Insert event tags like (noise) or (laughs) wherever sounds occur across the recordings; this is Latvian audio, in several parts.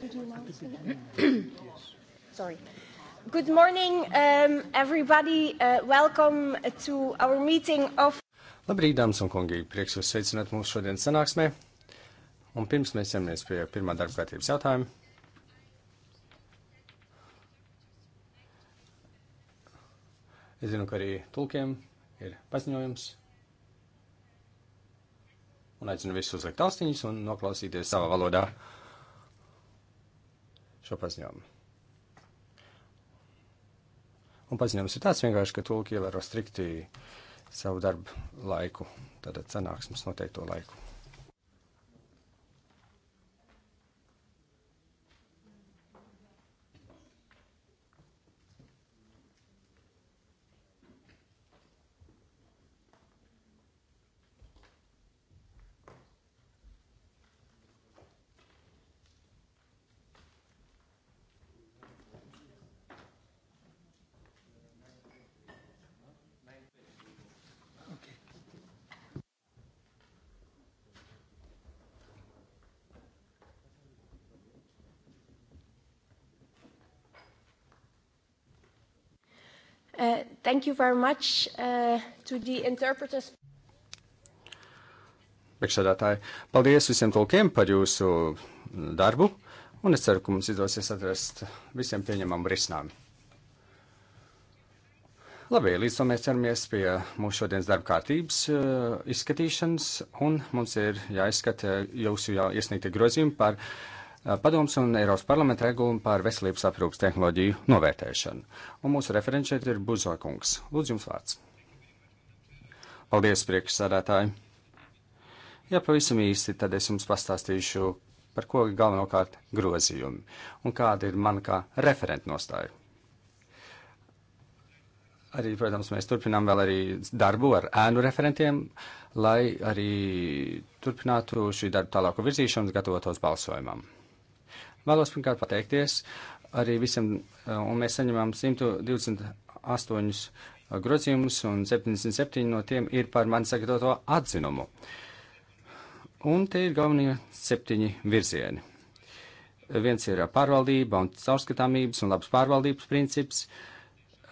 Did you announce (clears throat) Sorry. Good morning, um, everybody. Uh, welcome to our meeting of. Labrīt, dāmas un kungi. Prieks jūs sveicināt mūsu šodienas sanāksmē. Un pirms mēs ķeramies pie pirmā darba kārtības jautājuma. Es zinu, ka arī tulkiem ir paziņojums. Un aicinu visus uzlikt austiņas un noklausīties savā valodā. Uh, šo paziņojumu. Un paziņojums ir tāds vienkārši, ka tulki ievēro strikti savu darbu laiku, tātad sanāksmes noteikto laiku. Thank you very much uh, to the interpreters. Priekšsēdētāji, paldies visiem tulkiem par jūsu darbu, un es ceru, ka mums izdosies atrast visiem pieņemamu risinājumu. Labi, līdz tam mēs ķeramies pie mūsu šodienas darba kārtības uh, izskatīšanas, un mums ir jāizskata jūsu jau iesniegtie grozījumi par uh, Eh, padoms un Eiropas parlamenta regulumu par veselības aprūpas tehnoloģiju novērtēšanu. Un mūsu referents šeit ir Buzokungs. Lūdzu, jums vārds. Paldies, priekšsādātāji. Ja pavisam īsti, tad es jums pastāstīšu, par ko galvenokārt grozījumi un kāda ir man kā referenta nostāja. Arī, protams, mēs turpinām vēl arī darbu ar ēnu referentiem, lai arī turpinātu šī darba tālāku virzīšanu, gatavotos balsojumam. Vēlos pirmkārt pateikties arī visam, eh, un mēs saņemam 128 eh, grozījumus, un 77 no tiem ir par man sagatavoto atzinumu. Un te ir galvenie septiņi virzieni. Viens ir eh, pārvaldība un caurskatāmības un labs pārvaldības princips,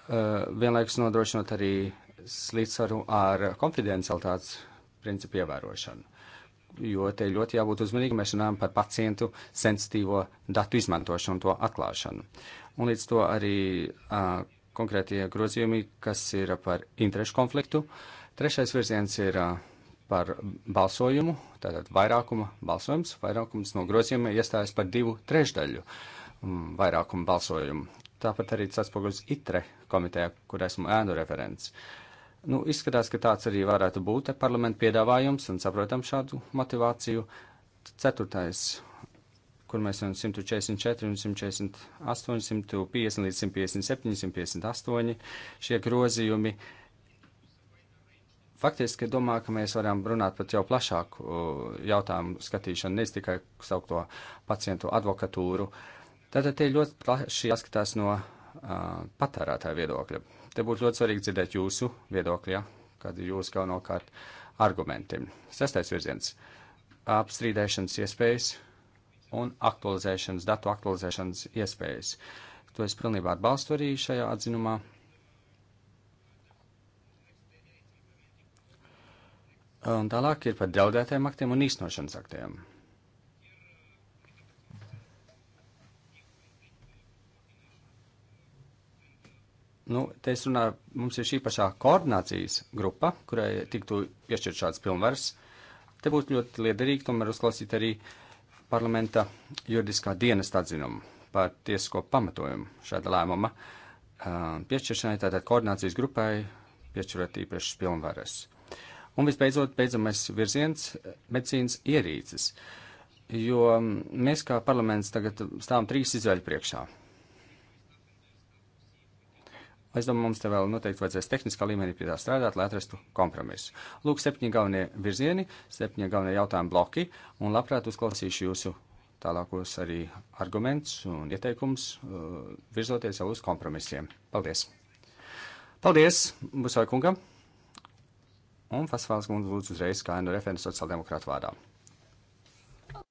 vienlaikus nodrošinot arī līdzsvaru ar konfidencialitātes principu ievērošanu jo te ļoti jābūt uzmanīgi, mēs runājam par pacientu sensitīvo datu izmantošanu un to atklāšanu. Un līdz to arī uh, konkrētie grozījumi, kas ir par interešu konfliktu. Trešais virziens ir uh, par balsojumu, tātad vairākuma balsojums. Vairākums no grozījuma iestājas par divu trešdaļu um, vairākuma balsojumu. Tāpat arī tas atspoguļas ITRE komitejā, kur esmu ēnu referents. Uh, Nu, izskatās, ka tāds arī varētu būt parlamenta piedāvājums, un saprotam šādu motivāciju. Ceturtais, kur mēs esam 144, 148, 150 līdz 157, 158 šie grozījumi. Faktiski domāju, ka mēs varam runāt par jau plašāku jautājumu skatīšanu, ne tikai saukto pacientu advokatūru. Tātad tie ļoti plaši jāskatās no uh, patērētāja viedokļa. Te būtu ļoti svarīgi dzirdēt jūsu viedokļi, ja? kādi ir jūsu galvenokārt argumenti. Sestais virziens - apstrīdēšanas iespējas un aktualizēšanas, datu aktualizēšanas iespējas. To es pilnībā atbalstu arī šajā atzinumā. Un tālāk ir par draudētiem aktiem un īstenošanas aktiem. Nu, te es runāju, mums ir šī pašā koordinācijas grupa, kurai tiktu piešķirt šāds pilnvars. Te būtu ļoti liederīgi tomēr uzklausīt arī parlamenta juridiskā dienas atzinumu par tiesisko pamatojumu šāda lēmuma piešķiršanai, tātad koordinācijas grupai piešķirot īpašas pilnvaras. Un visbeidzot, beidzamais virziens - medicīnas ierīces, jo mēs kā parlaments tagad stāvam trīs izvēļu priekšā Es domāju, mums te vēl noteikti vajadzēs tehniskā līmenī pie tā strādāt, lai atrastu kompromisu. Lūk, septiņi galvenie virzieni, septiņi galvenie jautājumu bloki, un labprāt uzklausīšu jūsu tālākos arī argumentus un ieteikums, uh, virzoties jau uz kompromisiem. Paldies! Paldies, Busoja kungam! Un Fasvāls kundze lūdzu uzreiz kā nu referents sociāldemokrātu vārdā.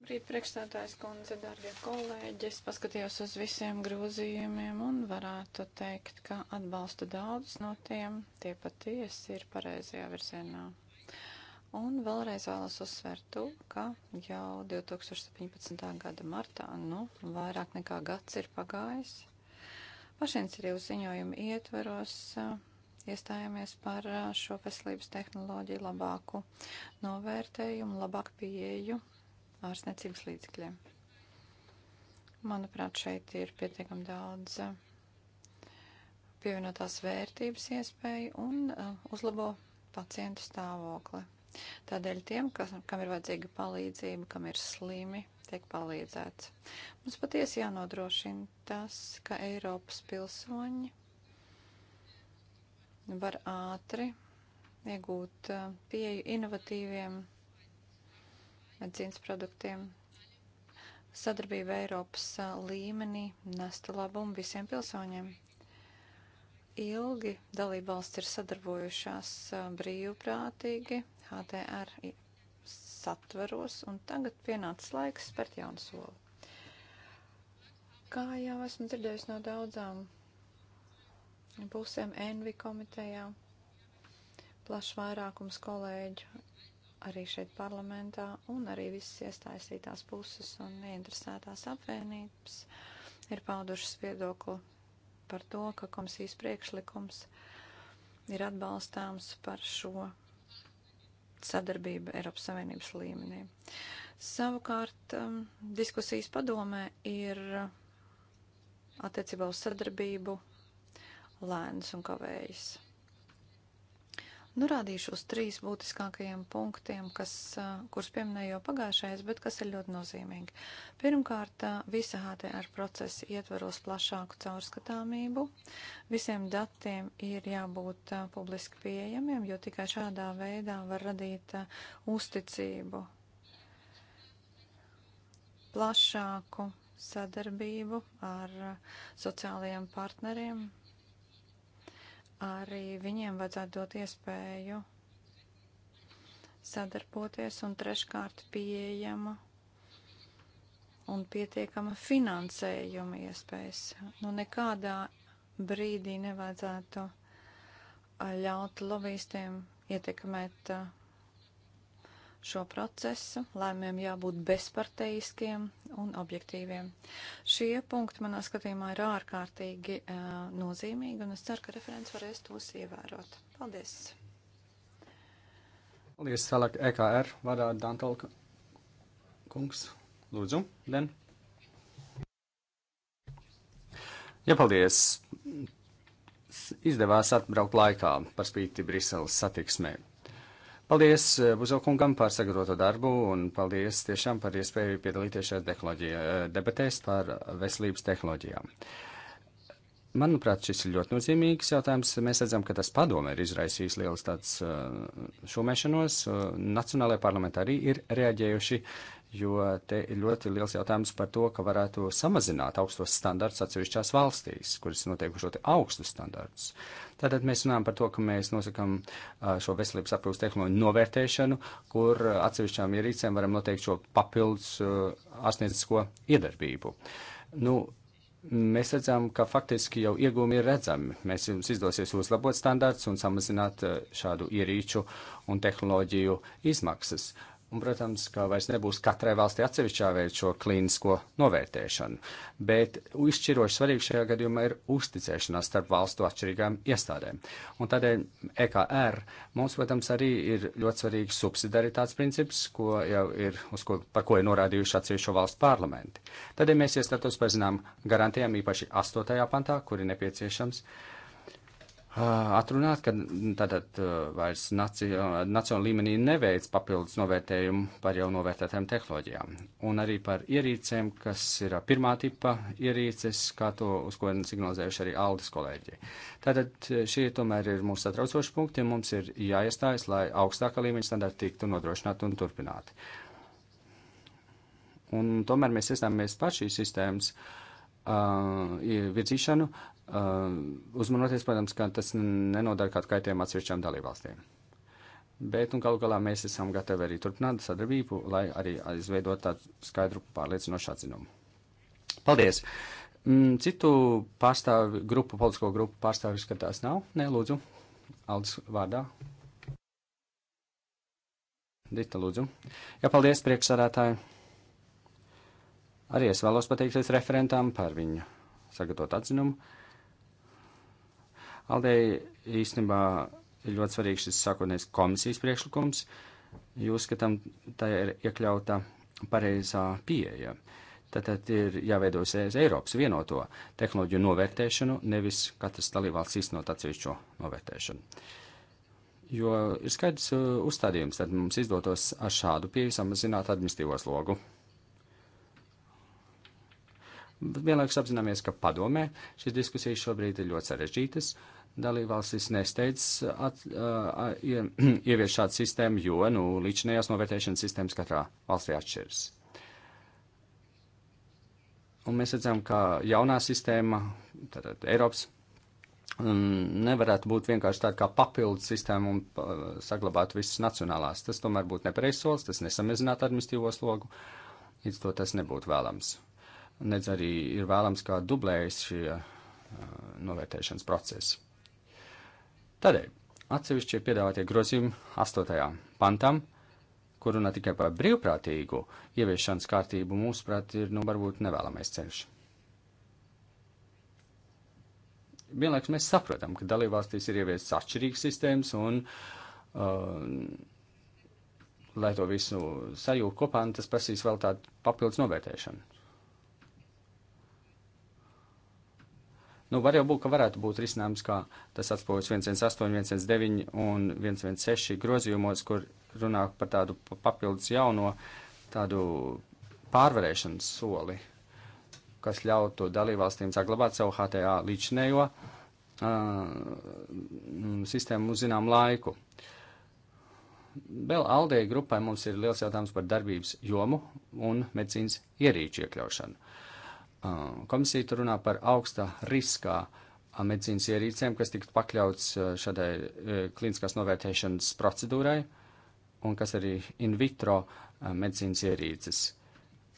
Brīd priekšstādājas kundze, darbie kolēģi, es paskatījos uz visiem grozījumiem un varētu teikt, ka atbalstu daudz no tiem, tie patiesi ir pareizajā virzienā. Un vēlreiz vēlos uzsvērt to, ka jau 2017. gada martā, nu, vairāk nekā gads ir pagājis, pašincitīvu ziņojumu ietveros iestājāmies par šo veselības tehnoloģiju labāku novērtējumu, labāku pieeju ārstniecības līdzekļiem. Manuprāt, šeit ir pietiekami daudz uh, pievienotās vērtības iespēju un uh, uzlabo pacientu stāvokli. Tādēļ tiem, kas, kam ir vajadzīga palīdzība, kam ir slimi, tiek palīdzēts. Mums patiesi jānodrošina tas, ka Eiropas pilsoņi var ātri iegūt uh, pieju inovatīviem medicīnas produktiem. Sadarbība Eiropas līmenī nesta labumu visiem pilsoņiem. Ilgi dalībvalsts ir sadarbojušās brīvprātīgi HTR satvaros, un tagad pienācis laiks spērt jaunu soli. Kā jau esmu dzirdējis no daudzām pusēm Envi komitejā, plašs vairākums kolēģu arī šeit parlamentā un arī visas iestaisītās puses un ieinteresētās apvienības ir paudušas viedokli par to, ka komisijas priekšlikums ir atbalstāms par šo sadarbību Eiropas Savienības līmenī. Savukārt um, diskusijas padomē ir attiecībā uz sadarbību lēnas un kavējas. Norādīšu nu, uz trīs būtiskākajiem punktiem, kas, kurus pieminēju jau pagājušais, bet kas ir ļoti nozīmīgi. Pirmkārt, visa HTR procesa ietveros plašāku caurskatāmību. Visiem datiem ir jābūt publiski pieejamiem, jo tikai šādā veidā var radīt uzticību plašāku sadarbību ar sociālajiem partneriem, arī viņiem vajadzētu dot iespēju sadarboties un treškārt pieejama un pietiekama finansējuma iespējas. Nu, nekādā brīdī nevajadzētu ļaut lobbyistiem ietekmēt uh, šo procesu, lēmiem jābūt bezparteiskiem un objektīviem. Šie punkti manā skatījumā ir ārkārtīgi uh, nozīmīgi, un es ceru, ka referents varēs tos ievērot. Paldies! Paldies, Salak EKR, vadā Dantalka kungs. Lūdzu, Den. Jā, ja, paldies! Izdevās atbraukt laikā par spīti Briseles satiksmēm. Paldies eh, Buzokungam par sagroto darbu un paldies tiešām par iespēju piedalīties šajās eh, debatēs par veselības tehnoloģijām. Manuprāt, šis ir ļoti nozīmīgs jautājums. Mēs redzam, ka tas padome ir izraisījis liels tāds eh, šumēšanos. Nacionālajā parlamentā arī ir reaģējuši jo te ir ļoti liels jautājums par to, ka varētu samazināt augstos standartus atsevišķās valstīs, kuras noteikuši ļoti augstus standartus. Tātad mēs runājam par to, ka mēs nosakam šo veselības aprūpas tehnoloģiju novērtēšanu, kur atsevišķām ierīcēm varam noteikt šo papildus ārstniecisko iedarbību. Nu, Mēs redzam, ka faktiski jau iegūmi ir redzami. Mēs jums izdosies uzlabot standārts un samazināt šādu ierīču un tehnoloģiju izmaksas. Uh, Un, protams, ka vairs nebūs katrai valstī atsevišķā veidā šo klīnisko novērtēšanu, bet izšķiroši svarīgi šajā gadījumā ir uzticēšanās starp valstu atšķirīgām iestādēm. Un tādēļ EKR mums, protams, arī ir ļoti svarīgs subsidaritātes princips, ko jau ir, ko, par ko ir norādījuši atsevišķo valstu parlamenti. Tādēļ mēs iestatos par zinām garantijām īpaši 8. pantā, kur ir nepieciešams. Uh, Ah, atrunāt, ka mm, tātad eh, vairs eh, nacionāla līmenī neveic papildus novērtējumu par jau novērtētām tehnoloģijām. Un arī par ierīcēm, kas ir ah, pirmā tipa ierīces, kā to uz ko signalizējuši arī Aldis kolēģi. Tātad eh, šie tomēr ir mūsu satraucoši punkti, un mums ir jāiestājas, lai augstākā līmeņa standarti tiktu nodrošināti un turpināti. Un tomēr mēs iestāmies par šīs sistēmas uh, virzīšanu, Um, uzmanoties, protams, ka tas nenodara kādu kaitējumu atsevišķām dalībvalstīm. Bet, nu, galu galā mēs esam gatavi arī turpināt sadarbību, lai arī izveidot tādu skaidru pārliecinošu atzinumu. Paldies! Mm, citu pārstāvi grupu, politisko grupu pārstāvi skatās nav. Nē, lūdzu, Aldis vārdā. Dita, lūdzu. Jā, paldies, priekšsādātāji. Arī es vēlos pateikties referentām par viņu sagatavot atzinumu Aldei īstenībā ir ļoti svarīgs šis sākotnējais komisijas priekšlikums. Jūs skatām, tā ir iekļauta pareizā pieeja. Tātad ir jāveidojas e- Eiropas vienoto tehnoloģiju novērtēšanu, nevis katras dalībvalsts īstenot atsevišķo novērtēšanu. Jo ir skaidrs uh, uzstādījums, tad mums izdotos ar šādu pieeju samazināt administīvos logu. Bet vienlaikus apzināmies, ka padomē šīs diskusijas šobrīd ir ļoti sarežģītas, uh, dalībvalstis nesteidz at, uh, ie, (clears throat) ievies šādu sistēmu, jo nu, līdzinējās novērtēšanas sistēmas katrā valstī atšķiras. Un mēs redzam, ka jaunā sistēma, tātad Eiropas, nevarētu būt vienkārši tāda kā papildus sistēma un uh, saglabāt visas nacionālās. Tas tomēr būtu nepareizs solis, tas nesamazinātu administīvo slogu, līdz to tas nebūtu vēlams. Nedz arī ir vēlams, kā dublējas šie uh, novērtēšanas procesi. Tādēļ atsevišķi piedāvātie grozījumi 8. pantam, kur runā tikai par brīvprātīgu ieviešanas kārtību, mūsuprāt, ir nu varbūt nevēlamais ceļš. Vienlaikus mēs saprotam, ka dalībvalstīs ir ieviesas atšķirīgas sistēmas un, uh, lai to visu sajūtu kopā, tas prasīs vēl tādu papildus novērtēšanu. Nu, var jau būt, ka varētu būt risinājums, kā tas atspoguļots 118, 119 un 116 grozījumos, kur runā par tādu papildus jauno tādu pārvarēšanas soli, kas ļautu dalībvalstīm saglabāt savu HTA līdzinējo uh, sistēmu uz zinām laiku. Vēl Aldei grupai mums ir liels jautājums par darbības jomu un medicīnas ierīču iekļaušanu. Uh, Ah, komisija tur runā par augstā riskā ah, medicīnas ierīcēm, kas tiktu pakļauts eh, šādai eh, klīniskās novērtēšanas procedūrai un kas arī in vitro eh, medicīnas ierīces.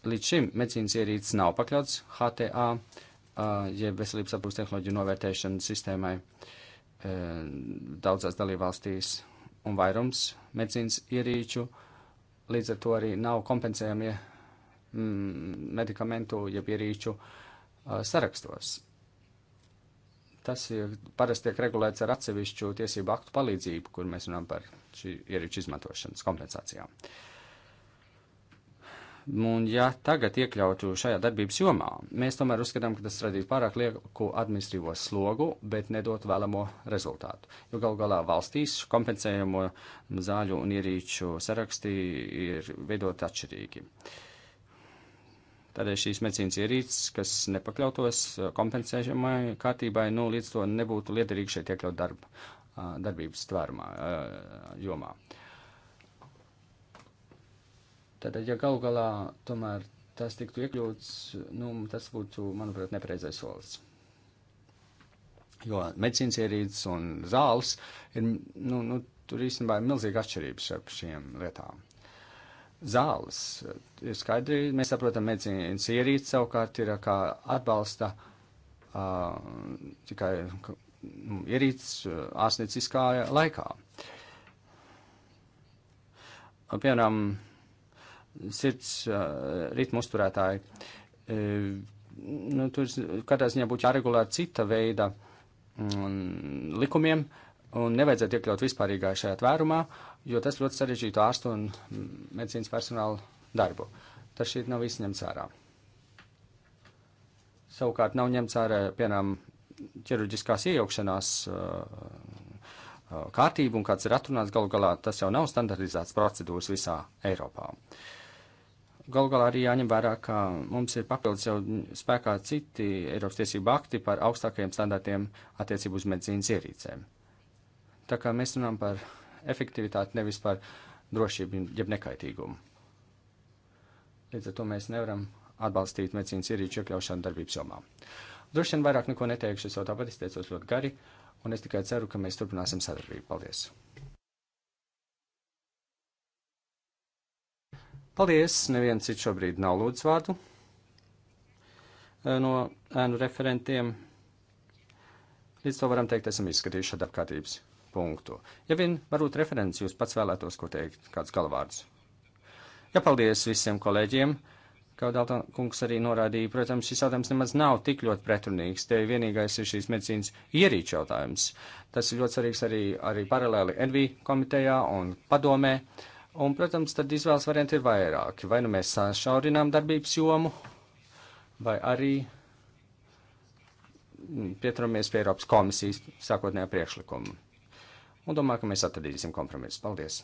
Līdz šim medicīnas ierīces nav pakļauts HTA, ah, jeb veselības aprūpas tehnoloģiju novērtēšanas sistēmai daudzās dalībvalstīs un vairums medicīnas ierīču līdz ar to arī nav kompensējamie Mm, medikamentu, jeb ierīču sarakstos. Tas ir, parasti tiek regulēts ar atsevišķu tiesību aktu palīdzību, kur mēs runājam par šī ierīču izmantošanas kompensācijām. Un ja tagad iekļautu šajā darbības jomā, mēs tomēr uzskatām, ka tas radītu pārāk lieku administrīvo slogu, bet nedot vēlamo rezultātu. Jo gal galā valstīs kompensējamo zāļu un ierīču saraksti ir veidot atšķirīgi. Uh, Tādēļ šīs medicīnas ierīces, kas nepakļautos uh, kompensējumai kārtībai, nu, līdz to nebūtu liederīgi šeit iekļaut darba, uh, darbības tvērumā, uh, jomā. Tātad, ja galu galā tomēr tas tiktu iekļūts, nu, tas būtu, manuprāt, nepareizais solis. Jo medicīnas ierīces un zāles ir, nu, nu tur īstenībā ir milzīga atšķirības ar šiem lietām zāles. Ir skaidri, mēs saprotam, medicīnas ierīce savukārt ir kā atbalsta uh, tikai nu, ierīce ārstnieciskā laikā. Piemēram, sirds uh, ritmu uzturētāji. E, nu, tur katrā ziņā būtu jāregulē cita veida mm, likumiem un nevajadzētu iekļaut vispārīgā šajā tvērumā. Uh, jo tas ļoti sarežģītu ārstu un medicīnas personālu darbu. Tas šeit nav viss ņemts ārā. Savukārt nav ņemts ārā, piemēram, ķirurģiskās iejaukšanās kārtība un kāds ir atrunāts, galu galā tas jau nav standartizēts procedūras visā Eiropā. Galu galā arī jāņem vērā, ka mums ir papildus jau spēkā citi Eiropas tiesību akti par augstākajiem standartiem attiecību uz medicīnas ierīcēm. Tā kā mēs runājam par efektivitāti, nevis par drošību, jeb nekaitīgumu. Līdz ar to mēs nevaram atbalstīt medicīnas ierīču iekļaušanu darbības jomā. Droši vien vairāk neko neteikšu, es jau tāpat izteicos ļoti gari, un es tikai ceru, ka mēs turpināsim sadarbību. Paldies! Paldies! Neviens cits šobrīd nav lūdzu vārdu no ēnu referentiem. Līdz to varam teikt, esam izskatījuši apkārtības punktu. Ja vien varbūt referents jūs pats vēlētos, ko teikt, kāds galvārds. Ja paldies visiem kolēģiem, kā Dalta kungs arī norādīja, protams, šis jautājums nemaz nav tik ļoti pretrunīgs, te vienīgais ir šīs medicīnas ierīču jautājums. Tas ir ļoti svarīgs arī, arī paralēli NV komitejā un padomē. Un, protams, tad izvēles varianti ir vairāki. Vai nu mēs sašaurinām darbības jomu, vai arī mm, pieturamies pie Eiropas komisijas sākotnējā priekšlikuma un domāju, ka mēs atradīsim kompromisu. Paldies!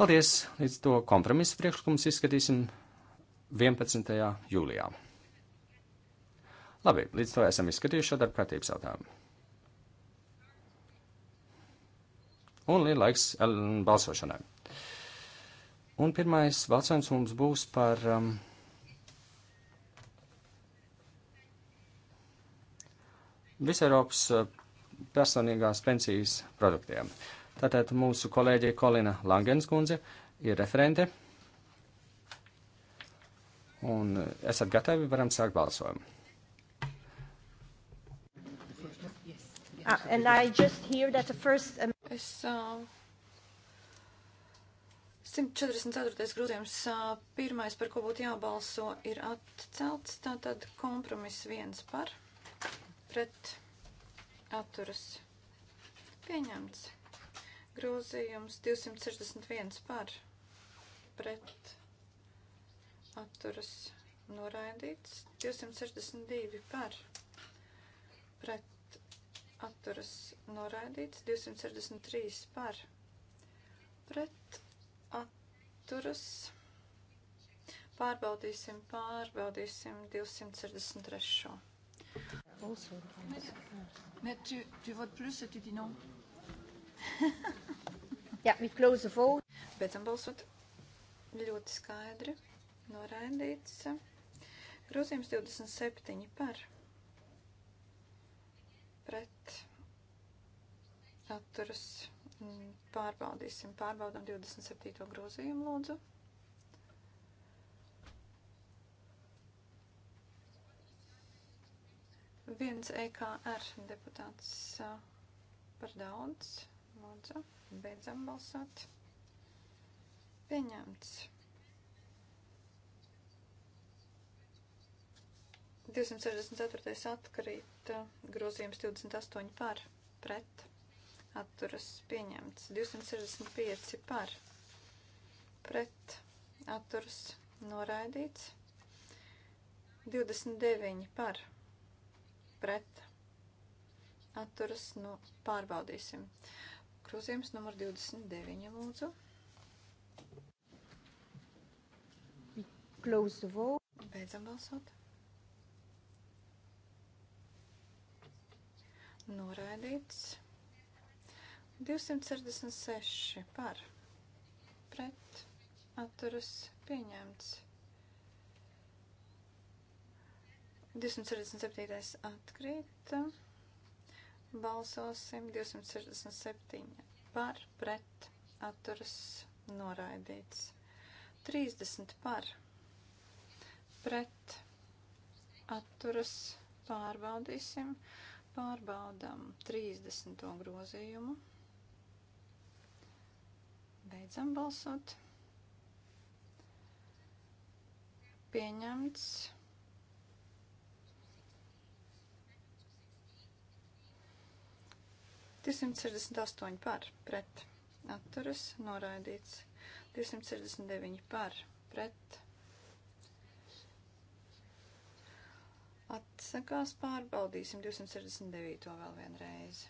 Paldies! Līdz to kompromisu priekšlikumus izskatīsim 11. jūlijā. Labi, līdz to esam izskatījuši darba kārtības jautājumu. Un ir laiks eh, balsošanai. Un pirmais balsojums mums būs par um, visai Eiropas eh, personīgās pensijas produktiem. Tātad mūsu kolēģe Kolina Langenskundze ir referente. Un eh, esat gatavi, varam sākt balsojumu. Ah, and I just hear that the first... Um... Es, uh, 144. grūdiems uh, pirmais, par ko būtu jābalso, ir atcelts, tātad kompromiss viens par pret atturas pieņemts. Grozījums 261 par pret atturas noraidīts. 262 par pret atturas noraidīts. 263 par pret atturas noraidīts. Pārbaudīsim, pārbaudīsim 263 also depends. Mais tu, tu votes plus et tu dis non. (laughs) yeah, we close the vote. Beidzam balsot. Ļoti skaidri. Noraidīts. Grozījums 27 par. Pret. Atturas. Pārbaudīsim. Pārbaudam 27. grozījumu lūdzu. Viens EKR deputāts par daudz. Lūdzu, beidzam balsot. Pieņemts. 264. atkarīt grozījums 28 par, pret, atturas pieņemts, 265 par, pret, atturas noraidīts, 29 par, pret atturas nu, pārbaudīsim. Grozījums numur 29 lūdzu. Close the vote. Beidzam balsot. Noraidīts. 266 par pret atturas pieņemts. 267. atkrīt. Balsosim 267 par, pret, atturas, noraidīts. 30 par, pret, atturas, pārbaudīsim. Pārbaudām 30. grozījumu. Beidzam balsot. Pieņemts. 268 par pret atturas noraidīts. 269 par pret atsakās pārbaudīsim 269 vēl vienreiz.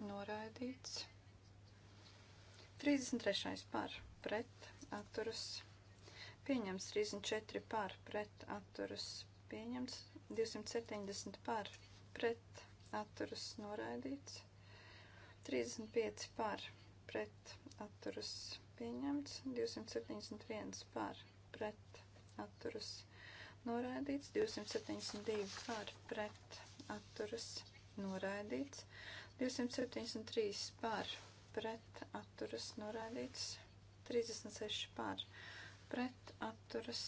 Noraidīts. 33 par pret atturas pieņems 34 par pret atturas pieņems 270 par pret pret atturas noraidīts. 35 par pret atturas pieņemts. 271 par pret atturas noraidīts. 272 par pret atturas noraidīts. 273 par pret atturas noraidīts. 36 par pret atturas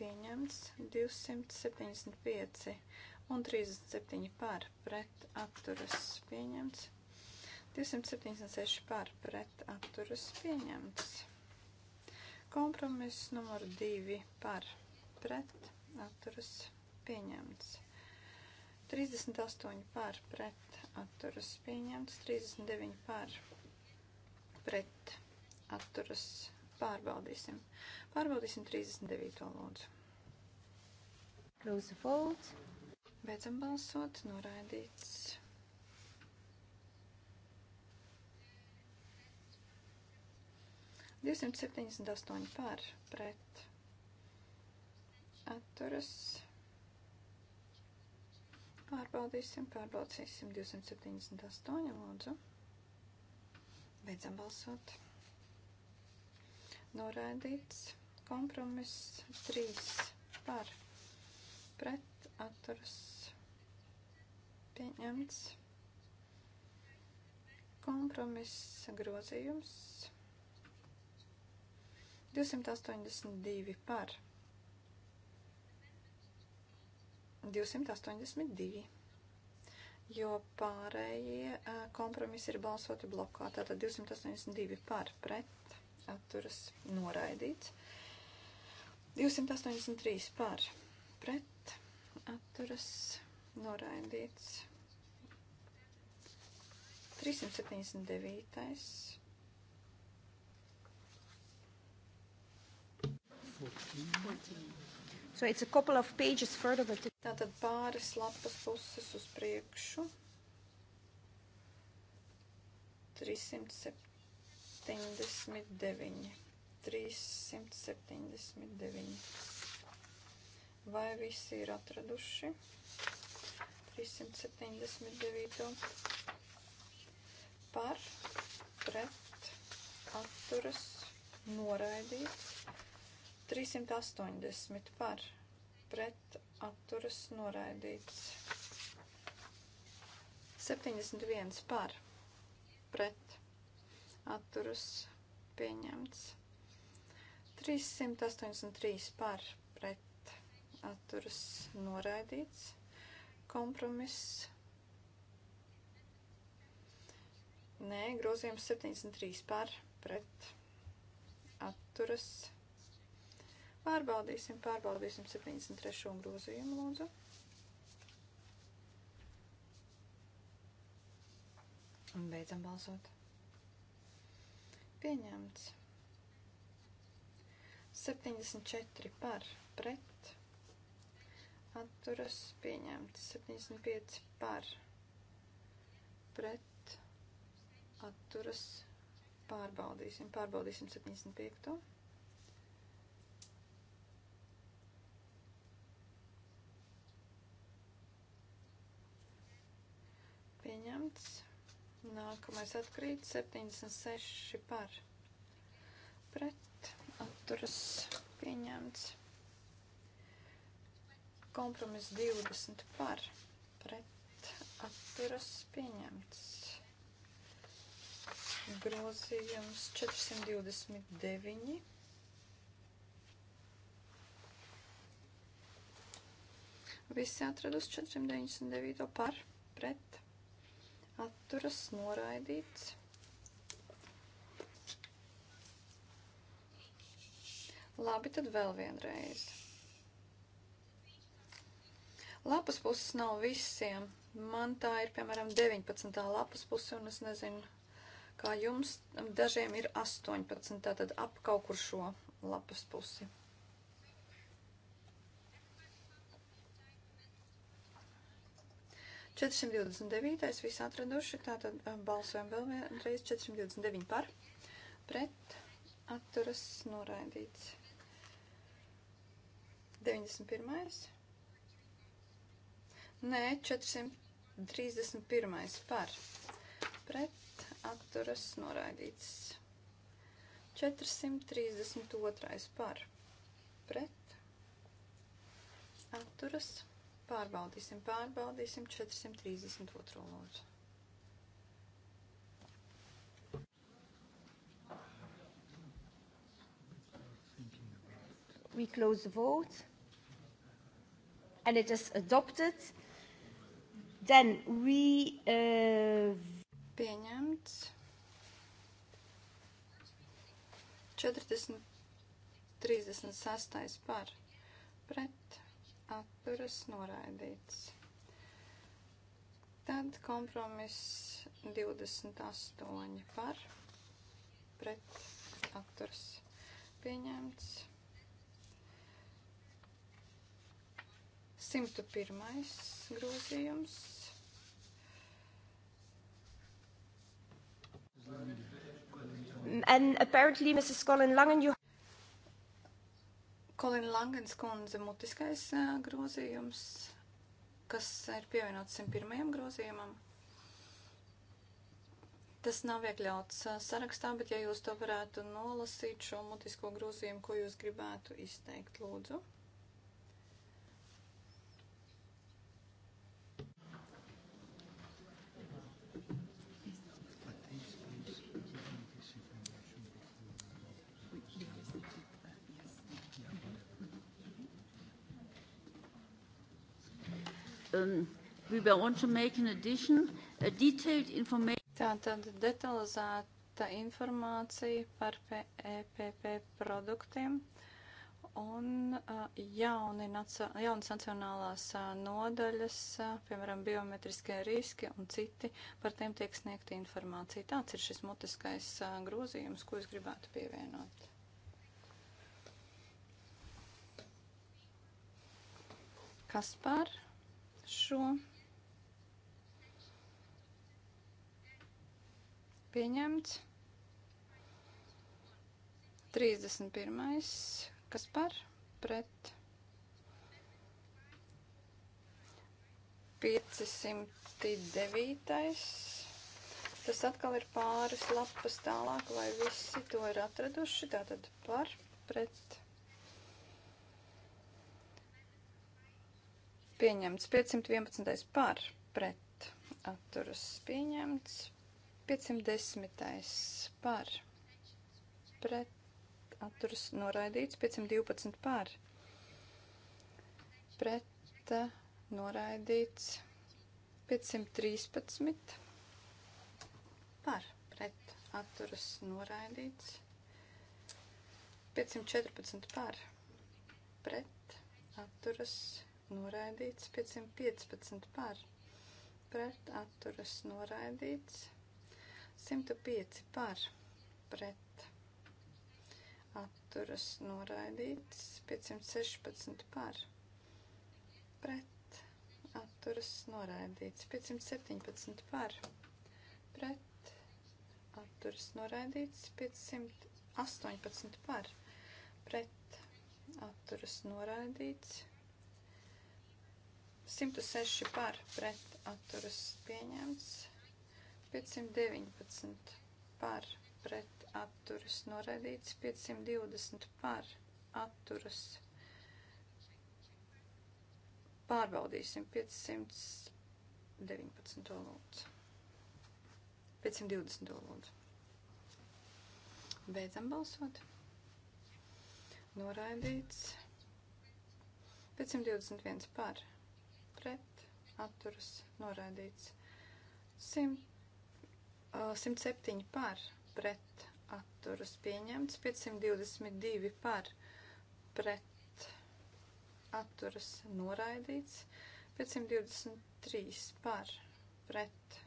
pieņemts. 275 par un 37 par pret atturas pieņemts. 276 par pret atturas pieņemts. Kompromiss numur 2 par pret atturas pieņemts. 38 par pret atturas pieņemts, 39 par pret atturas pārbaudīsim. Pārbaudīsim 39. lūdzu. Close the vote. Beidzam balsot, noraidīts. Divsimt septiņdesmit astoņi pār pret atturas. Pārbaudīsim, pārbaudīsim 278, lūdzu. Beidzam balsot. Noraidīts kompromiss 3 par pret atturas pieņemts. Kompromiss grozījums 282 par 282 jo pārējie kompromisi ir balsoti blokā. Tātad 282 par pret atturas noraidīts, 283 par pret atturas noraidīts. 379. So it's a couple of pages further, but... Tātad pāris lapas puses uz priekšu. 379. 379. Vai visi ir atraduši 379. par pret atturas noraidīts 380 par pret atturas noraidīts 71 par pret atturas pieņemts 383 par pret atturas noraidīts. Kompromiss. Nē, grozījums 73 par pret atturas. Pārbaudīsim, pārbaudīsim 73. grozījumu lūdzu. Un beidzam balsot. Pieņemts. 74 par pret atturas pieņemts 75 par pret atturas pārbaudīsim. Pārbaudīsim 75. To. Pieņemts. Nākamais atkrīt 76 par pret atturas pieņemts. Kompromiss 20 par pret atturas pieņemts. Grozījums 429. Visi atradus 499 par, pret, atturas, noraidīts. Labi, tad vēl vienreiz. Lapas puses nav visiem. Man tā ir, piemēram, 19. lapas puse, un es nezinu, kā jums dažiem ir 18. Tātad ap kaut kur šo lapas pusi. Četrsimt divdesmit devītais, visi atraduši, tātad eh, balsojam vēl vienreiz, četrsimt divdesmit deviņi par, pret, atturas, noraidīts. Deviņdesmit pirmais. Nē, 431. par pret atturas noraidīts. 432. par pret atturas pārbaudīsim, pārbaudīsim 432. lūdzu. We close the vote and it is adopted. Then we... Uh... Pieņemts. 40, 36 par pret atturas noraidīts. Tad kompromiss 28 par pret atturas pieņemts. 101. grozījums. And apparently, Mrs. Colin Langen, you... Kolina Langens kundze mutiskais grozījums, kas ir pievienots 101. grozījumam. Tas nav iekļauts sarakstā, bet ja jūs to varētu nolasīt šo mutisko grozījumu, ko jūs gribētu izteikt, lūdzu. um, we want to make an addition, a detailed information. Tātad detalizēta informācija par EPP e produktiem un uh, jauni, jaunas nacionālās uh, nodaļas, uh, piemēram, biometriskie riski un citi, par tiem tiek sniegta informācija. Tāds ir šis mutiskais uh, grozījums, ko es gribētu pievienot. Kaspar? šo. Pieņemts. 31. Kas par? Pret. 509. Tas atkal ir pāris lapas tālāk, vai visi to ir atraduši. Tātad par, pret. Pieņemts 511. par pret atturas pieņemts. 510. par pret atturas noraidīts. 512. par pret noraidīts. 513. par pret atturas noraidīts. 514 par pret atturas noraidīts noraidīts, 515 par pret atturas noraidīts, 105 par pret atturas noraidīts, 516 par pret atturas noraidīts, 517 par pret atturas noraidīts, 518 par pret atturas noraidīts. 106 par pret atturas pieņemts, 519 par pret atturas noraidīts, 520 par atturas pārbaudīsim 519 lūdzu. 520 lūdzu. Beidzam balsot. Noraidīts. 521 par pret atturas noraidīts. 100, 107 par pret atturas pieņemts. 522 par pret atturas noraidīts. 523 par pret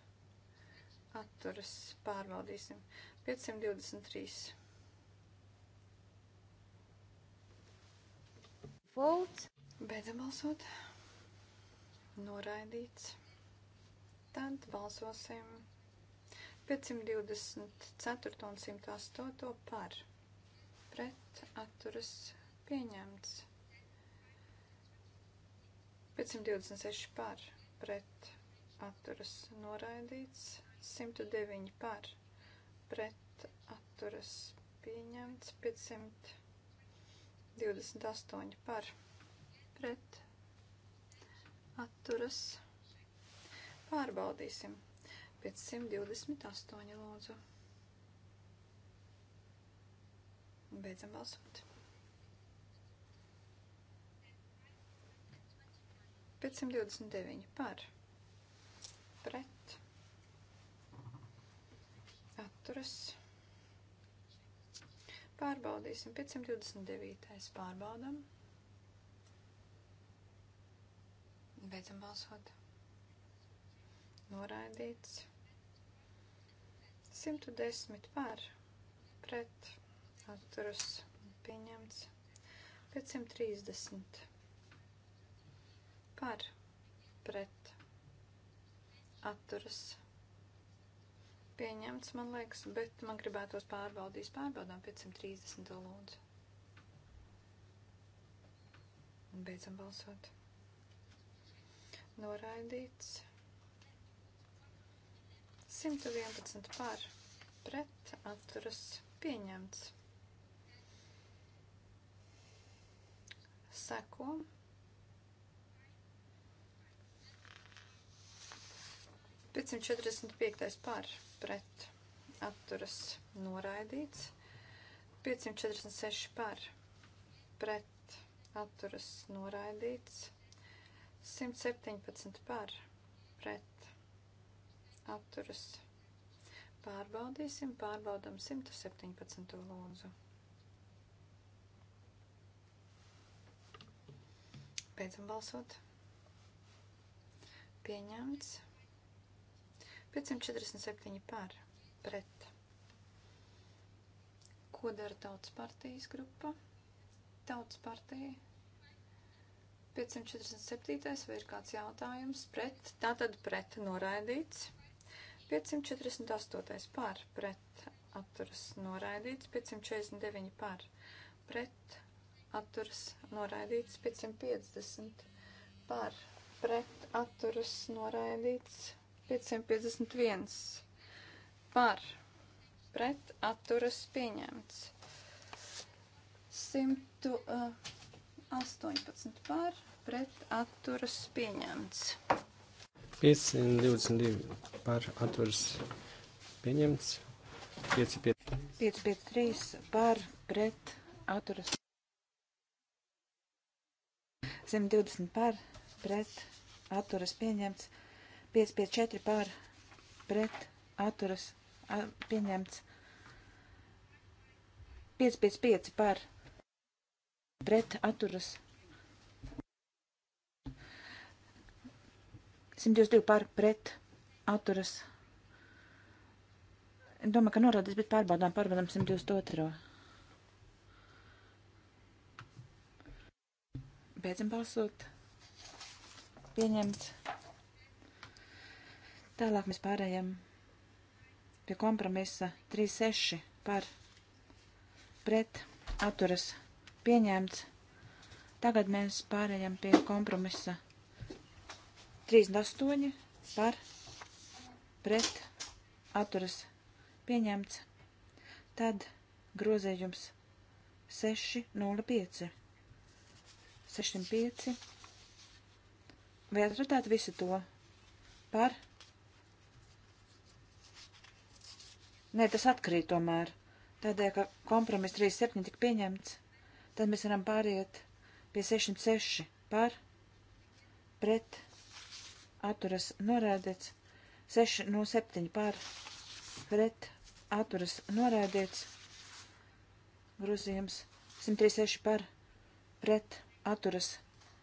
atturas pārvaldīsim. 523. Votes. Beidzam balsot noraidīts. Tad balsosim 524 un 108 par pret atturas pieņemts. 526 par pret atturas noraidīts. 109 par pret atturas pieņemts. 528 par pret atturas. Pārbaudīsim. 528 lūdzu. Beidzam balsot. 529 par. Pret. Atturas. Pārbaudīsim. 529. Pārbaudam. Beidzam balsot. Noraidīts. 110 par pret atturas pieņemts. 530 par pret atturas pieņemts, man liekas, bet man gribētos pārbaudīs pārbaudām 530 lūdzu. Un beidzam balsot noraidīts. 111 par pret atturas pieņemts. Seko. Piecsimt četrdesmit piektais par pret atturas noraidīts. 546 par pret atturas noraidīts. 547 117 par pret atturas. Pārbaudīsim, pārbaudam 117. lūdzu. Beidzam balsot. Pieņemts. 547 par pret. Ko dara tautas partijas grupa? Tautas partija 547. vai ir kāds jautājums? Pret, tātad pret noraidīts. 548. par, pret, atturas noraidīts. 549. par, pret, atturas noraidīts. 550. par, pret, atturas noraidīts. 551. par, pret, atturas pieņemts. 100. Uh, eh, 18 pār pret atturas pieņemts. 522 pār atturas pieņemts. 553 pār pret atturas. 120 pār pret atturas pieņemts. 554 pār pret atturas pieņemts. 555 pār pret pret atturas. 122 par pret atturas. Domāju, ka norādīs, bet pārbaudām, pārbaudām 122. Beidzam balsot. Pieņemts. Tālāk mēs pārējām pie kompromisa 3-6 par pret atturas pieņemts. Tagad mēs pārējām pie kompromisa 38 par pret atturas pieņemts. Tad grozējums 605. 605. Vai atradāt visu to par? Nē, tas atkrīt tomēr. Tādēļ, ka kompromiss 37 tika pieņemts. Tad mēs varam pāriet pie 606 par pret atturas norādīts, 6 no 7 par pret atturas norādīts, grozījums 136 par pret atturas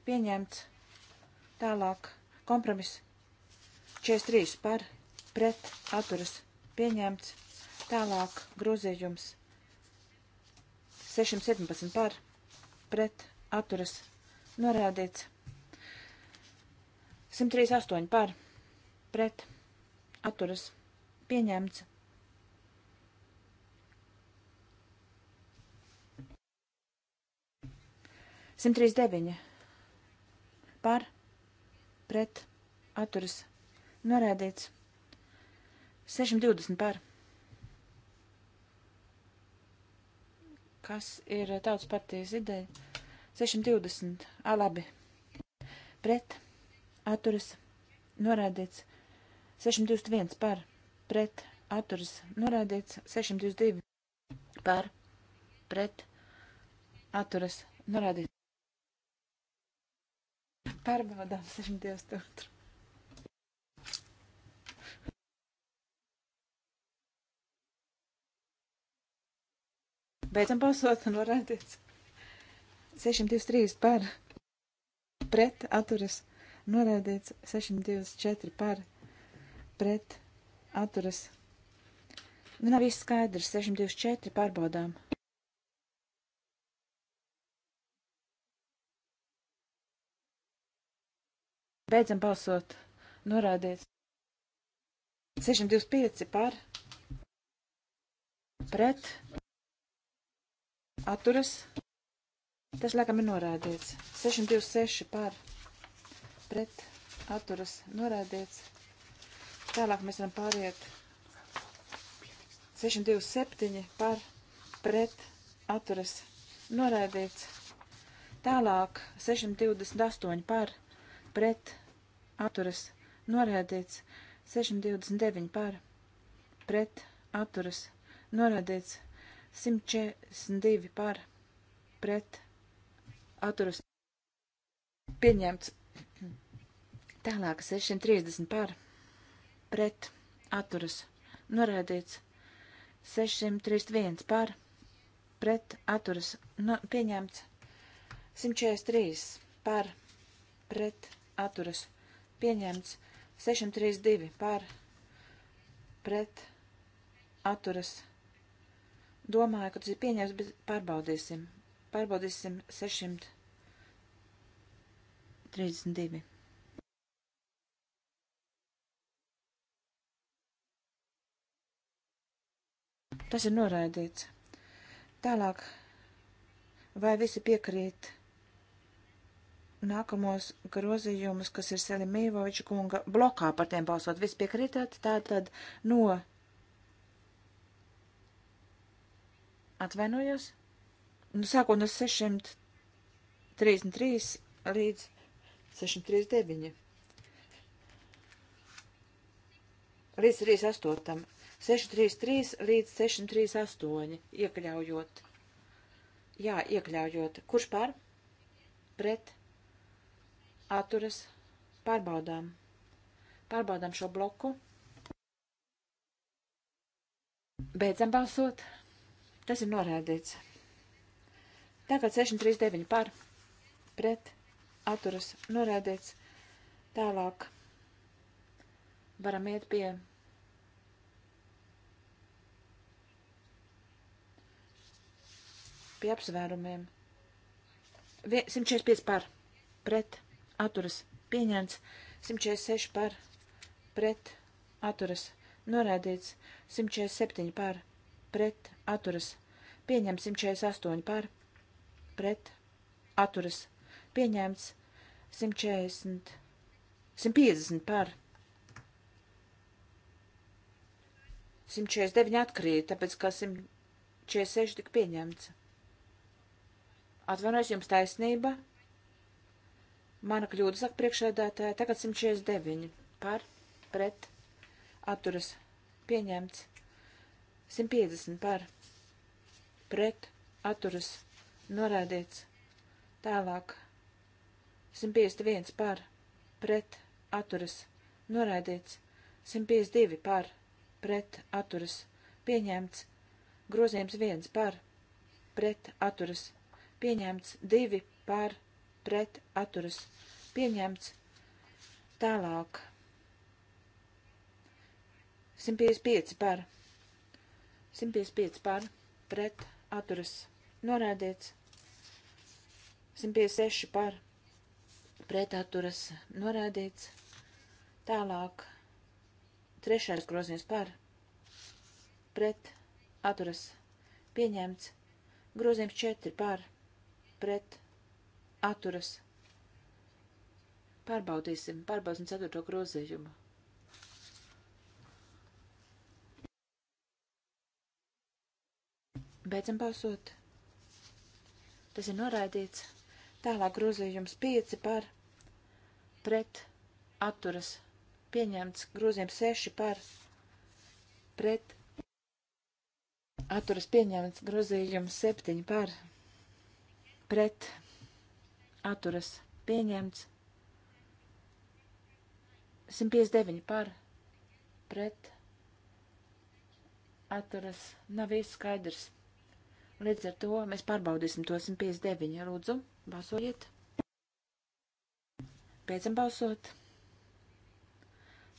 pieņemts, tālāk kompromis 43 par pret atturas pieņemts, tālāk grozījums 617 par pret atturas norādīts. 138 par pret atturas pieņemts. Simt trīs deviņi par pret atturas norādīts. 620 par pret Kas ir tautas partijas ideja? 620. A, labi. Pret. Atturas. Norādīts. 621 par. Pret. Atturas. Norādīts. 622 par. Pret. Atturas. Norādīts. Pārbaudām 622. Beidzam balsot, (laughs) norādīts. 623 par, pret, atturas, norādīts. 624 par, pret, atturas. Nu, nav viss skaidrs, 624 pārbaudām. Beidzam balsot. Norādīts. 625 par. Pret atturas. Tas laikam ir norādīts. 626 par pret atturas norādīts. Tālāk mēs varam pāriet 627 par pret atturas norādīts. Tālāk 628 par pret atturas norādīts. 629 par pret atturas norādīts. 142 par pret atturas pieņemts. Tālāk 630 par pret atturas norādīts. 631 par pret atturas no, pieņemts. 143 par pret atturas pieņemts. 632 par pret atturas pieņemts. Domāju, ka tas ir pieņems, bet pārbaudīsim. Pārbaudīsim 632. Tas ir noraidīts. Tālāk, vai visi piekrīt nākamos grozījumus, kas ir Selimīvoviča kunga blokā par tiem balsot? Visi piekrītāt, tātad no Atvainojos. Nu, sākot no 633 līdz 639. Līdz 38. 633 līdz 638. Iekļaujot. Jā, iekļaujot. Kurš pār? Pret. Atturas. Pārbaudām. Pārbaudām šo bloku. Beidzam balsot. Tas ir norādīts. Tagad 639 par pret atturas norādīts. Tālāk varam iet pie pie apsvērumiem. 145 par pret atturas pieņemts, 146 par pret atturas norādīts, 147 par pret atturas Pieņemts 148 par pret atturas. Pieņemts 140, 150 par 149 atkrīt, tāpēc ka 146 tika pieņemts. Atvainojos jums taisnība. Mana kļūda saka priekšēdētāja. Tagad 149 par pret atturas pieņemts. 150 par pret pret atturas norādīts. Tālāk 151 par pret atturas norādīts. 152 par pret atturas pieņemts. Grozījums 1 par pret atturas pieņemts. 2 par pret atturas pieņemts. Tālāk 155 par 155 par pret atturas norādīts. 156 par pret atturas norādīts. Tālāk trešais grozījums par pret atturas pieņemts. Grozījums 4 par pret atturas. Pārbaudīsim, pārbaudīsim ceturto grozījumu. Beidzam balsot. Tas ir noraidīts. Tālāk grozījums 5 par pret atturas. Pieņemts grozījums 6 par pret atturas. Pieņemts grozījums 7 par pret atturas. Pieņemts 159 par pret atturas. Nav īsti skaidrs. Līdz ar to mēs pārbaudīsim to 159. Lūdzu, balsojiet. Beidzam balsot.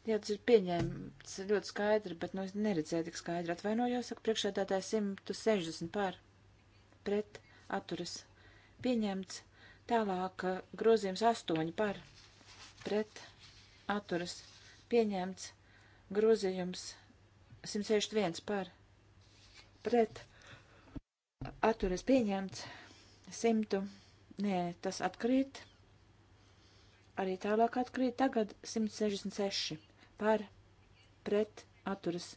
Jā, tas ir pieņēmts ļoti skaidri, bet nu, es neredzēju tik skaidri. Atvainojos, saka priekšēdātājs 160 pār pret atturas. Pieņemts tālāk eh, grozījums 8 par pret atturas. Pieņemts grozījums 161 par pret Atturas pieņemts. Simtu. Nē, tas atkrīt. Arī tālāk atkrīt. Tagad 166 par pret atturas.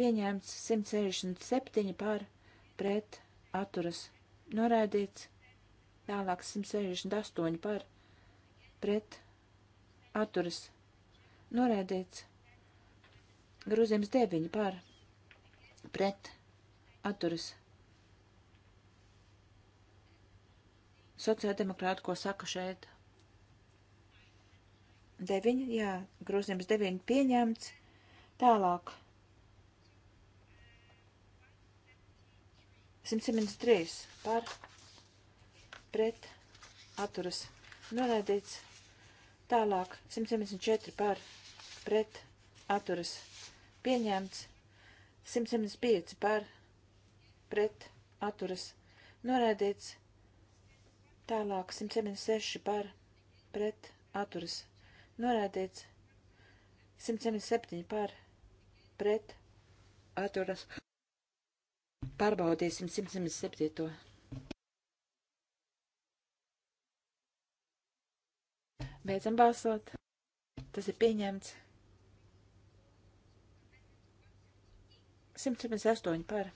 Pieņemts 167 par pret atturas. Noraidīts. Tālāk 168 par pret atturas. Noraidīts. Grūzījums 9 par pret atturas sociāldemokrāti, ko saka šeit. 9, jā, grozījums 9 pieņemts. Tālāk. 173 par pret atturas norādīts. Tālāk 174 par pret atturas pieņemts. 175 par pret atturas norādīts. Tālāk 176 par pret atturas norādīts. 177 par pret atturas. Pārbaudīsim 177. Beidzam balsot. Tas ir pieņemts. 178 par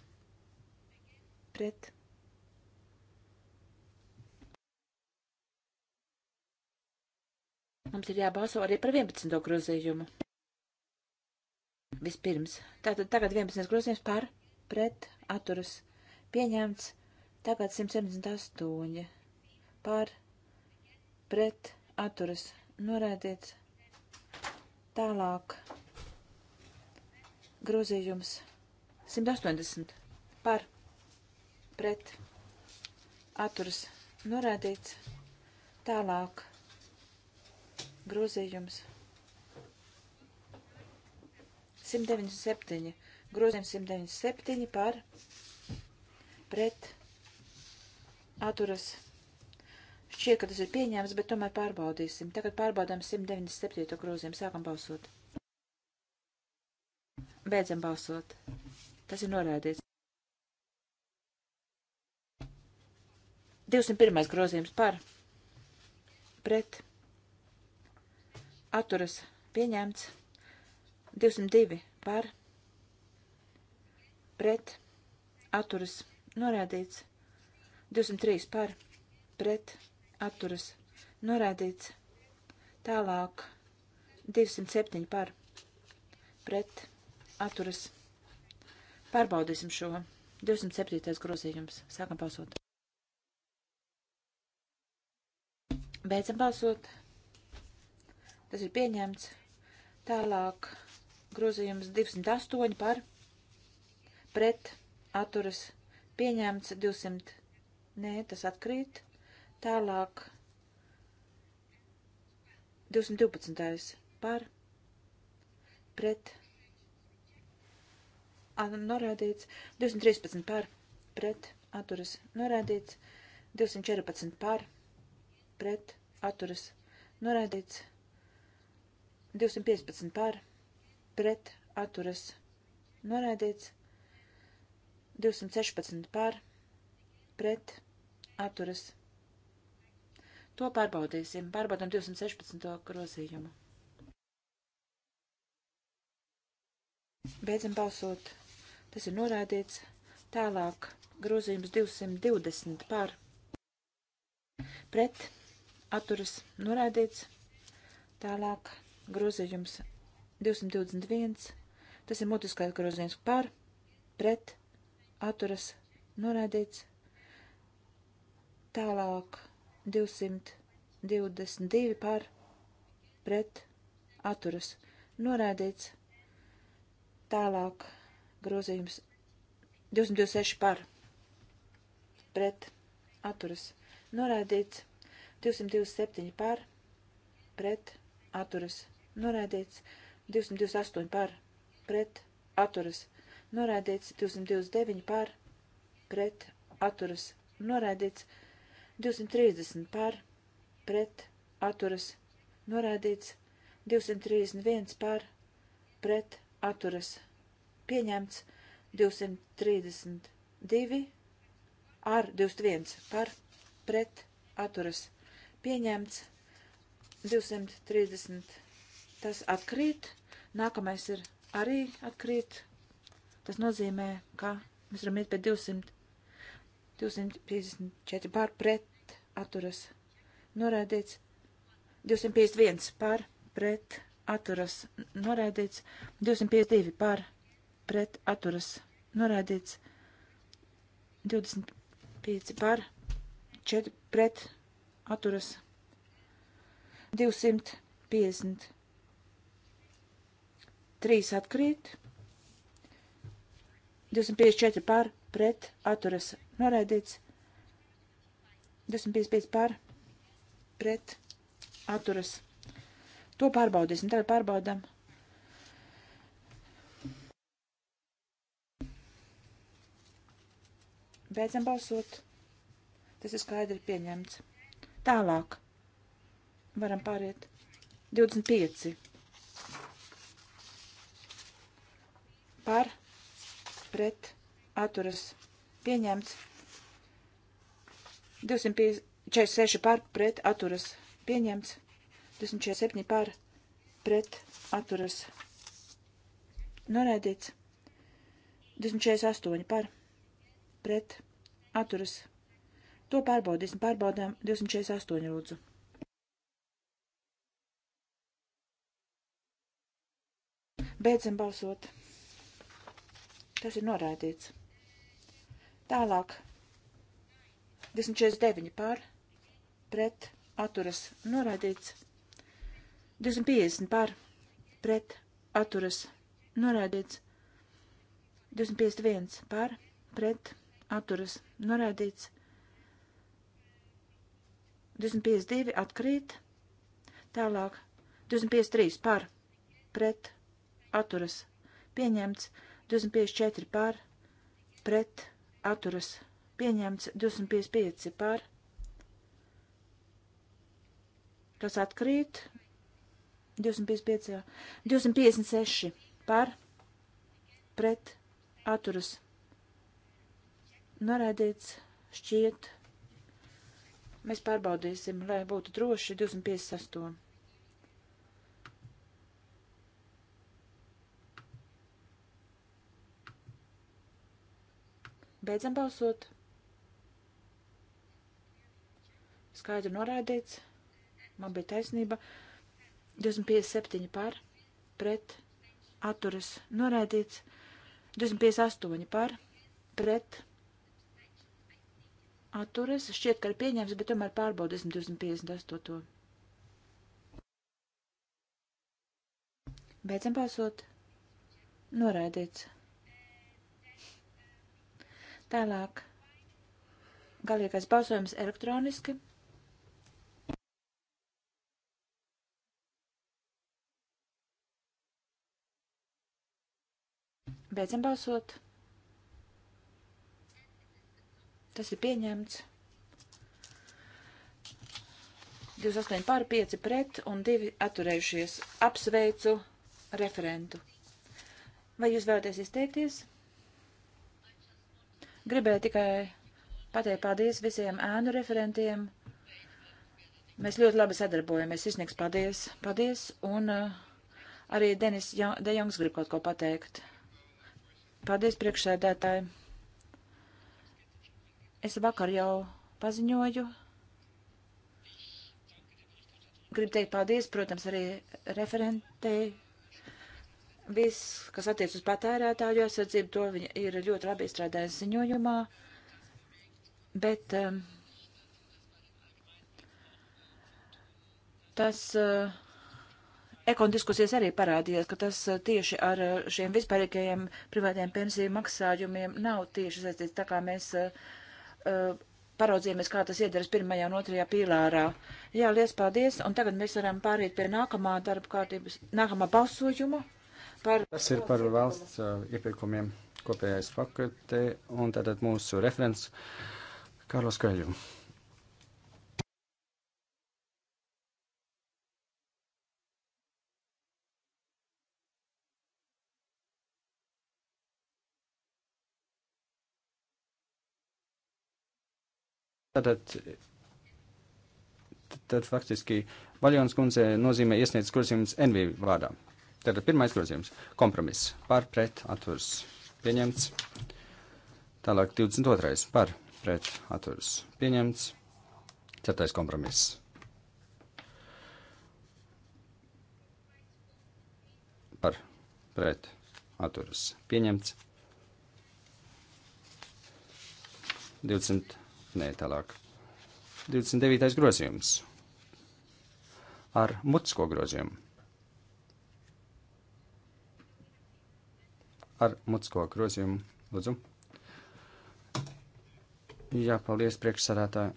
pret atturas mums ir jābalso arī par 11. grozījumu. Vispirms. Tātad tagad 11. grozījums par pret atturas pieņemts. Tagad 178 par pret atturas norēdīts. Tālāk grozījums 180 par pret atturas norēdīts. Tālāk grozījums 197, grozījums 197 par pret atturas. Šķiet, ka tas ir pieņēmts, bet tomēr pārbaudīsim. Tagad pārbaudām 197. grozījumu. Sākam balsot. Beidzam balsot. Tas ir norādīts. 201. grozījums par pret atturas atturas pieņemts. 202 par pret atturas norādīts. 203 par pret atturas norādīts. Tālāk 207 par pret atturas. Pārbaudīsim šo 207. grozījums. Sākam balsot. Beidzam balsot. Tas ir pieņemts. Tālāk grozījums 208 par pret atturas pieņemts 200. Nē, tas atkrīt. Tālāk 212 par pret norādīts 213 par pret atturas norādīts 214 par pret atturas norādīts 214. 215 par pret atturas noraidīts. 216 par pret atturas. To pārbaudīsim. Pārbaudam 216. grozījumu. Beidzam balsot. Tas ir norādīts. Tālāk grozījums 220 par pret atturas norādīts. Tālāk grozījums 221. Tas ir mutiskais grozījums par, pret, atturas, noraidīts. Tālāk 222 par, pret, atturas, noraidīts. Tālāk grozījums 226 par, pret, atturas, noraidīts. 227 par, pret, atturas, noraidīts norādīts 228 par pret atturas, norādīts 229 par pret atturas, norādīts 230 par pret atturas, norādīts 231 par pret atturas, pieņemts 232 ar 21 par pret atturas, pieņemts 233 Tas atkrīt. Nākamais ir arī atkrīt. Tas nozīmē, ka mēs varam iet pie 200, 254 pār pret atturas. Noraidīts 251 pār pret atturas. Noraidīts 252 pār pret atturas. Noraidīts 25 pār 4 pret atturas. 250 3 atkrīt, 254 par, pret, atturas noraidīts, 255 par, pret, atturas. To pārbaudīsim, tagad pārbaudām. Beidzam balsot. Tas ir skaidri pieņemts. Tālāk. Varam pāriet. 25 par pret atturas pieņemts. 246 par pret atturas pieņemts. 247 par pret atturas noraidīts. 248 par pret atturas. To pārbaudīsim, pārbaudām 248 lūdzu. Beidzam balsot. Tas ir noraidīts. Tālāk. 249 pār, pret, atturas, noraidīts. 250 pār, pret, atturas, noraidīts. 251 pār, pret, atturas, noraidīts. 252 atkrīt. Tālāk. 253 pār, pret, atturas, pieņemts. 254 par, pret, atturas, pieņemts 255 par, kas atkrīt, 255, 256 par, pret, atturas, norēdīts, šķiet, mēs pārbaudīsim, lai būtu droši 258. Beidzam balsot. Skaidri noraidīts. Man bija taisnība. 257 par, pret, atturas noraidīts. 258 par, pret, atturas. Šķiet, ka ir pieņēmis, bet tomēr pārbaudīsim 258. Beidzam balsot. Noraidīts. Tālāk. Galīgais balsojums elektroniski. Beidzam balsot. Tas ir pieņemts. 28 pār 5 pret un 2 atturējušies. Apsveicu referentu. Vai jūs vēlaties izteikties? Gribēju tikai pateikt paldies visiem ēnu referentiem. Mēs ļoti labi sadarbojamies. Izniegs paldies. Paldies. Un uh, arī Denis Dejongs grib kaut ko pateikt. Paldies priekšsēdētāji. Es vakar jau paziņoju. Gribu teikt paldies, protams, arī referentei Viss, kas attiec uz patērētāju aizsardzību, to viņa ir ļoti labi izstrādājusi ziņojumā, bet um, tas uh, ekon diskusijas arī parādījās, ka tas uh, tieši ar uh, šiem vispārīgajiem privātiem pensiju maksājumiem nav tieši saistīts tā, kā mēs uh, uh paraudzījāmies, kā tas iedaras pirmajā un otrajā pīlārā. Jā, liels paldies, un tagad mēs varam pāriet pie nākamā darba kārtības, nākamā balsojuma par. Tas ir par valsts uh, iepirkumiem kopējais fakultē un tātad mūsu referents Karlos Kaļu. Tātad tad faktiski Valjons kundze nozīmē iesniedz kursījums NV vārdā. Tātad pirmais grozījums - kompromiss par pret atturs pieņemts. Tālāk 22. par pret atturs pieņemts. Ceturtais kompromiss. Par pret atturs pieņemts. 20. Nē, tālāk. 29. grozījums. Ar mutisko grozījumu ar mutisko grozījumu. Lūdzu. Jā, paldies priekšsarātāji.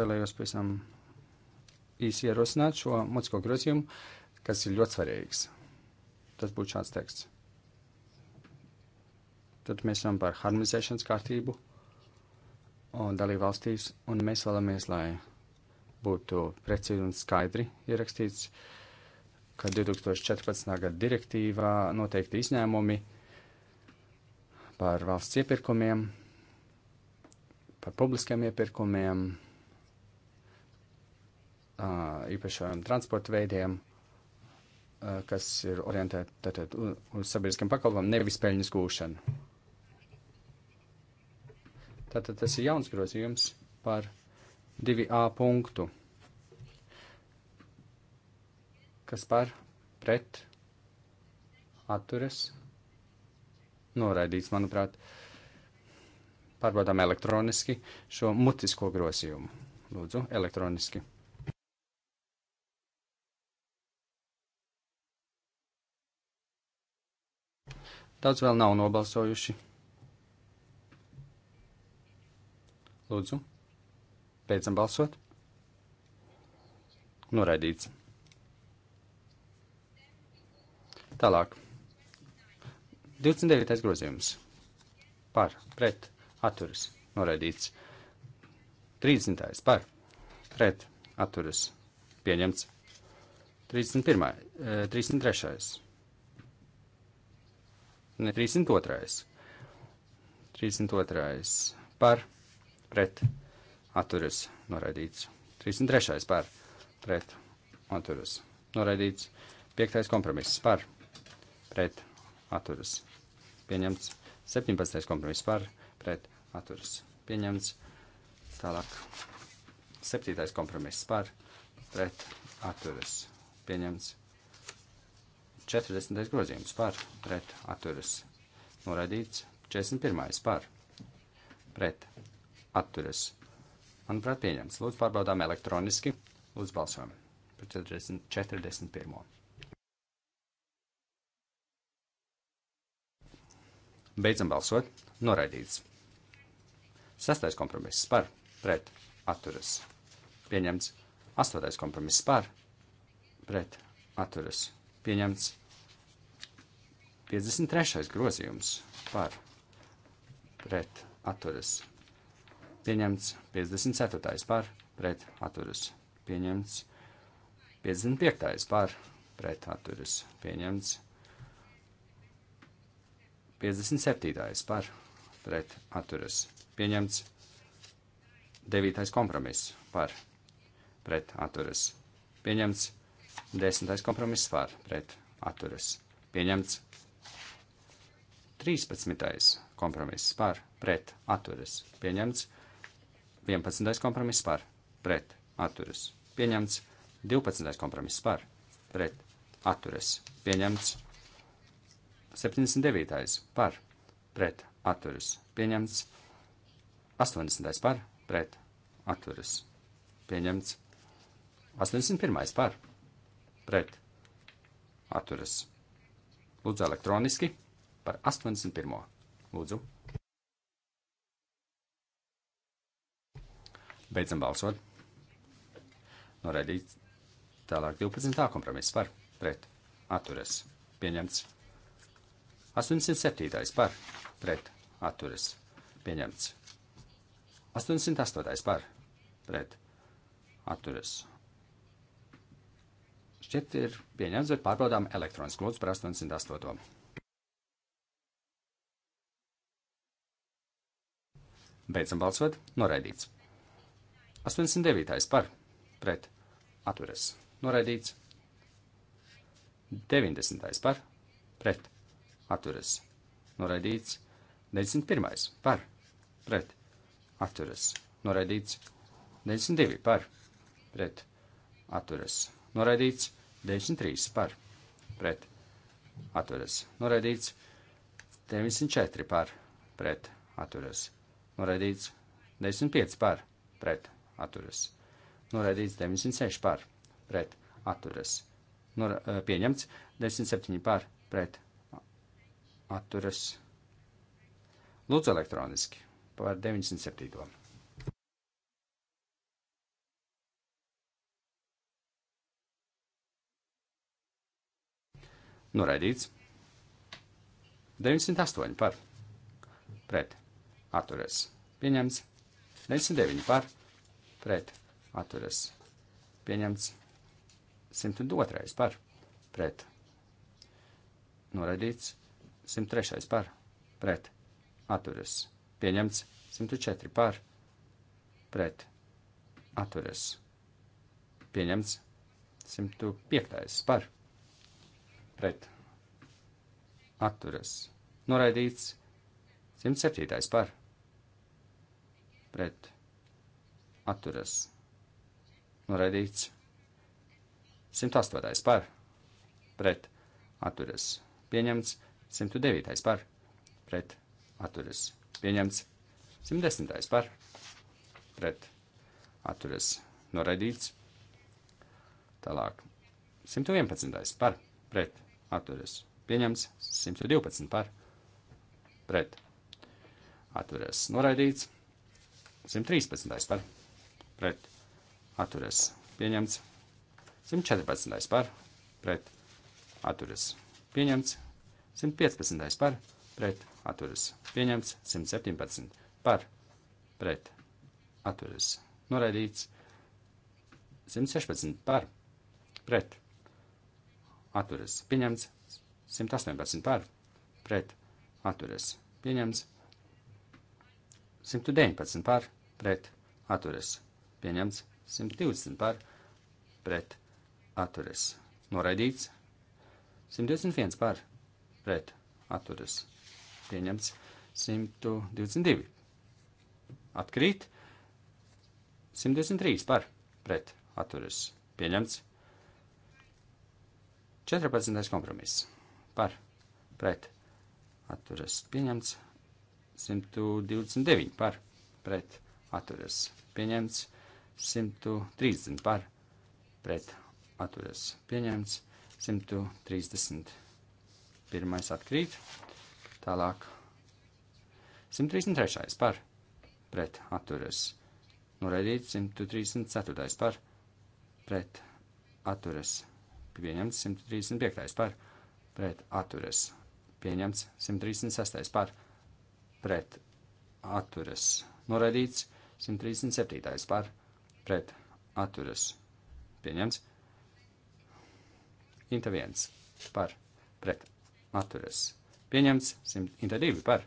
Vēlējos pēc tam īsi ierosināt šo mutisko grozījumu, kas ir ļoti svarīgs. Tas būtu šāds teksts. Tad mēs runājam par harmonizēšanas kārtību un dalību valstīs, un mēs vēlamies, lai būtu precīzi un skaidri ierakstīts uh, ka 2014. gada direktīvā noteikti izņēmumi par valsts iepirkumiem, par publiskiem iepirkumiem, īpašajiem transporta veidiem, kas ir orientēti uz sabiedriskiem pakalpojumiem, nevis peļņas gūšanu. Tātad tas ir jauns grozījums par 2A punktu. kas par pret atturas noraidīts, manuprāt. Pārbaudām elektroniski šo mutisko grozījumu. Lūdzu, elektroniski. Daudz vēl nav nobalsojuši. Lūdzu, beidzam balsot. Noraidīts. Tālāk. 29. grozījums. Par, pret, atturas, noraidīts. 30. par, pret, atturas, pieņemts. 31. 33. Eh, ne 32. 32. par, pret, atturas, noraidīts. 33. par, pret, atturas, noraidīts. 5. kompromiss par, pret pret atturas pieņemts. 17. kompromiss par pret atturas pieņemts. Tālāk 7. kompromiss par pret atturas pieņemts. 40. grozījums par pret atturas noraidīts. 41. par pret atturas. Manuprāt, pieņemts. Lūdzu, pārbaudām elektroniski. Lūdzu, balsojam par 40, 41. Beidzam balsot. Noraidīts. Sastais kompromiss par, pret, atturas. Pieņemts. Astotais kompromiss par, pret, atturas. Pieņemts. 53. grozījums par, pret, atturas. Pieņemts. 54. par, pret, atturas. Pieņemts. 55. par, pret, atturas. Pieņemts. 57. par pret atturas pieņemts. 9. kompromiss par pret atturas pieņemts. 10. kompromiss par pret atturas pieņemts. 13. kompromiss par pret atturas pieņemts. 11. kompromiss par pret atturas pieņemts. 12. kompromiss par pret atturas pieņemts. 79. par pret atturas pieņemts. 80. par pret atturas pieņemts. 81. par pret atturas. Lūdzu elektroniski par 81. Lūdzu. Beidzam balsot. Noraidīts tālāk 12. kompromiss par pret atturas pieņemts. 807. par pret atturas pieņemts. 808. par pret atturas. Šķiet ir pieņemts, bet pārbaudām elektronisku lūdzu par 808. Beidzam balsot, noraidīts. 89. par, pret, atturas, noraidīts. 90. par, pret, atturas, noraidīts. 91. par, pret, atturas, noraidīts. 92. par, pret, atturas, noraidīts. 93. par, pret, atturas, noraidīts. 94. par, pret, atturas, noraidīts. 95. par, pret, atturas, noraidīts. 96. par, pret, atturas, Nor, eh, pieņemts. 97. par, pret, atturas atturas. Lūdzu elektroniski par 97. Noraidīts. 98 par pret atturēs. Pieņemts. 99 par pret atturēs. Pieņemts. 102 par pret. Noraidīts. 103. par, pret, atturas, pieņemts 104. par, pret, atturas, pieņemts 105. par, pret, atturas, noraidīts 107. par, pret, atturas, noraidīts 108. par, pret, atturas, pieņemts 108. 109. par pret atturas pieņemts. 110. par pret atturas noraidīts. Tālāk 111. par pret atturas pieņemts. 112. par pret atturas noraidīts. 113. par pret atturas pieņemts. 114. par pret atturas pieņemts. 115. par pret atturas pieņemts, 117. par pret atturas noraidīts, 116. par pret atturas pieņemts, 118. par pret atturas pieņemts, 119. par pret atturas pieņemts, 120. par pret atturas noraidīts, 121. par pret pret atturas pieņemts 122. Atkrīt 123 par pret atturas pieņemts 14. kompromiss par pret atturas pieņemts 129 par pret atturas pieņemts 130 par pret atturas pieņemts 130 Pirmais atkrīt. Tālāk. 133. par pret atturas. Noraidīts 134. par pret atturas. Pieņemts 135. par pret atturas. Pieņemts 136. par pret atturas. Noraidīts 137. par pret atturas. Pieņemts. Inta 1 par pret atturas. Pieņemts 102 par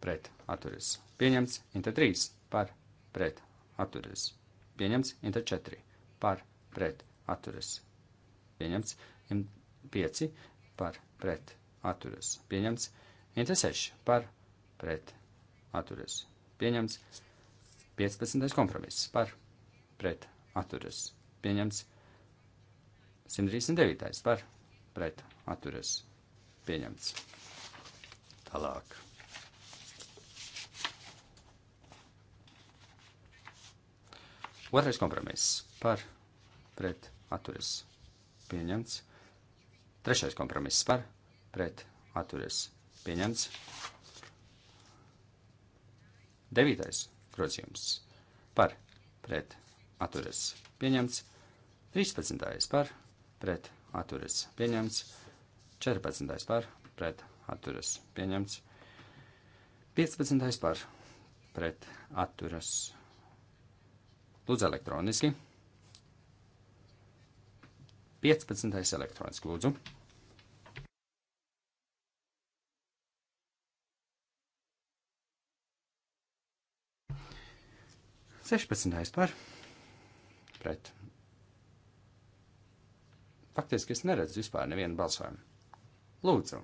pret atturas. Pieņemts 103 par pret atturas. Pieņemts 104 par pret atturas. Pieņemts 5 par pret atturas. Pieņemts 106 par pret atturas. Pieņemts 15. kompromiss par pret atturas. Pieņemts 139. par pret atturas Pieņemts. Tālāk. Otrais kompromiss par pret atturis pieņemts. Trešais kompromiss par pret atturis pieņemts. Devītais grozījums par pret atturis pieņemts. Trīspadsmitais par pret atturis pieņemts. 14. par pret atturas pieņemts. 15. par pret atturas. Lūdzu elektroniski. 15. elektroniski lūdzu. Sešpadsmitais par pret. Faktiski es neredzu vispār nevienu balsojumu. Lūdzu,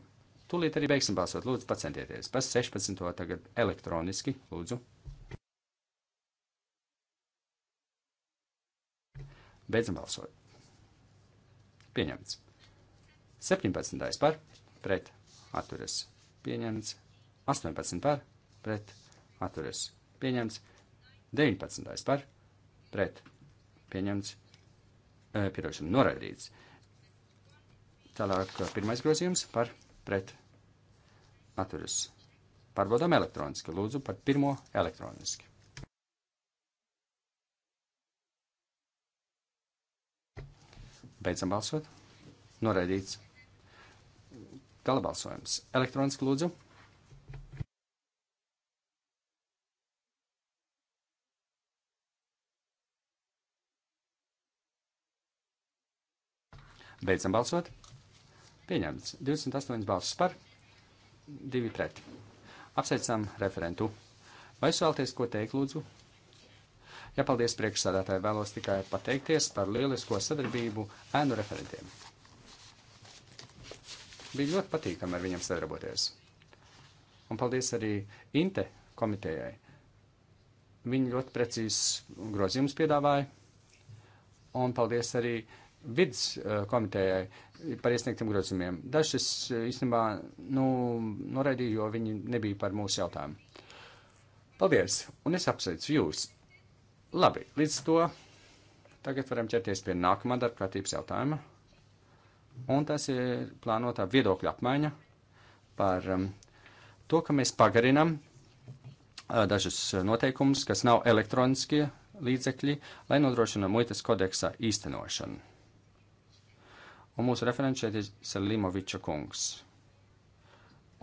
tūlīt arī beigsim balsot. Lūdzu, pacentieties. Pēc 16. tagad elektroniski, lūdzu. Beidzam balsot. Pieņemts. 17. par, pret, atturas. Pieņemts. 18. par, pret, atturas. Pieņemts. 19. par, pret, pieņemts. E, Piedošana noraidīts. Tālāk uh, pirmais grozījums par pret atturas. Pārbaudām elektroniski. Lūdzu par pirmo elektroniski. Beidzam balsot. Noraidīts. Gala balsojums. Elektroniski lūdzu. Beidzam balsot. Pieņemts. 28 balsis par, 2 pret. Apsveicam referentu. Vai jūs vēlaties ko teikt, lūdzu? Jā, ja, paldies priekšsādātāji. Vēlos tikai pateikties par lielisko sadarbību ēnu referentiem. Bija ļoti patīkami ar viņiem sadarboties. Un paldies arī Inte komitejai. Viņi ļoti precīzi grozījumus piedāvāja. Un paldies arī uh, vidas uh, komitejai par iesniegtiem grozījumiem. Dažas uh, īstenībā nu, noraidīju, jo viņi nebija par mūsu jautājumu. Paldies, un es apsveicu jūs. Labi, līdz to tagad varam ķerties pie nākamā darbkārtības jautājuma. Un tas ir plānotā viedokļa apmaiņa par um, to, ka mēs pagarinam uh, dažus noteikumus, kas nav elektroniskie līdzekļi, lai nodrošina muitas kodeksa īstenošanu. Un mūsu referents šeit ir Salimoviča kungs.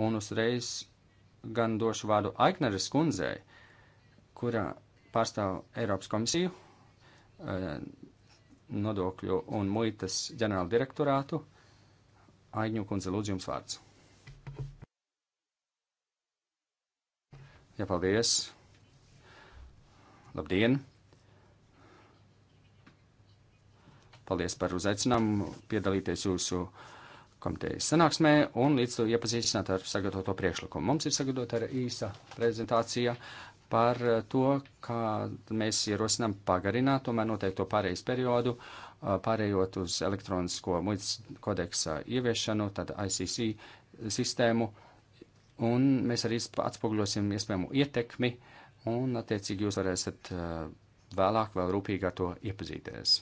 Un uzreiz gan došu vārdu Aikneres kundzei, kura pārstāv Eiropas komisiju, eh, nodokļu un muitas ģenerāla direktorātu. Aigņu kundze, lūdzu jums vārds. Jā, paldies. Labdien! Paldies par uzaicinājumu piedalīties jūsu komitejas sanāksmē un līdz to iepazīstināt ar sagatavoto priekšlikumu. Mums ir sagatavota arī īsa prezentācija par to, kā mēs ierosinām pagarināt tomēr noteikto pārējais periodu, pārējot uz elektronisko muitas kodeksa ieviešanu, tad ICC sistēmu, un mēs arī atspogļosim iespējamu ietekmi, un attiecīgi jūs varēsiet vēlāk vēl rūpīgi ar to iepazīties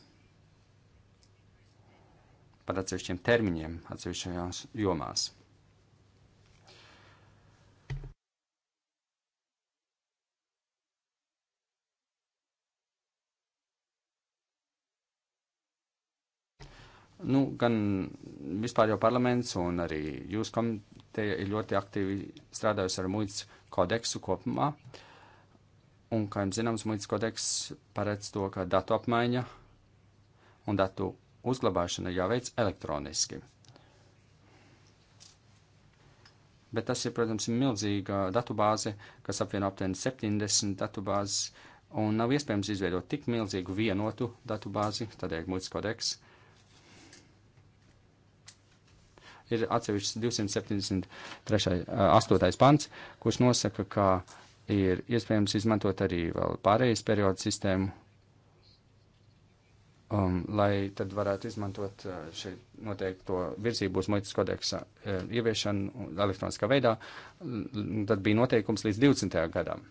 par atsevišķiem termiņiem atsevišķajās jomās. Nu, gan vispār jau parlaments un arī jūs komiteja ir ļoti aktīvi strādājusi ar muitas kodeksu kopumā. Un, kā jums zināms, muitas kodeks paredz to, ka datu apmaiņa un datu uzglabāšana jāveic elektroniski. Bet tas ir, protams, milzīga datubāze, kas apvieno aptuveni 70 datubāzes, un nav iespējams izveidot tik milzīgu vienotu datubāzi, tādēļ muitas kodeks. Ir atsevišķs 273. 8. pants, kurš nosaka, ka ir iespējams izmantot arī vēl pārējais periodu sistēmu, um, lai tad varētu izmantot uh, šeit noteikto virzību uz muitas kodeksa uh, ieviešanu elektroniskā veidā, tad bija noteikums līdz 20. gadam.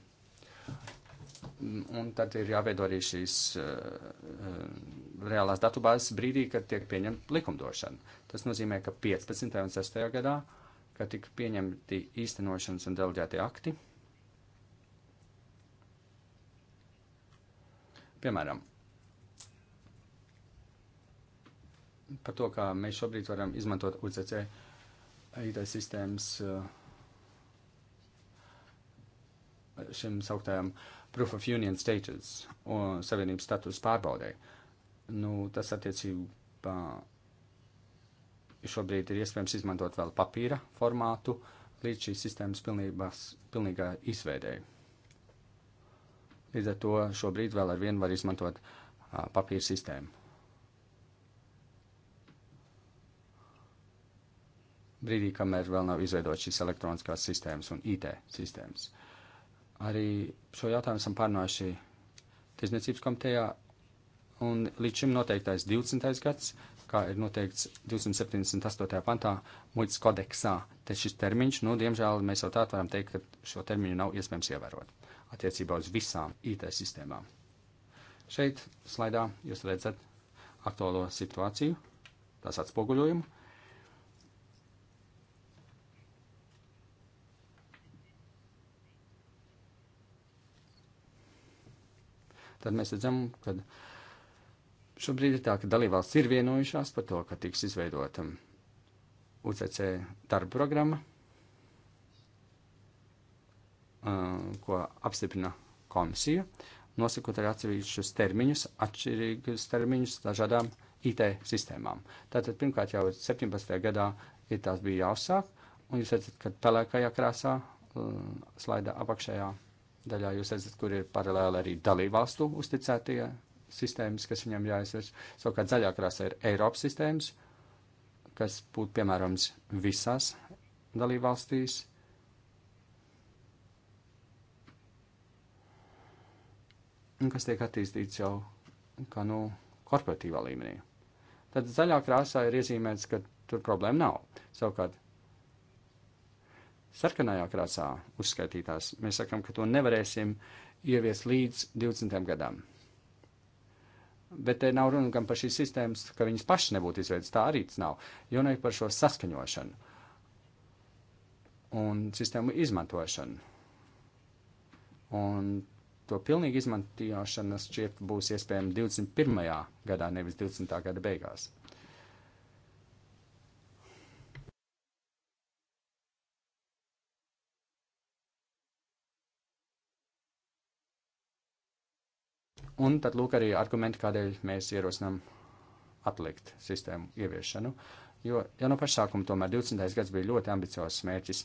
Un tad ir jāveido arī šīs uh, uh reālās datubāzes brīdī, kad tiek pieņemta likumdošana. Tas nozīmē, ka 15. un 6. gadā, kad tika pieņemti īstenošanas un deleģētie akti, piemēram, par to, kā mēs šobrīd varam izmantot UCC IT sistēmas eh, šim sauktājam Proof of Union Status un Savienības status pārbaudē. Nu, tas attiecībā šobrīd ir iespējams izmantot vēl papīra formātu līdz šīs sistēmas pilnībās, pilnīgā izveidēji. Līdz ar to šobrīd vēl ar vienu var izmantot a, eh, papīra sistēmu. brīdī, kamēr vēl nav izveidot šīs elektroniskās sistēmas un IT sistēmas. Arī šo jautājumu esam pārnājuši Tiesniecības komitejā, un līdz šim noteiktais 20. gads, kā ir noteikts 278. pantā muitas kodeksā, te šis termiņš, nu, diemžēl mēs jau tā varam teikt, ka šo termiņu nav iespējams ievērot attiecībā uz visām IT sistēmām. Šeit slaidā jūs redzat aktuālo situāciju, tās atspoguļojumu tad mēs redzam, ka šobrīd ir tā, ka dalībvalsts ir vienojušās par to, ka tiks izveidota UCC darba programma, ko apstiprina komisija, nosakot arī atsevišķus termiņus, atšķirīgus termiņus dažādām IT sistēmām. Tātad pirmkārt jau 17. gadā ir tās bija jāuzsāk, un jūs redzat, ka pelēkajā krāsā slaidā apakšējā daļā jūs redzat, kur ir paralēli arī dalībvalstu uzticētie sistēmas, kas viņam jāizvērš. Savukārt zaļā krāsā ir Eiropas sistēmas, kas būtu piemērams visās dalībvalstīs. Un kas tiek attīstīts jau kā nu korporatīvā līmenī. Tad zaļā krāsā ir iezīmēts, ka tur problēma nav. Savukārt sarkanajā krāsā uzskaitītās, mēs sakam, ka to nevarēsim ieviest līdz 20. gadam. Bet te nav runa gan par šīs sistēmas, ka viņas pašas nebūtu izveidotas, tā arī tas nav. Jona ir par šo saskaņošanu un sistēmu izmantošanu. Un to pilnīgi izmantošana šķiet būs iespējama 21. gadā, nevis 20. gada beigās. Un tad lūk arī argumenti, kādēļ mēs ierosinām atlikt sistēmu ieviešanu. Jo jau no paša sākuma tomēr 20. gads bija ļoti ambiciozs mērķis.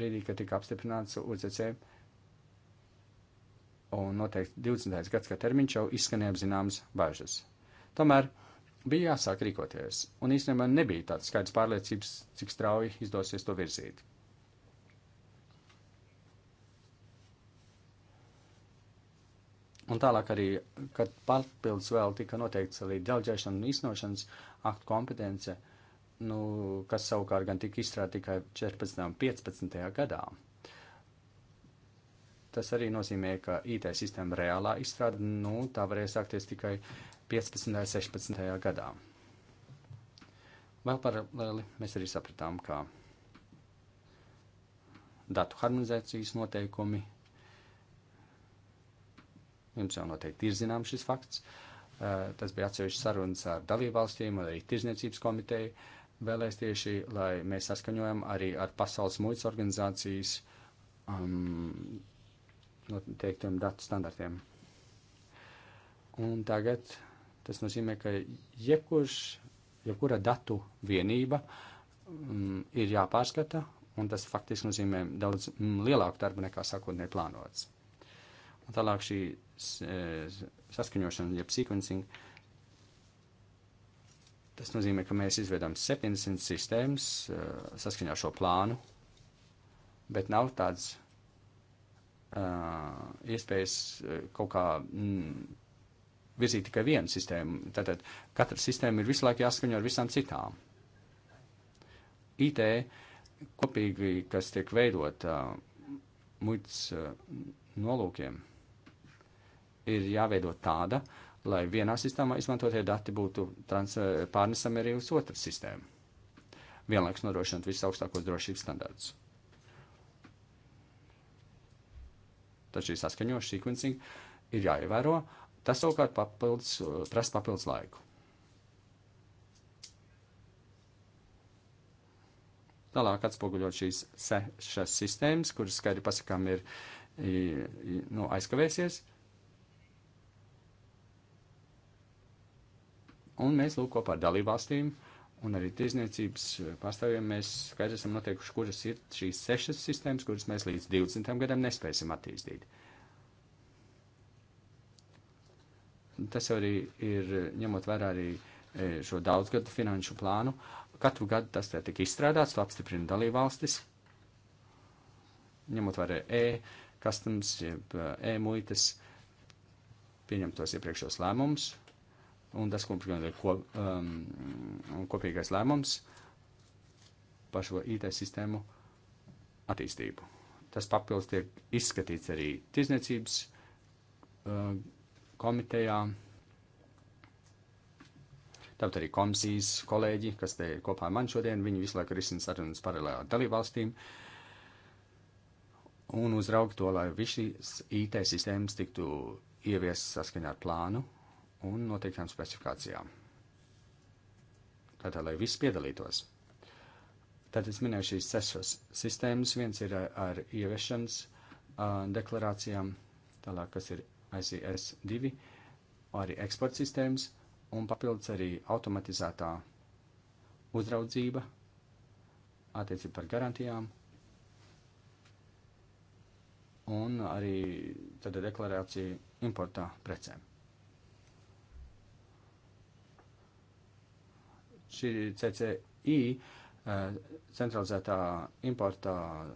Brīdī, kad tika apstiprināts UCC, un noteikti 20. gads, ka termiņš jau izskanēja zināmas bažas. Tomēr bija jāsāk rīkoties, un īstenībā nebija tādas skaidras pārliecības, cik strauji izdosies to virzīt. Un tālāk arī, kad papildus vēl tika noteikts arī delģēšana un iznošanas aktu kompetence, nu, kas savukārt gan tika izstrādāta tikai 14. un 15. gadā. Tas arī nozīmē, ka IT sistēma reālā izstrāde, nu, tā varēja sākties tikai 15. un 16. gadā. Vēl paralēli mēs arī sapratām, ka datu harmonizācijas noteikumi Jums jau noteikti ir zināms šis fakts. Eh, tas bija atsevišķi sarunas ar dalībvalstīm, arī tirzniecības komiteju. Vēlēs tieši, lai mēs saskaņojam arī ar Pasaules muitas organizācijas um, noteiktiem datu standartiem. Un tagad tas nozīmē, ka jebkurš, jebkura datu vienība um, ir jāpārskata un tas faktiski nozīmē daudz mm, lielāku darbu nekā sākotnēji plānots. Un tālāk šī E, saskaņošanu, jeb sequencing. Tas nozīmē, ka mēs izveidām 70 sistēmas e, saskaņā ar šo plānu, bet nav tāds uh, iespējas kaut kā mm, virzīt tikai vienu sistēmu. Tātad katra sistēma ir visu laiku jāskaņo ar visām citām. IT kopīgi, kas tiek veidot uh, muitas uh, nolūkiem ir jāveido tāda, lai vienā sistēmā izmantotie dati būtu trans, pārnesami arī uz otru sistēmu, vienlaikus nodrošinot visus augstākos drošības standartus. Taču šī saskaņošana, sekvencing ir jāievēro. Tas savukārt papildus, prasa papildus laiku. Tālāk atspoguļot šīs sešas sistēmas, kuras skaidri pasakām ir nu, aizkavēsies, uh, Un mēs lūk kopā ar dalībvalstīm un arī tirzniecības pārstāvjiem mēs skaidri esam noteikuši, kuras ir šīs sešas sistēmas, kuras mēs līdz 20. gadam nespēsim attīstīt. Tas arī ir ņemot vērā arī e, šo daudzgadu finanšu plānu. Katru gadu tas tā tika izstrādāts, to apstiprina dalībvalstis, ņemot vērā e-customs, e-muitas, e, pieņemtos iepriekšos lēmumus, Un tas, ko mums ir ko, um, kopīgais lēmums par šo IT sistēmu attīstību. Tas papildus tiek izskatīts arī tirzniecības uh, komitejā. Tāpat arī komisijas kolēģi, kas te ir kopā ar mani šodien, viņi visu laiku risina sarunas paralēli ar dalībvalstīm un uzrauga to, lai visas IT sistēmas tiktu ieviesas saskaņā ar plānu un noteiktām specifikācijām. Tātad, lai viss piedalītos. Tad es minēju šīs sešas sistēmas. Viens ir eh, ar ieviešanas uh, deklarācijām, tālāk, kas ir ICS 2, arī eksporta sistēmas, un papildus arī automatizētā uzraudzība attiecībā par garantijām, un arī tad deklarācija importā precēm. šī CCI eh, centralizētā importa eh,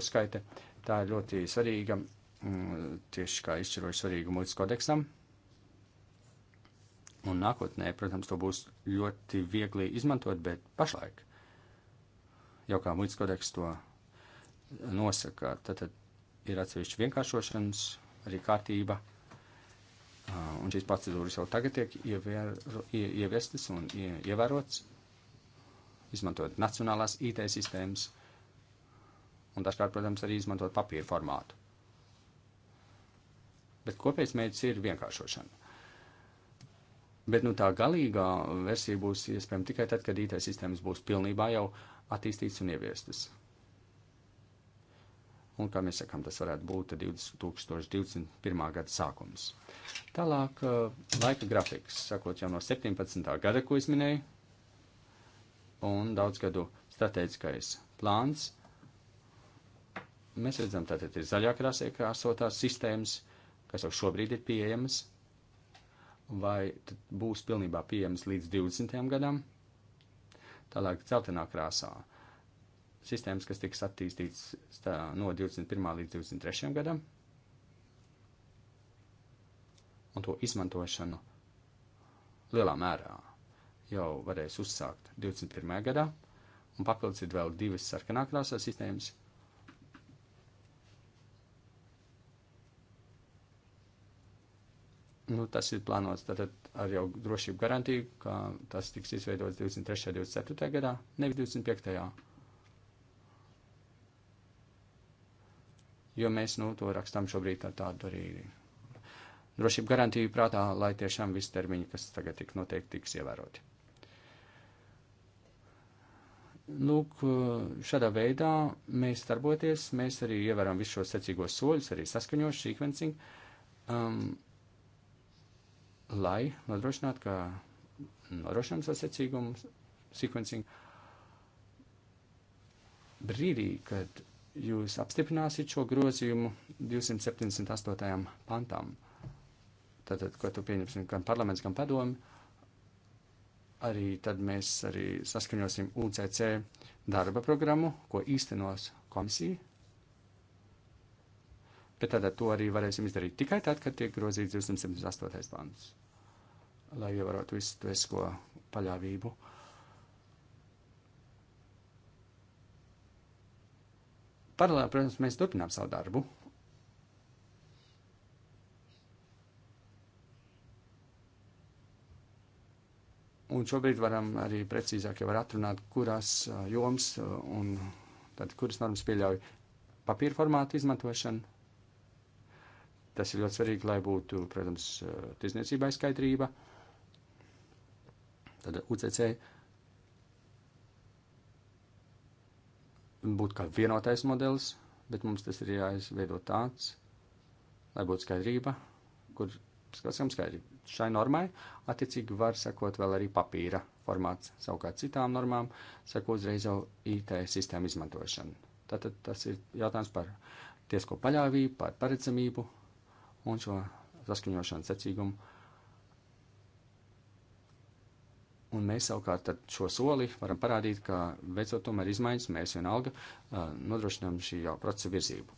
uzskaite, tā ir ļoti svarīga, mm, tieši kā izšķiroši svarīga muitas kodeksam. Un nākotnē, protams, to būs ļoti viegli izmantot, bet pašlaik jau kā muitas kodeks to nosaka, tad, tad ir atsevišķi vienkāršošanas arī kārtība Ah, un šīs procedūras jau tagad tiek ievēro, ieviestas un ievērotas, izmantojot nacionālās IT sistēmas un dažkārt, protams, arī izmantot papīra formātu. Bet kopējais mērķis ir vienkāršošana. Bet nu, tā galīgā versija būs iespējama tikai tad, kad IT sistēmas būs pilnībā jau attīstītas un ieviestas un kā mēs sakām, tas varētu būt 2021. gada sākums. Tālāk uh, laika grafiks, sakot jau no 17. gada, ko es minēju, un daudzgadu strateģiskais plāns. Mēs redzam, tātad ir zaļā krāsē krāsotās sistēmas, kas jau šobrīd ir pieejamas, vai būs pilnībā pieejamas līdz 20. gadam. Tālāk dzeltenā krāsā uh, sistēmas, kas tiks attīstīts tā, no 21. līdz 23. gadam, un to izmantošanu lielā mērā jau varēs uzsākt 21. gadā, un papildus ir vēl divas sarkanā krāsā sistēmas. Nu, tas ir plānots tātad ar jau drošību garantiju, ka tas tiks izveidots 23. un 24. gadā, nevis 25. gadā jo mēs nu, to rakstām šobrīd ar tādu arī drošību garantiju prātā, lai tiešām visi termiņi, kas tagad tik noteikti tiks ievēroti. Lūk, šādā veidā mēs darboties, mēs arī ievērām visu šos secīgos soļus, arī saskaņošu sekvencing, um, lai nodrošinātu, ka nodrošinām savu secīgumu sekvencing brīdī, kad jūs apstiprināsiet šo grozījumu 278. pantam. Tātad, ko tu pieņemsim gan parlaments, gan padomi, arī tad mēs arī saskaņosim UCC darba programmu, ko īstenos komisija. Bet tātad to arī varēsim izdarīt tikai tad, kad tiek grozīts 278. pants, lai ievarotu visu to esko paļāvību. Uh, Paralēli, protams, mēs turpinām savu darbu. Un šobrīd varam arī precīzāk jau atrunāt, kurās joms un tad, kuras normas pieļauj papīra formātu izmantošanu. Tas ir ļoti svarīgi, lai būtu, protams, tirzniecībai skaidrība. Tad UCC būtu kā vienotais modelis, bet mums tas ir jāizveido tāds, lai būtu skaidrība, kur skatām skaidri. Šai normai attiecīgi var sekot vēl arī papīra formāts, savukārt citām normām seko uzreiz jau IT sistēmu izmantošana. Tātad tas ir jautājums par tiesko paļāvību, par paredzamību un šo saskaņošanu secīgumu Un mēs savukārt ar šo soli varam parādīt, ka veicot tomēr izmaiņas, mēs vienalga uh, nodrošinām šī jau procesa virzību.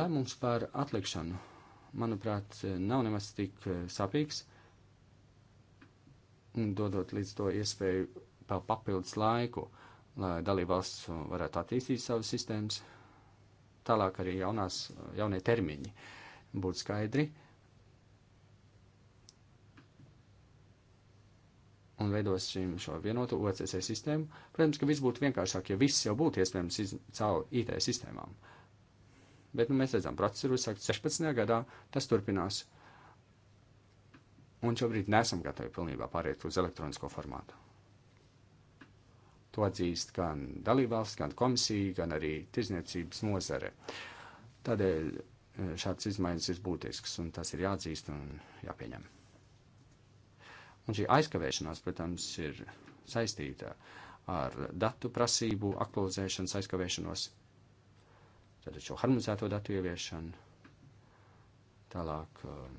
Lēmums par atlikšanu, manuprāt, nav nemaz tik sapīgs, un dodot līdz to iespēju vēl papildus laiku, lai dalībvalsts varētu attīstīt savas sistēmas. Tālāk arī jaunās, jaunie termiņi būtu skaidri. Uh, un veidosim šo vienotu OCC sistēmu. Protams, ka viss būtu vienkāršāk, ja viss jau būtu iespējams iz, caur IT sistēmām. Bet nu, mēs redzam, process ir uzsākts 16. gadā, tas turpinās. Un šobrīd nesam gatavi pilnībā pāriet uz elektronisko formātu. To atzīst gan dalībvalsts, gan komisija, gan arī tirzniecības nozare. Tādēļ eh, šāds izmaiņas ir būtisks, un tas ir jāatzīst un jāpieņem. Un šī aizkavēšanās, protams, ir saistīta ar datu prasību, aktualizēšanas aizkavēšanos, tad šo harmonizēto datu ieviešanu, tālāk um,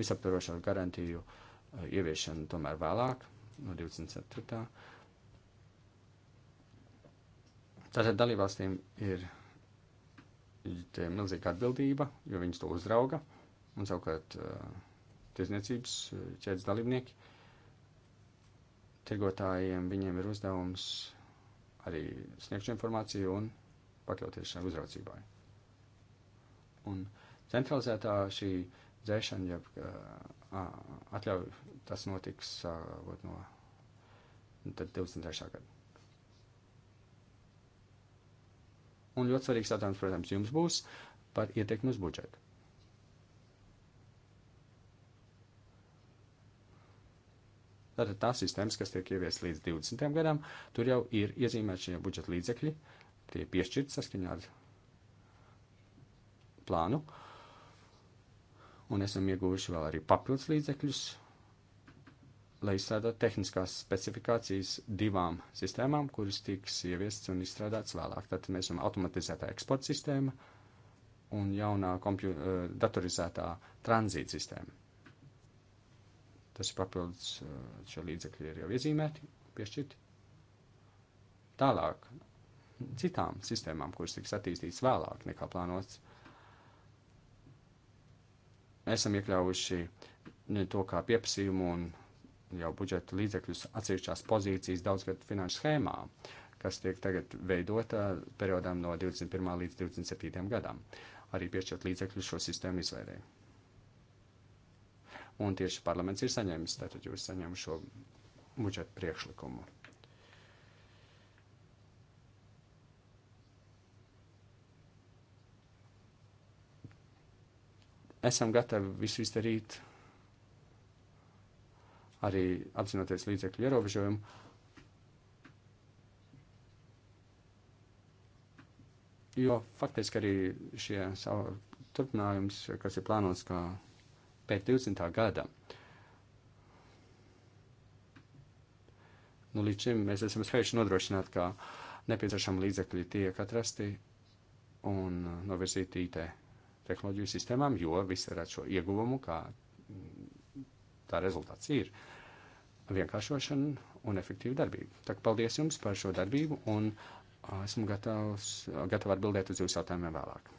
visaptvarošo garantiju uh, ieviešanu tomēr vēlāk, no 24. Tātad dalībvalstīm ir milzīga atbildība, jo viņas to uzrauga, un savukārt uh, tirzniecības eh, ķēdes dalībnieki. Tirgotājiem viņiem ir uzdevums arī sniegt šo informāciju un pakļauties šai uzraucībai. Un centralizētā šī dzēšana, jeb ja, eh, atļauj, tas notiks eh, ot, no 23. Nu, gada. Un ļoti svarīgs jautājums, protams, jums būs par ietekmi uz budžetu. Tātad tās sistēmas, kas tiek ieviest līdz 20. gadam, tur jau ir iezīmēti šie budžeta līdzekļi, tie piešķirti saskaņā ar plānu, un esam ieguvuši vēl arī papildus līdzekļus, lai izstrādātu tehniskās specifikācijas divām sistēmām, kuras tiks ieviests un izstrādāts vēlāk. Tātad mēs esam automatizētā eksporta sistēma un jaunā eh, datorizētā tranzīta sistēma. Tas ir papildus eh, šie līdzekļi ir jau iezīmēti, piešķirti. Tālāk citām sistēmām, kuras tiks attīstītas vēlāk nekā plānots, esam iekļāvuši to kā pieprasījumu un jau budžeta līdzekļus atsevišķās pozīcijas daudzgadu finanšu schēmā, kas tiek tagad veidota periodām no 21. līdz 27. gadam. Arī piešķirt līdzekļus šo sistēmu izveidēju un tieši parlaments ir saņēmis, tātad jūs saņēmu šo budžeta priekšlikumu. esam gatavi visu izdarīt, arī apzinoties līdzekļu ierobežojumu. Jo faktiski arī šie turpinājums, kas ir plānots kā pēc 20. gada. Nu, līdz šim mēs esam spējuši nodrošināt, ka nepieciešami līdzekļi tiek atrasti un novirzīti IT tehnoloģiju sistēmām, jo visi redz šo ieguvumu, kā mm, tā rezultāts ir vienkāršošana un efektīva darbība. Tā kā paldies jums par šo darbību un esmu gatavs, gatava atbildēt uz jūsu jautājumiem vēlāk.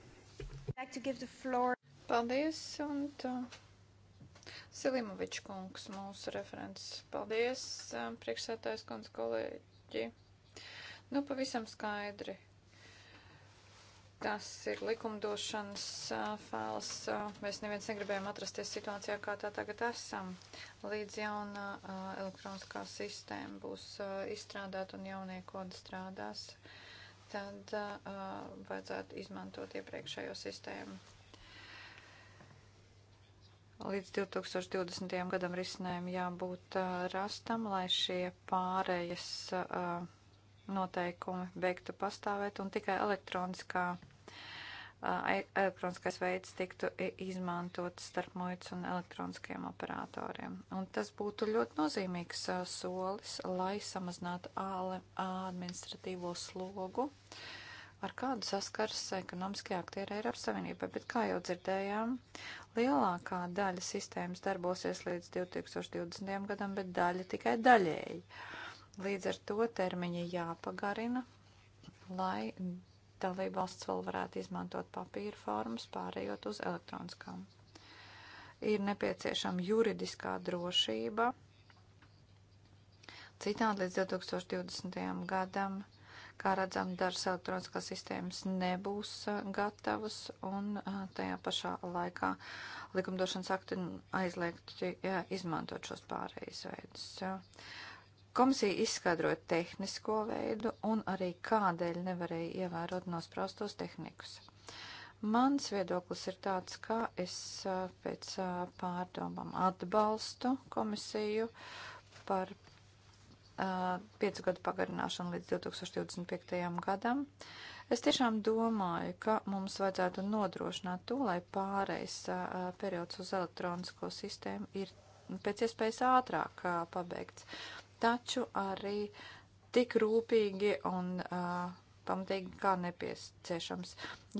Paldies, un tā. Silimovičs kungs, mūsu referents. Paldies, priekšsētājs kundz kolēģi. Nu, pavisam skaidri. Tas ir likumdošanas fāls. Mēs neviens negribējām atrasties situācijā, kā tā tagad esam. Līdz jaunā elektroniskā sistēma būs izstrādāta un jaunie kodi strādās, tad vajadzētu izmantot iepriekšējo sistēmu Līdz 2020. gadam risinājumu jābūt rastam, lai šie pārējas noteikumi beigtu pastāvēt un tikai elektroniskā e, elektroniskais veids tiktu izmantot starp muitas un elektroniskiem operatoriem. Un tas būtu ļoti nozīmīgs solis, lai samazinātu administratīvo slogu. Uh, ar kādu saskars ekonomiskie aktieri Eiropas Savienībā, bet kā jau dzirdējām, lielākā daļa sistēmas darbosies līdz 2020. gadam, bet daļa tikai daļēji. Līdz ar to termiņi jāpagarina, lai dalībvalsts vēl varētu izmantot papīra formas, pārējot uz elektroniskām. Ir nepieciešama juridiskā drošība. Citādi līdz 2020. gadam Kā redzam, dažas elektroniskās sistēmas nebūs eh, gatavas un eh, tajā pašā laikā likumdošanas akti aizliegti izmantot šos pārējais veidus. Komisija izskaidroja tehnisko veidu un arī kādēļ nevarēja ievērot nospraustos tehnikus. Mans viedoklis ir tāds, ka es eh, pēc pārdomām atbalstu komisiju par piecu gadu pagarināšanu līdz 2025. gadam. Es tiešām domāju, ka mums vajadzētu nodrošināt to, lai pārejas periods uz elektronisko sistēmu ir pēc iespējas ātrāk pabeigts. Taču arī tik rūpīgi un uh, pamatīgi kā nepieciešams.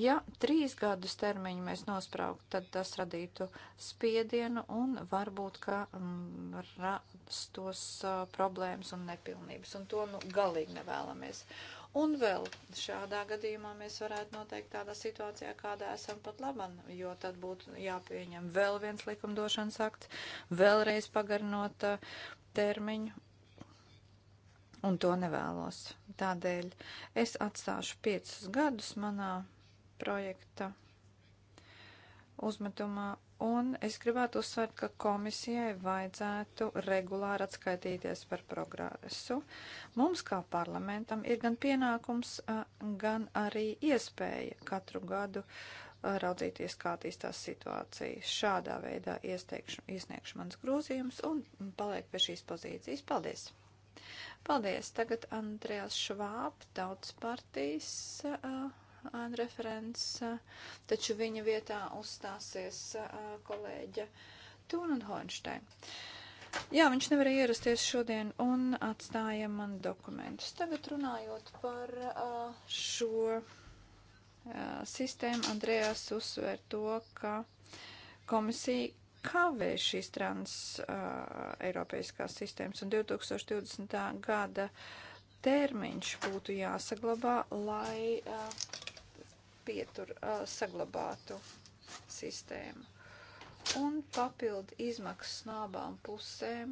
Ja trīs gadus termiņu mēs nosprauktu, tad tas radītu spiedienu un varbūt, ka mm, rastos uh, problēmas un nepilnības, un to nu galīgi nevēlamies. Un vēl šādā gadījumā mēs varētu noteikt tādā situācijā, kādā esam pat laban, jo tad būtu jāpieņem vēl viens likumdošanas akts, vēlreiz pagarinot termiņu un to nevēlos. Tādēļ es atstāšu piecus gadus manā projekta uzmetumā, un es gribētu uzsvērt, ka komisijai vajadzētu regulāri atskaitīties par progresu. Mums kā parlamentam ir gan pienākums, gan arī iespēja katru gadu raudzīties, kā attīstās situācija. Šādā veidā iesniegšu mans grūzījums un paliek pie šīs pozīcijas. Paldies! Paldies! Tagad Andrēls Švāb, tautas partijas uh, uh, referents, uh, taču viņa vietā uzstāsies uh, kolēģa Tūna un Hornšteina. Jā, viņš nevarēja ierasties šodien un atstāja man dokumentus. Tagad runājot par uh, šo uh, sistēmu, Andrejās uzsver to, ka komisija kavē šīs transeiropeiskās uh, sistēmas un 2020. gada termiņš būtu jāsaglabā, lai uh, pietur uh, saglabātu sistēmu. Un papildu izmaksas no abām pusēm,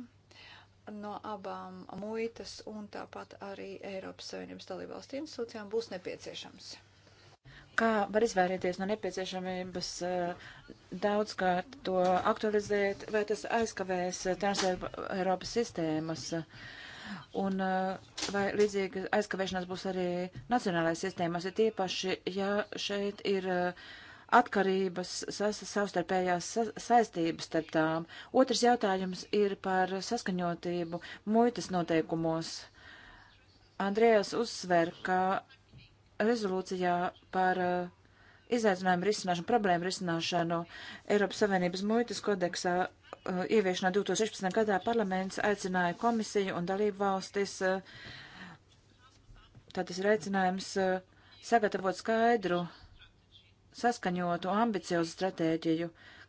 no abām muitas un tāpat arī Eiropas Savienības dalībvalstu institūcijām būs nepieciešams kā var izvairīties no nepieciešamības eh, daudzkārt to aktualizēt, vai tas aizkavēs eh, transfer Eiropas sistēmas. Un eh, vai līdzīgi aizkavēšanās būs arī nacionālajās sistēmās, ir tīpaši, ja šeit ir atkarības, savstarpējās saistības starp tām. Otrs jautājums ir par saskaņotību muitas noteikumos. Andrējas uzsver, ka rezolūcijā par uh, izaicinājumu risināšanu, problēmu risināšanu Eiropas Savienības muitas kodeksā uh, ieviešanā 2016. gadā parlaments aicināja komisiju un dalību valstis, uh, tad tas ir aicinājums sagatavot skaidru, saskaņotu, ambiciozu stratēģiju,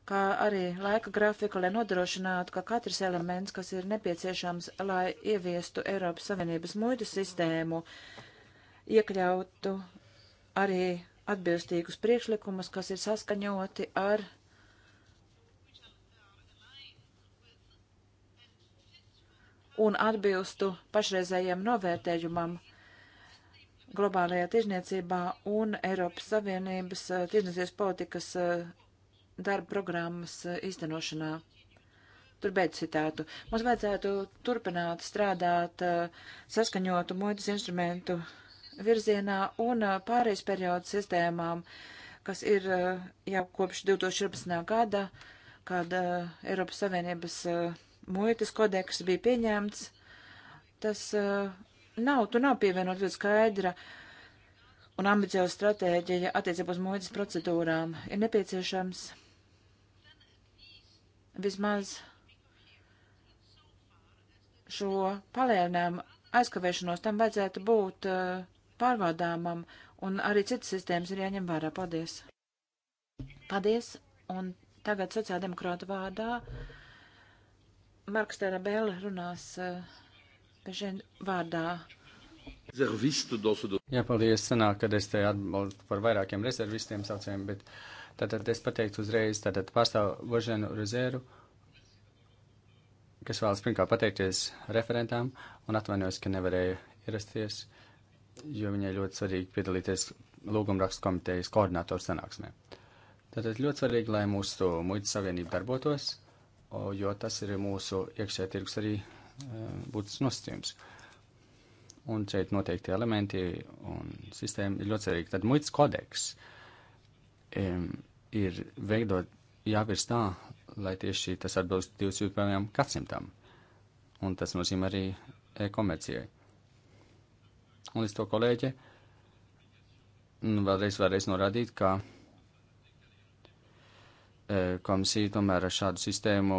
kā arī laika grafiku, lai nodrošinātu, ka katrs elements, kas ir nepieciešams, lai ieviestu Eiropas Savienības muitas sistēmu, uh, iekļautu arī atbilstīgus priekšlikumus, kas ir saskaņoti ar un atbilstu pašreizējiem novērtējumam globālajā tirzniecībā un Eiropas Savienības eh, tirzniecības politikas eh, darba programmas eh, īstenošanā. Tur beidz citātu. Mums vajadzētu turpināt strādāt saskaņotu muitas instrumentu virzienā un pārējais periodu sistēmām, kas ir jau kopš 2014. gada, kad Eiropas Savienības muitas kodeks bija pieņemts. Tas nav, tu nav pievienot ļoti skaidra un ambicioza stratēģija attiecībā uz muitas procedūrām. Ir nepieciešams vismaz šo palēnām aizkavēšanos tam vajadzētu būt uh, pārvādāmam, un arī citas sistēmas ir jāņem vērā. Paldies! Paldies! Un tagad sociāldemokrāta vārdā Marks Terabēla runās Pežen eh, vārdā. Jā, paldies, sanāk, kad es te atbalstu par vairākiem rezervistiem saucējiem, bet tātad es pateiktu uzreiz, tātad pārstāv Boženu rezervu kas vēlas pirmkārt pateikties referentām un atvainojos, ka nevarēju ierasties. Uh, jo viņai ļoti svarīgi piedalīties lūgumrakstu komitejas koordinātoru sanāksmē. Tātad ļoti svarīgi, lai mūsu muitas savienība darbotos, jo tas ir mūsu iekšējā tirgus arī e, būtis nosacījums. Un šeit noteikti elementi un sistēma ir ļoti svarīgi. Tad muitas kodeks um, ir veidot jāvirst tā, lai tieši tas atbilst 21. gadsimtam. Un tas nozīmē arī e-komercijai. Un līdz to kolēģi nu, vēlreiz vēlreiz norādīt, ka e, komisija tomēr ar šādu sistēmu e,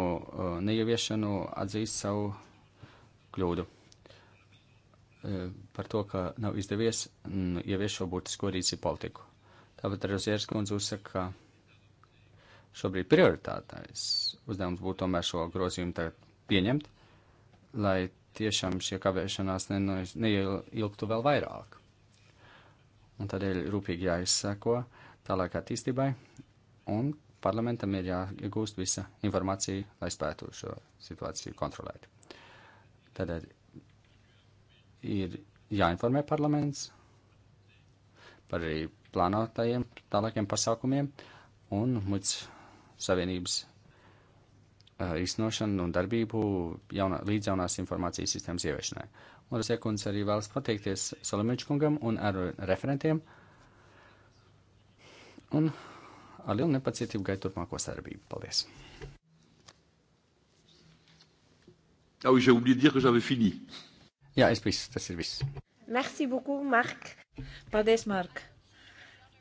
neieviešanu atzīst savu kļūdu e, par to, ka nav izdevies mm, ievies šo būtisko rīcību politiku. Tāpat arī Zieras kundze uzsaka, ka šobrīd prioritātais uzdevums būtu tomēr šo grozījumu tagad pieņemt, lai tiešām šie kavēšanās neilgtu vēl vairāk. Un tādēļ rūpīgi jāizseko tālāk attīstībai, un parlamentam ir jāiegūst visa informācija, lai spētu šo situāciju kontrolēt. Tādēļ ir jāinformē parlaments par arī plānotajiem tālākiem pasākumiem un muļķis savienības iznošanu uh, un darbību jaunā, līdz jaunās informācijas sistēmas ieviešanai. Loras Ekundze arī vēlas pateikties Salamečkungam un ar referentiem un ar lielu nepacietību gaidu turpmāko sadarbību. Paldies! Ah oui, j'ai oublié de dire que j'avais fini. Jā, es viss, tas ir viss. Merci beaucoup, Mark. Paldies, Mark.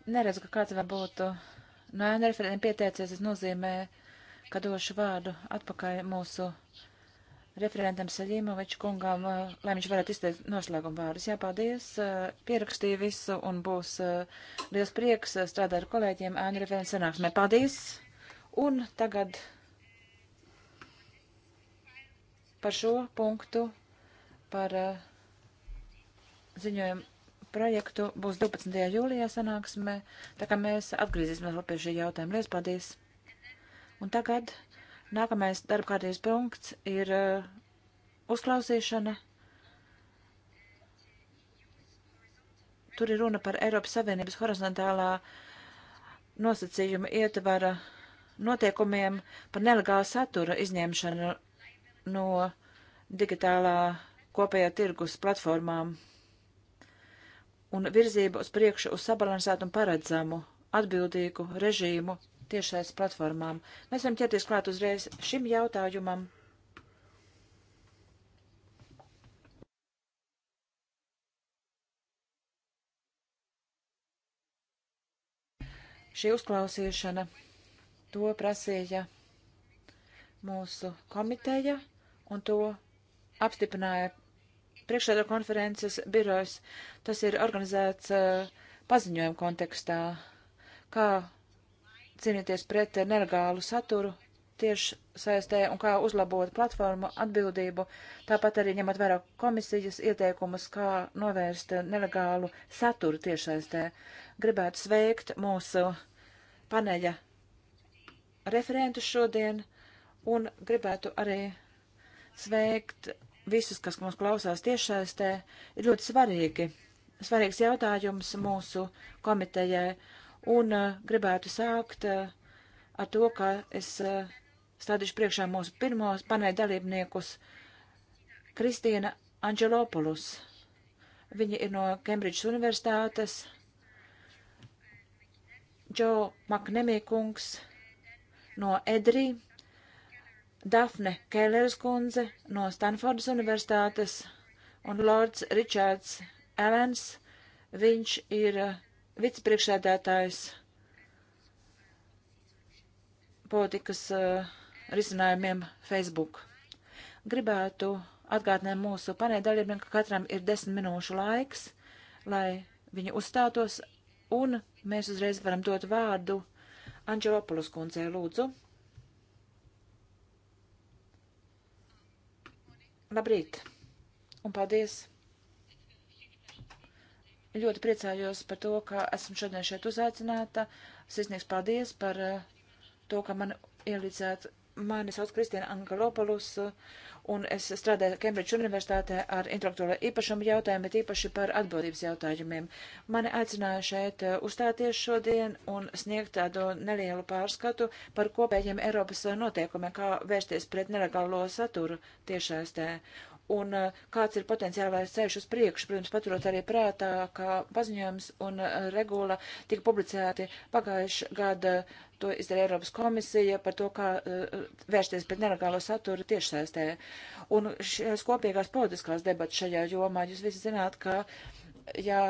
Neredzu, ka kāds vēl būtu no jaunreferentiem pieteicies, tas nozīmē, uh, ka došu vārdu atpakaļ mūsu referentam Saļīmoviču kungam, eh, lai viņš varētu izteikt noslēgumu vārdus. Jā, paldies, eh, pierakstīju visu un būs eh, liels prieks strādāt ar kolēģiem ēnu referents sanāksmē. Paldies! Un tagad par šo punktu, par ziņojumu projektu būs 12. jūlijā sanāksmē, tā kā mēs atgriezīsimies vēl pie šī jautājuma. Liels paldies! Un tagad nākamais darbkārtības punkts ir uh, uzklausīšana. Tur ir runa par Eiropas Savienības horizontālā nosacījuma ietvara noteikumiem par nelegālu satura izņemšanu no digitālā kopējā tirgus platformām un virzību uz priekšu uz sabalansētu un paredzamu atbildīgu režīmu tiešais platformām. Mēs varam ķerties klāt uzreiz šim jautājumam. Šī uzklausīšana to prasīja mūsu komiteja un to apstiprināja priekšsēdā konferences birojas. Tas ir organizēts uh, paziņojuma kontekstā, kā cīnīties pret nelegālu saturu tieši saistē un kā uzlabot platformu atbildību, tāpat arī ņemot vērā komisijas ieteikumus, kā novērst nelegālu saturu tiešsaistē. Gribētu sveikt mūsu paneļa referentu šodien un gribētu arī sveikt visus, kas mums klausās tiešsaistē. Ir ļoti svarīgi, svarīgs jautājums mūsu komitejai un uh, gribētu sākt uh, ar to, ka es uh, stādīšu priekšā mūsu pirmos panēļ dalībniekus Kristīna Anģelopulus. Viņa ir no Kembridžas universitātes. Džo Maknemīkungs no Edrī. Dafne Kēlers kundze no Stanfordas Universitātes un Lords Ričards Elens, viņš ir vicepriekšēdētājs politikas uh, risinājumiem Facebook. Gribētu atgādināt mūsu panēdaļiem, ka katram ir desmit minūšu laiks, lai viņi uzstātos, un mēs uzreiz varam dot vārdu Anģelopulus kundzei lūdzu. Labrīt, un paldies! Ļoti priecājos par to, ka esmu šodien šeit uzaicināta. Sisnieks paldies par eh, to, ka man ielīdzēt. Mani sauc Kristina Angelopoulos, eh, un es strādāju Kembridžas Universitātē ar intelektuālo īpašumu jautājumu, bet īpaši par atbildības jautājumiem. Mani aicināja šeit eh, uzstāties šodien un sniegt tādu nelielu pārskatu par kopējiem Eiropas noteikumiem, kā vērsties pret nelegālo saturu tiešaistē un uh, kāds ir potenciālais ceļš uz priekšu, protams, paturot arī prātā, ka paziņojums un uh, regula tika publicēti pagājuši gada, to izdarīja Eiropas komisija par to, kā uh, vērsties pret nelegālo saturu tiešsaistē. Un šīs kopīgās politiskās debatas šajā jomā, jūs visi zināt, ka, jā,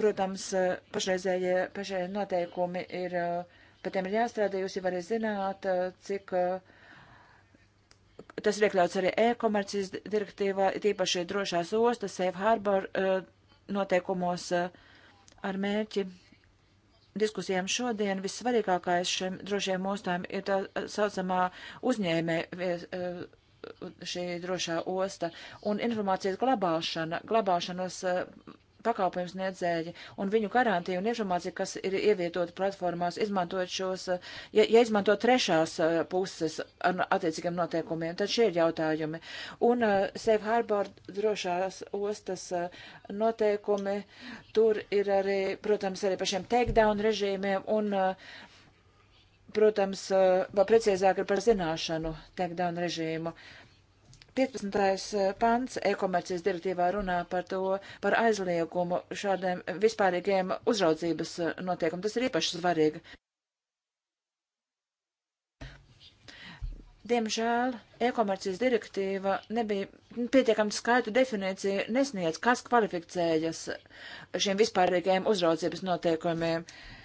protams, pašreizējie, pašreizējie noteikumi ir, par tiem ir jāstrādā, jūs jau arī zināt, cik uh, Tas ir iekļauts arī e-komercijas direktīvā, tīpaši drošās ostas, safe harbor eh, noteikumos eh, ar mērķi diskusijām šodien vissvarīgākais šiem drošiem ostām ir tā saucamā uzņēmē eh, šī drošā osta un informācijas glabāšana, glabāšanas pakalpojums nedzēja un viņu garantija un informācija, kas ir ievietota platformās, izmantojot šos, eh, ja, ja izmanto trešās eh, puses ar attiecīgiem noteikumiem, tad šie ir jautājumi. Un uh, Safe Harbor drošās ostas uh, noteikumi, tur ir arī, protams, arī par šiem takedown režīmiem un, uh, protams, uh, vēl precīzāk ir par zināšanu takedown režīmu. Uh, 15. Eh, pants e-komercijas direktīvā runā par to, par aizliegumu šādiem vispārīgiem uzraudzības eh, notiekumiem. Tas ir īpaši svarīgi. Diemžēl e-komercijas direktīva nebija pietiekami skaitu definīciju nesniedz, kas kvalificējas šiem vispārīgajiem uzraudzības noteikumiem. Uh,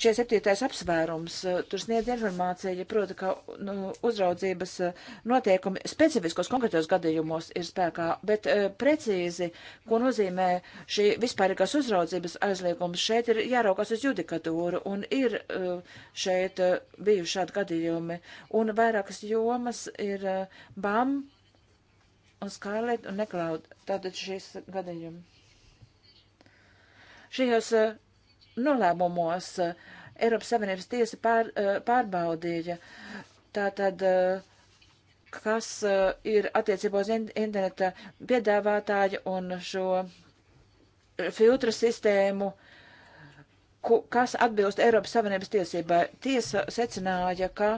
47. apsvērums, eh, tur sniedz informācija, proti, ka nu, uzraudzības eh, noteikumi specifiskos konkrētos gadījumos ir spēkā, bet uh, precīzi, ko nozīmē šī vispārīgās uzraudzības aizliegums, šeit ir jāraukās uz judikatūru, un ir uh, šeit uh, bijuši šādi gadījumi, un vairākas jomas ir BAM un Scarlett un Neklaud, tātad šīs gadījumi. Šajos uh, nolēmumos eh, Eiropas Savienības tiesa pār, eh, pārbaudīja, tātad, eh, kas ir attiecībā uz interneta piedāvātāju un šo filtru sistēmu, kas atbilst Eiropas Savienības tiesībai. Tiesa secināja, ka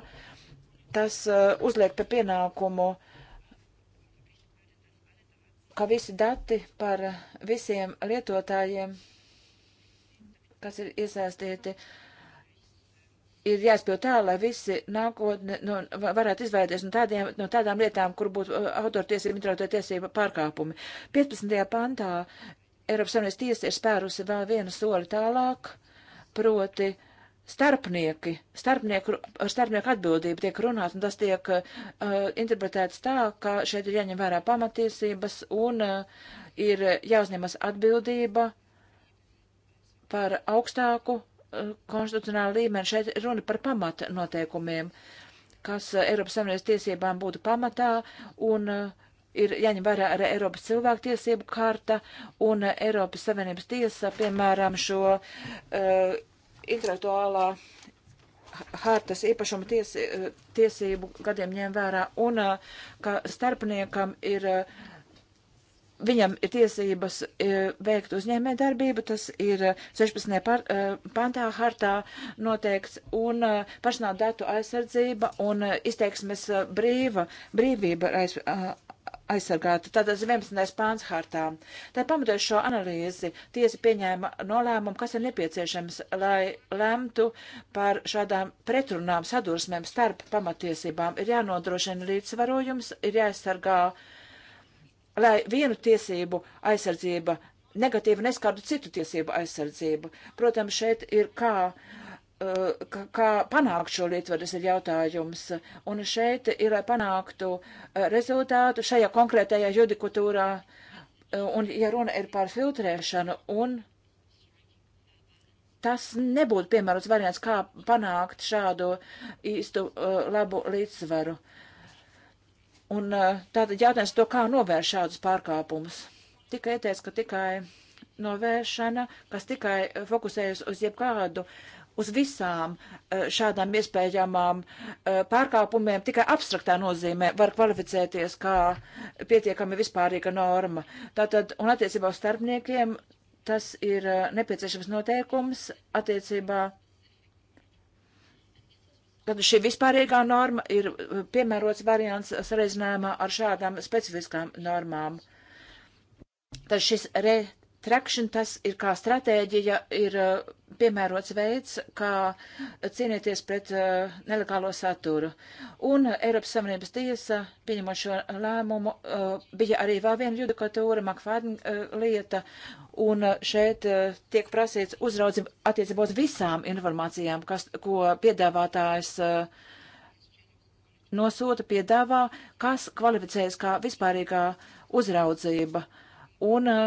tas uzliek par pienākumu uh, ka visi dati par visiem lietotājiem kas ir iesaistīti, ir jāspēj tā, lai visi nākotne nu, varētu izvairīties no, tādiem, no tādām lietām, kur būtu uh, autortiesība, intelektuāla tiesība pārkāpumi. 15. pantā Eiropas Savienības tiesa ir spērusi vēl vienu soli tālāk, proti starpnieki, starpnieku, ar starpnieku atbildību tiek runāts, un tas tiek uh, interpretēts tā, ka šeit ir jāņem vērā pamatiesības un uh, ir jāuzņemas atbildība par augstāku uh, konstitucionālu līmeni. Šeit runa par pamata noteikumiem, kas uh, Eiropas Savienības tiesībām būtu pamatā un uh, ir jāņem vērā arī Eiropas cilvēktiesību karta un Eiropas Savienības tiesa, piemēram, šo uh, intelektuālā hartas īpašuma ties, tiesību gadiem ņem vērā un uh, ka starpniekam ir uh, viņam ir tiesības e, veikt uzņēmē darbību, tas ir 16. Par, e, pantā hartā noteikts, un e, personāla datu aizsardzība un izteiksmes brīva, brīvība aiz, aizsargāta. Tātad 11. pāns hartā. Tā pamatot šo analīzi, tiesa pieņēma nolēmumu, kas ir nepieciešams, lai lemtu par šādām pretrunām sadursmēm starp pamatiesībām. Ir jānodrošina līdzsvarojums, ir jāaizsargā uh, lai vienu tiesību aizsardzība negatīvi neskārtu citu tiesību aizsardzību. Protams, šeit ir kā, uh, kā, kā panākt šo līdzvaru, tas ir jautājums. Un šeit ir, lai panāktu uh, rezultātu šajā konkrētajā judikatūrā, uh, un ja runa ir par filtrēšanu un tas nebūtu piemērots variants, kā panākt šādu īstu uh, labu līdzsvaru. Un tātad jautājums to, kā novērš šādus pārkāpumus. Tika ieteicis, ka tikai novēršana, kas tikai fokusējas uz jebkādu uz visām šādām iespējamām pārkāpumiem tikai abstraktā nozīmē var kvalificēties kā pietiekami vispārīga norma. Tātad, un attiecībā uz starpniekiem tas ir nepieciešams noteikums attiecībā Tad šī vispārīgā norma ir eh, piemērots variants sareizinājumā ar šādām specifiskām normām. Tad šis re Traction tas ir kā stratēģija, ir uh, piemērots veids, kā cīnīties pret uh, nelegālo saturu. Un Eiropas Savienības tiesa, pieņemot šo lēmumu, uh, bija arī vēl viena judikatūra, Makfārn uh, lieta, un uh, šeit uh, tiek prasīts uzraudzību attiecībā uz visām informācijām, kas, ko piedāvātājs nosūta piedāvā, kas kvalificējas kā vispārīgā uzraudzība. Un uh,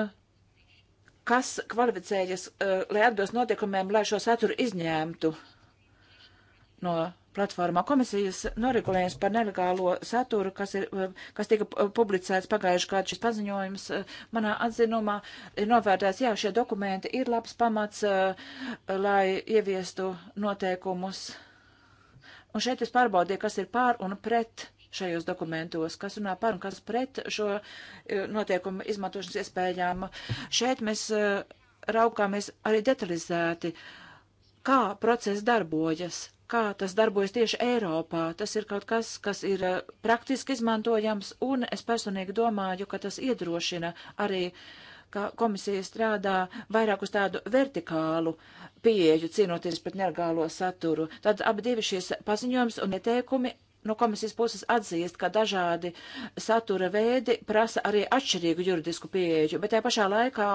kas kvalificējas, eh, lai atbilst notiekumiem, lai šo saturu izņēmtu no platformā. Komisijas noregulējums par nelegālo saturu, kas, ir, eh, kas tika publicēts pagājuši gadu šis paziņojums, eh, manā atzinumā ir novērtēts, jā, šie dokumenti ir labs pamats, lai ieviestu noteikumus. Un šeit es pārbaudīju, kas ir pār un pret šajos dokumentos, kas runā par un kas pret šo eh, noteikumu izmantošanas iespējām. Šeit mēs eh, raukāmies arī detalizēti, kā process darbojas, kā tas darbojas tieši Eiropā. Tas ir kaut kas, kas ir eh, praktiski izmantojams, un es personīgi domāju, ka tas iedrošina arī, ka komisija strādā vairāk uz tādu vertikālu pieeju, cīnoties pret nelegālo saturu. Tad abi divi šīs paziņojums un ieteikumi no komisijas puses atzīst, ka dažādi satura veidi prasa arī atšķirīgu juridisku pieeju, bet tajā pašā laikā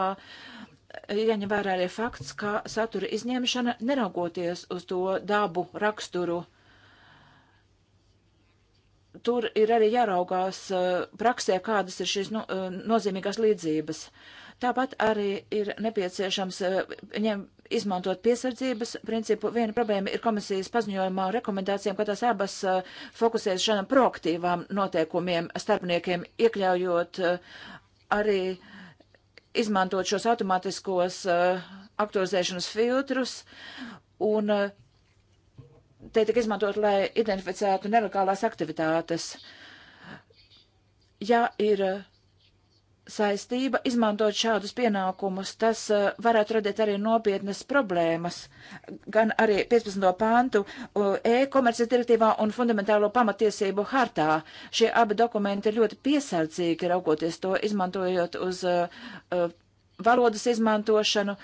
jāņem vērā arī fakts, ka satura izņemšana, neraugoties uz to dabu, raksturu, tur ir arī jāraugās uh, praksē, kādas ir šīs no, nu, uh, nozīmīgās līdzības. Tāpat arī ir nepieciešams uh, ņem, izmantot piesardzības principu. Viena problēma ir komisijas paziņojumā rekomendācijām, ka tās abas uh, fokusēs šādam proaktīvām noteikumiem starpniekiem, iekļaujot uh, arī izmantot šos automātiskos uh, aktualizēšanas filtrus un te tika izmantot, lai identificētu nelegālās aktivitātes. Ja ir uh, saistība izmantot šādus pienākumus, tas uh, varētu radīt arī nopietnas problēmas, gan arī 15. pāntu uh, eh, e-komercijas direktīvā un fundamentālo pamatiesību hartā. Šie abi dokumenti ir ļoti piesardzīgi raugoties to, izmantojot uz uh, uh, valodas izmantošanu.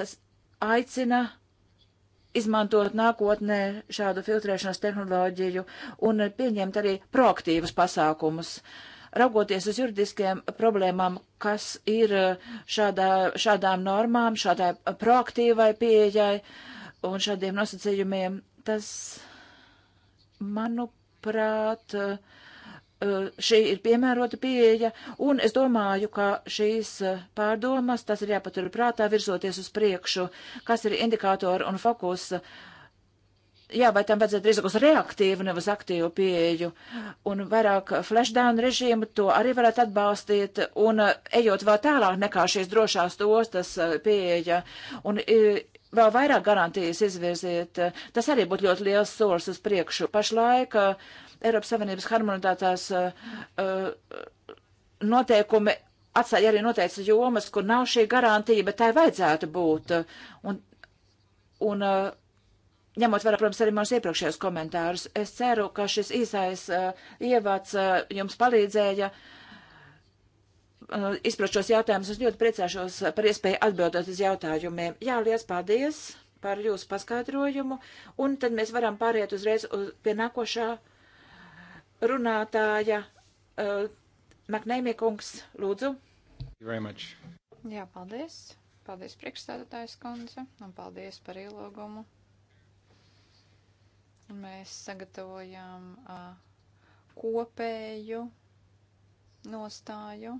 Tas aicina izmantot nākotnē šādu filtrēšanas tehnoloģiju un pieņemt arī proaktīvus pasākumus. Uh, raugoties uz juridiskajām problēmām, kas ir eh, šādā, šādām normām, šādai proaktīvai pieejai un šādiem nosacījumiem, tas, manuprāt, eh, eh, šī ir piemērota pieeja, un es domāju, ka šīs pārdomas, tas ir jāpatur prātā, virzoties uz priekšu, kas ir indikātori un fokusa jā, vai tam vajadzētu drīzāk uz reaktīvu, nevis aktīvu pieeju, un vairāk flashdown režīmu to arī varētu atbalstīt, un uh, ejot vēl tālāk nekā šīs drošās ostas uh, pieeja, un uh, vēl vairāk garantijas izvirziet, tas arī būtu ļoti liels solis uz priekšu. Pašlaik Eiropas Savienības harmonizētās noteikumi atstāja arī noteikts jomas, kur nav šī garantija, bet tai vajadzētu būt. Un, un uh, ņemot vērā, protams, arī manas iepriekšējos komentārus. Es ceru, ka šis īsais uh, ievads uh, jums palīdzēja uh, izprast šos jautājumus. Es ļoti priecāšos par iespēju atbildēt uz jautājumiem. Jā, liels paldies par jūsu paskaidrojumu, un tad mēs varam pāriet uzreiz uz, pie nākošā runātāja. Uh, Maknēmie kungs, lūdzu. Jā, paldies. Paldies priekšstādātājs kundze, un paldies par ielūgumu. Un mēs sagatavojam uh, kopēju nostāju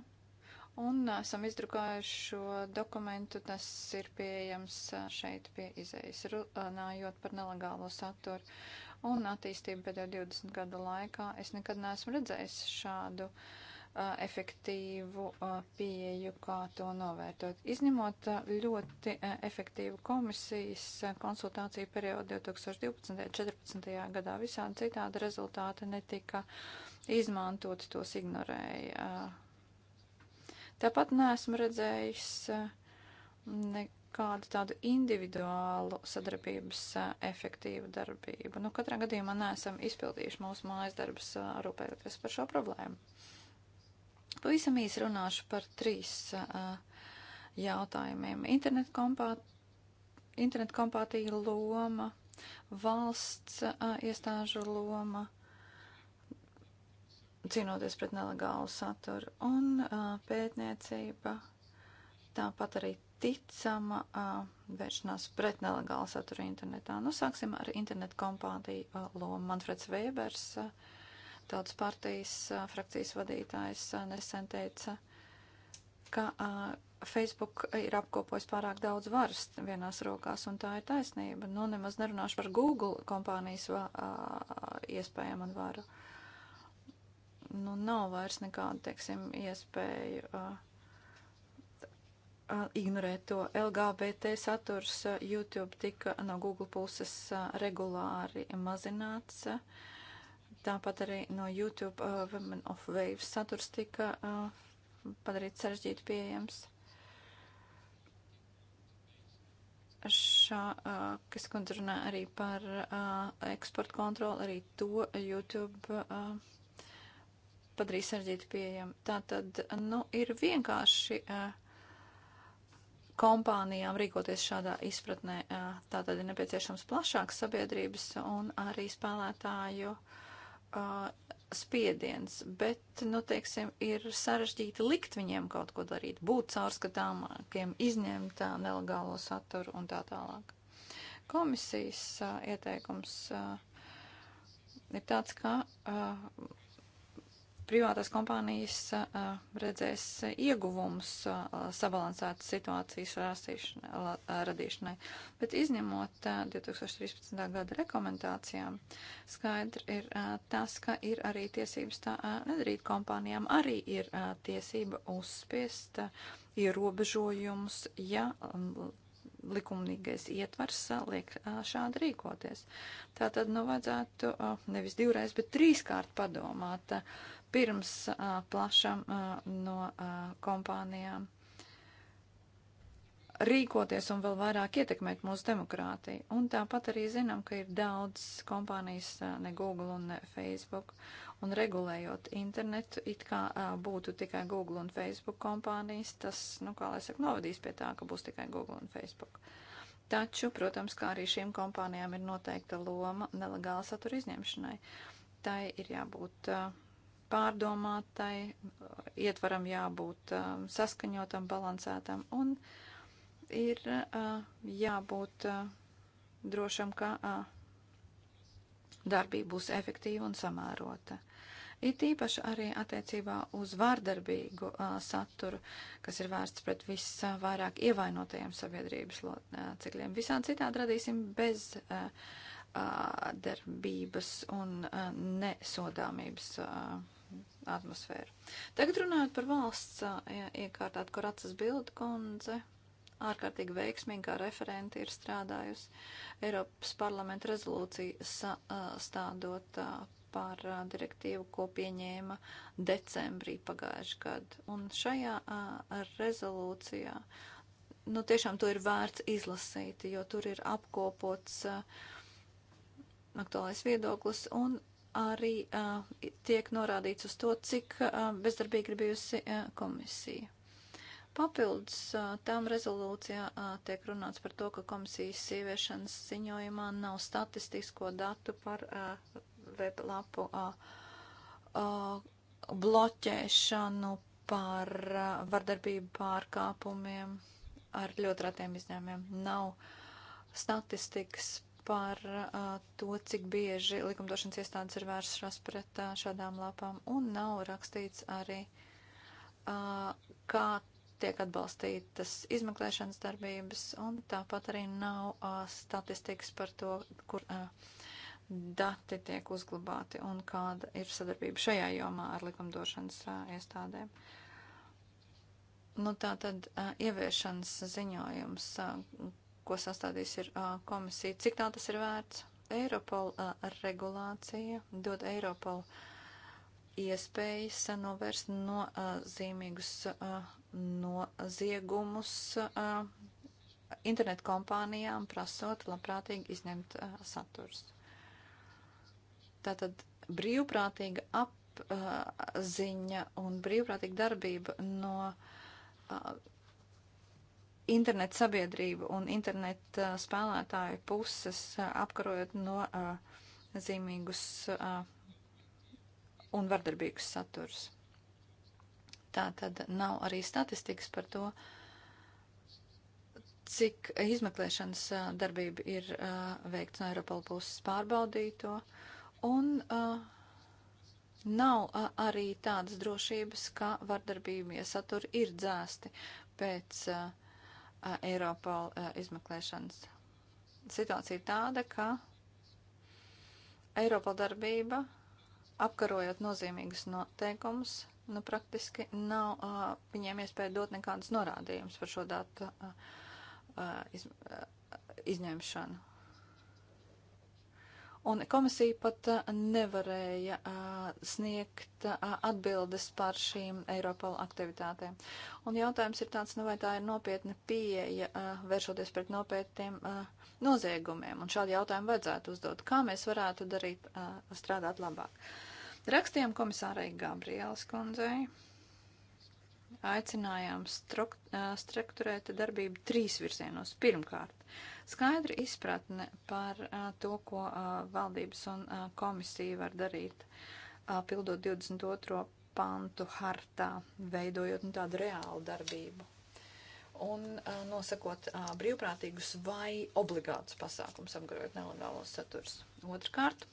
un esam izdrukājuši šo dokumentu. Tas ir pieejams šeit pie izējas, runājot par nelegālo saturu un attīstību pēdējo 20 gadu laikā. Es nekad neesmu redzējis šādu uh, efektīvu pieeju, kā to novērtot. Izņemot ļoti efektīvu komisijas konsultāciju periodu 2012. un 2014. gadā, visādi citādi rezultāti netika izmantot, tos ignorēja. Tāpat neesmu redzējis nekādu tādu individuālu sadarbības efektīvu darbību. Nu, katrā gadījumā neesam izpildījuši mūsu mājas darbus rūpējoties par šo problēmu. Pavisam īsi runāšu par trīs uh, jautājumiem. Internet, kompā, internet kompātija loma, valsts uh, iestāžu loma, cīnoties pret nelegālu saturu un uh, pētniecība, tāpat arī ticama uh, vēršanās pret nelegālu saturu internetā. Nu, sāksim ar internet kompātiju uh, lomu. Manfreds Vēbers. Uh, Tautas partijas frakcijas vadītājs nesen teica, ka Facebook ir apkopojis pārāk daudz varas vienās rokās, un tā ir taisnība. Nu, nemaz nerunāšu par Google kompānijas iespējām un varu. Nu, nav vairs nekādu, teiksim, iespēju. Uh, ignorēt to. LGBT saturs YouTube tika no Google puses regulāri mazināts. Tāpat arī no YouTube uh, Women of Waves saturs tika uh, padarīts sarežģīti pieejams. Šā, uh, kas kundze runā arī par uh, eksportu kontroli, arī to YouTube uh, padarīja sarežģīti pieejami. Tātad, nu, ir vienkārši uh, kompānijām rīkoties šādā izpratnē. Uh, tātad ir nepieciešams plašāks sabiedrības un arī spēlētāju uh, uh, spiediens, bet, nu, teiksim, ir sarežģīti likt viņiem kaut ko darīt, būt caurskatāmākiem, izņemt tā nelegālo saturu un tā tālāk. Komisijas uh, ieteikums uh, ir tāds, ka uh, privātās kompānijas redzēs ieguvumus sabalansētas situācijas radīšanai. Bet izņemot 2013. gada rekomendācijām, skaidri ir tas, ka ir arī tiesības tā nedarīt kompānijām, arī ir tiesība uzspiest ierobežojumus, ja likumīgais ietvars liek šādi rīkoties. Tā tad nu vajadzētu nevis divreiz, bet trīskārt padomāt pirms uh, plašam uh, no uh, kompānijām rīkoties un vēl vairāk ietekmēt mūsu demokrātiju. Un tāpat arī zinām, ka ir daudz kompānijas, ne Google un ne Facebook, un regulējot internetu, it kā uh, būtu tikai Google un Facebook kompānijas, tas, nu, kā lai saka, novadīs pie tā, ka būs tikai Google un Facebook. Taču, protams, kā arī šīm kompānijām ir noteikta loma nelegāla satura izņemšanai. Tai ir jābūt uh, pārdomātai, ietvaram jābūt um, saskaņotam, balansētam un ir uh, jābūt uh, drošam, ka uh, darbība būs efektīva un samērota. It īpaši arī attiecībā uz vārdarbīgu uh, saturu, kas ir vērsts pret visvairāk uh, ievainotajiem sabiedrības locekļiem. Uh, Visādi citādi radīsim bez. Uh, uh darbības un uh, nesodāmības uh, atmosfēru. Tagad runājot par valsts iekārtāt, kur atsas bildu kundze ārkārtīgi veiksmīgi kā referenti ir strādājusi Eiropas parlamenta rezolūciju stādot par direktīvu, ko pieņēma decembrī pagājuši gadu. Un šajā rezolūcijā, nu tiešām to ir vērts izlasīt, jo tur ir apkopots aktuālais viedoklis un arī uh, tiek norādīts uz to, cik uh, bezdarbīgi ir bijusi uh, komisija. Papildus uh, tām rezolūcijā uh, tiek runāts par to, ka komisijas sieviešanas ziņojumā nav statistisko datu par uh, weblapu uh, uh, bloķēšanu, par uh, vardarbību pārkāpumiem ar ļoti ratiem izņēmumiem. Nav statistikas par uh, to, cik bieži likumdošanas iestādes ir vērsušās pret uh, šādām lapām, un nav rakstīts arī, uh, kā tiek atbalstītas izmeklēšanas darbības, un tāpat arī nav uh, statistikas par to, kur uh, dati tiek uzglabāti un kāda ir sadarbība šajā jomā ar likumdošanas uh, iestādēm. Nu, tā tad uh, ieviešanas ziņojums, uh, ko sastādījis ir komisija. Cik tā tas ir vērts? Eiropola regulācija dod Eiropola iespējas novērst nozīmīgus noziegumus internetu kompānijām, prasot labprātīgi izņemt saturs. Tātad brīvprātīga apziņa un brīvprātīga darbība no internet sabiedrību un internet uh, spēlētāju puses uh, apkarojot no uh, zīmīgus uh, un vardarbīgus saturs. Tā tad nav arī statistikas par to, cik izmeklēšanas uh, darbība ir uh, veikta no Eiropola puses pārbaudīto. Un uh, nav uh, arī tādas drošības, ka vardarbīgie saturi ir dzēsti pēc uh, Eiropola izmeklēšanas. Situācija ir tāda, ka Eiropola darbība, apkarojot nozīmīgus noteikumus, nu, praktiski nav uh, viņiem iespēja dot nekādus norādījumus par šo datu uh, iz, uh, izņemšanu. Un komisija pat eh, nevarēja eh, sniegt eh, atbildes par šīm Eiropola aktivitātēm. Un jautājums ir tāds, nu vai tā ir nopietna pieeja vēršoties pret nopietniem noziegumiem. Un šādu jautājumu vajadzētu uzdot. Kā mēs varētu darīt, strādāt labāk? Rakstījām komisārai Gabrielas kundzei aicinājām strukturēt darbību trīs virzienos. Pirmkārt, skaidra izpratne par to, ko valdības un komisija var darīt, pildot 22. pantu hartā, veidojot nu, tādu reālu darbību un nosakot brīvprātīgus vai obligātus pasākums, apgarojot nelegālos saturs. Otrkārt,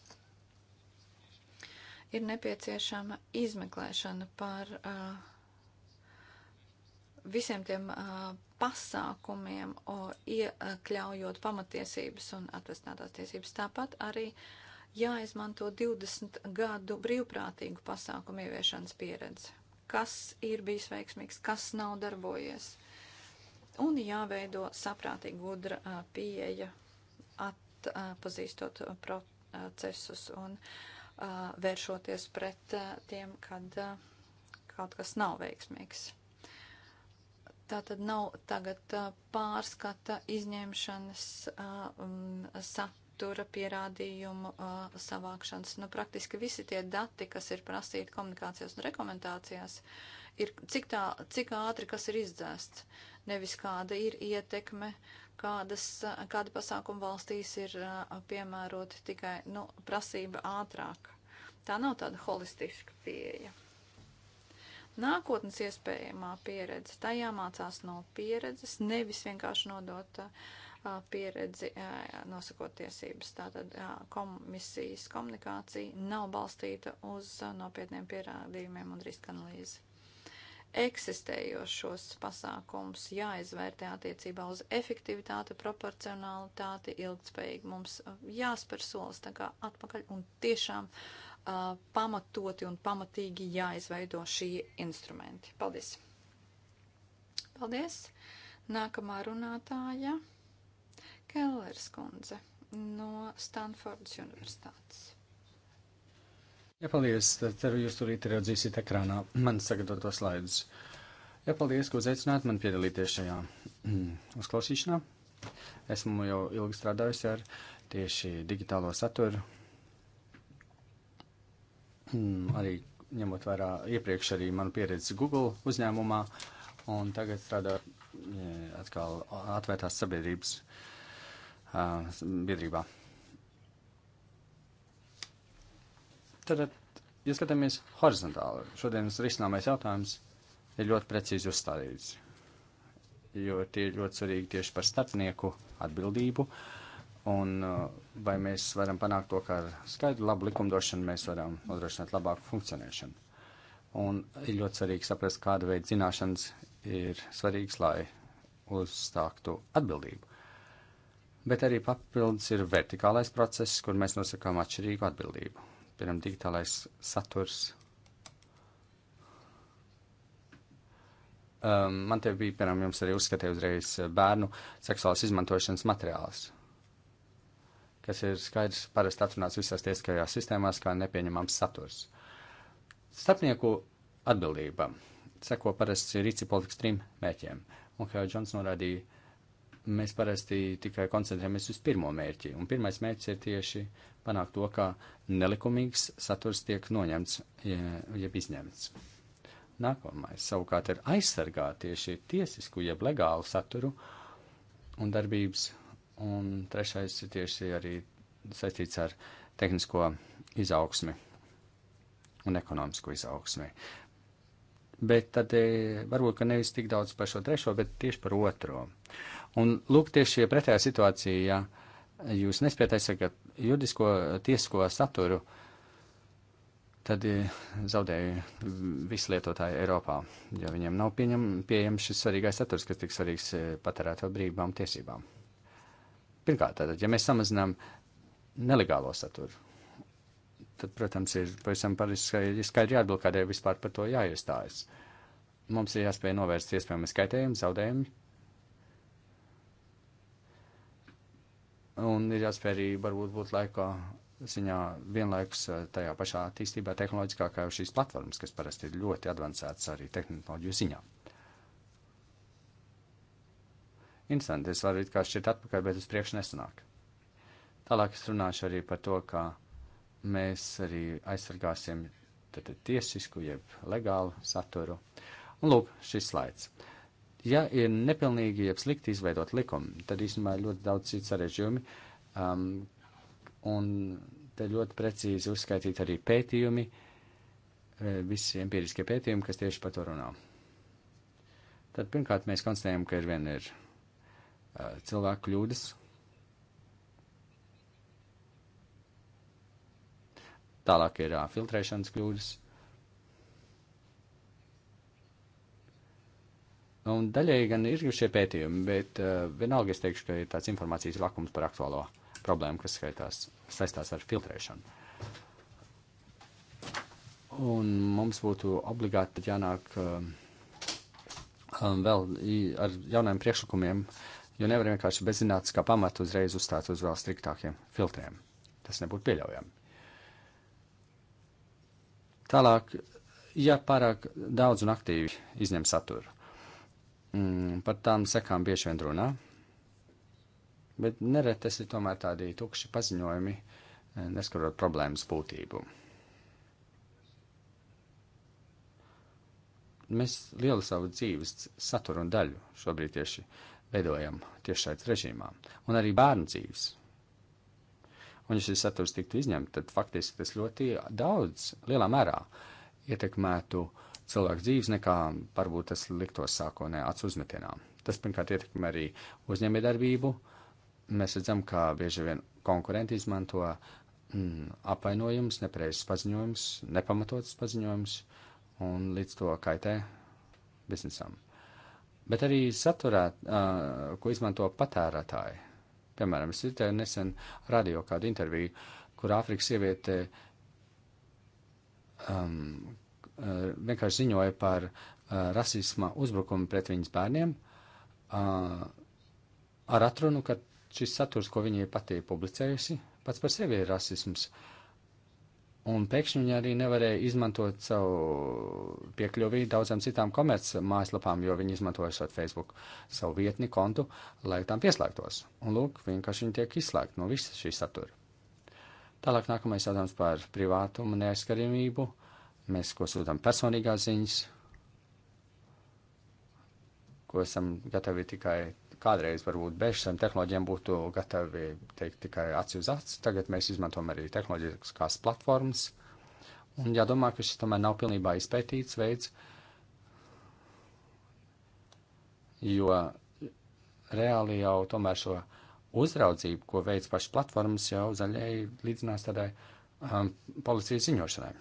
ir nepieciešama izmeklēšana par uh, visiem tiem uh, pasākumiem, o, iekļaujot pamatiesības un atvesinātās tiesības. Tāpat arī jāizmanto 20 gadu brīvprātīgu pasākumu ieviešanas pieredze. Kas ir bijis veiksmīgs, kas nav darbojies. Un jāveido saprātīgi gudra uh, pieeja atpazīstot uh, procesus un uh, vēršoties pret uh, tiem, kad uh, kaut kas nav veiksmīgs. Tā tad nav tagad pārskata izņemšanas satura pierādījumu savākšanas. Nu, praktiski visi tie dati, kas ir prasīti komunikācijās un rekomendācijās, ir cik, tā, cik ātri kas ir izdzēsts, nevis kāda ir ietekme, kādas, kāda pasākuma valstīs ir piemēroti tikai nu, prasība ātrāk. Tā nav tāda holistiska pieeja nākotnes iespējamā pieredze. Tajā mācās no pieredzes, nevis vienkārši nodot pieredzi, nosakot tiesības. Tātad komisijas komunikācija nav balstīta uz nopietniem pierādījumiem un riska analīzi. Eksistējošos pasākums jāizvērtē attiecībā uz efektivitāti, proporcionalitāti, ilgtspējīgi. Mums jāspēr solis tā kā atpakaļ un tiešām uh, uh, pamatoti un pamatīgi jāizveido šie instrumenti. Paldies! Paldies! Nākamā runātāja - Kellers kundze no Stanfordas universitātes. Ja paldies, tad ceru jūs tur ieraudzīsiet ekrānā man sagatavotos slaidus. Ja paldies, ka uzaicināt man piedalīties šajā (clears throat) uzklausīšanā. Esmu jau ilgi strādājusi ar tieši digitālo saturu Hmm, arī ņemot vērā iepriekš arī manu pieredzi Google uzņēmumā, un tagad strādāju e, atkal atvērtās sabiedrības uh, biedrībā. Tad, ja skatāmies horizontāli, šodienas risināmais jautājums ir ļoti precīzi uzstādīts, jo tie ir ļoti svarīgi tieši par starpnieku atbildību. Uh, Un uh, vai mēs varam panākt to, ka ar skaidru labu likumdošanu mēs varam nodrošināt labāku funkcionēšanu. Un ir ļoti svarīgi saprast, kāda veida zināšanas ir svarīgas, lai uzstāktu atbildību. Bet arī papildus ir vertikālais process, kur mēs nosakām atšķirīgu atbildību. Piemēram, digitālais saturs. Um, man te bija, piemēram, jums arī uzskatīja uzreiz bērnu seksuālas izmantošanas materiāls kas ir skaidrs parasti atrunāts visās tieskajās sistēmās kā nepieņemams saturs. Starpnieku atbildība seko parasti rīci politikas trim mēķiem, un kā jau Džons norādīja, mēs parasti tikai koncentrējamies uz pirmo mērķi, un pirmais mērķis ir tieši panākt to, ka nelikumīgs saturs tiek noņemts, jeb izņemts. Nākamais savukārt ir aizsargāt tieši tiesisku jeb legālu saturu un darbības Un trešais ir tieši arī saistīts ar tehnisko izaugsmi un ekonomisko izaugsmi. Bet tad e, varbūt, ka nevis tik daudz par šo trešo, bet tieši par otro. Un lūk, tieši pretējā situācijā, ja jūs nespējat aizsargāt juridisko tiesisko saturu, tad e, zaudēja visi lietotāji Eiropā, jo viņiem nav pieņem, pieejams šis svarīgais saturs, kas tik svarīgs e, patērēto brīvībām tiesībām. Pirmkārt, tātad, ja mēs samazinām nelegālo saturu, tad, protams, ir pavisam skaidri jāatbild, kādēļ vispār par to jāiestājas. Mums ir jāspēj novērst iespējami skaitējumi, zaudējumi. Un ir jāspēj arī varbūt būt laikā ziņā vienlaikus eh, tajā pašā attīstībā tehnoloģiskā kā jau šīs platformas, kas parasti ir ļoti advancētas arī tehnoloģiju ziņām. Interesanti, es varu it kā šķirt atpakaļ, bet uz priekšu nesanāk. Tālāk es runāšu arī par to, kā mēs arī aizsargāsim tad, tiesisku jeb legālu saturu. Un lūk, šis slaids. Ja ir nepilnīgi jeb slikti izveidot likumu, tad īstenībā ir ļoti daudz citu sarežģījumi. Um, un te ļoti precīzi uzskaitīt arī pētījumi, eh, visi empiriskie pētījumi, kas tieši par to runā. Tad pirmkārt mēs konstatējam, ka ir viena ir Eh, cilvēku kļūdas. Tālāk ir uh, filtrēšanas kļūdas. Nu, un daļēji gan ir šie pētījumi, bet uh, vienalga es teikšu, ka ir tāds informācijas vakums par aktuālo problēmu, kas skaitās, saistās ar filtrēšanu. Un mums būtu obligāti jānāk uh, um, vēl ar jauniem priekšlikumiem uh, jo nevar vienkārši bez zinātnes kā pamatu uzreiz uzstāt uz vēl striktākiem filtriem. Tas nebūtu pieļaujami. Tālāk, ja pārāk daudz un aktīvi izņem saturu, mm, par tām sekām bieži vien runā, bet nereti tas ir tomēr tādi tukši paziņojumi, eh, neskarot problēmas būtību. Mēs lielu savu dzīves saturu un daļu šobrīd tieši veidojam tiešsaistes režīmā, un arī bērnu dzīves. Un, ja šis saturs tiktu izņemts, tad faktiski tas ļoti daudz, lielā mērā ietekmētu cilvēku dzīves, nekā varbūt tas liktos sākotnē acu uzmetienā. Tas pirmkārt ietekmē arī uzņēmējdarbību. Mēs redzam, ka bieži vien konkurenti izmanto mm, apvainojums, nepareizs paziņojums, nepamatots paziņojums un līdz to kaitē biznesam bet arī saturā, uh, ko izmanto patērētāji. Piemēram, es dzirdēju nesen radio kādu interviju, kur Āfrikas sieviete um, uh, vienkārši ziņoja par uh, rasisma uzbrukumu pret viņas bērniem uh, ar atrunu, ka šis saturs, ko viņa ir patī publicējusi, pats par sevi ir rasisms. Uh, Un pēkšņi viņi arī nevarēja izmantot savu piekļuvi daudzām citām komerc mājaslapām, jo viņi izmantoja šo Facebook savu vietni, kontu, lai tām pieslēgtos. Un lūk, vienkārši viņi tiek izslēgti no visas šī satura. Tālāk nākamais jautājums par privātumu neaizskarījumību. Mēs, ko sūtām personīgās ziņas, ko esam gatavi tikai kādreiz varbūt bez šiem tehnoloģiem būtu gatavi teikt tikai acu uz acu, tagad mēs izmantojam arī tehnoloģiskās platformas. Un jādomā, ka šis tomēr nav pilnībā izpētīts veids, jo reāli jau tomēr šo uzraudzību, ko veids pašas platformas, jau zaļēji līdzinās tādai um, policijas ziņošanai.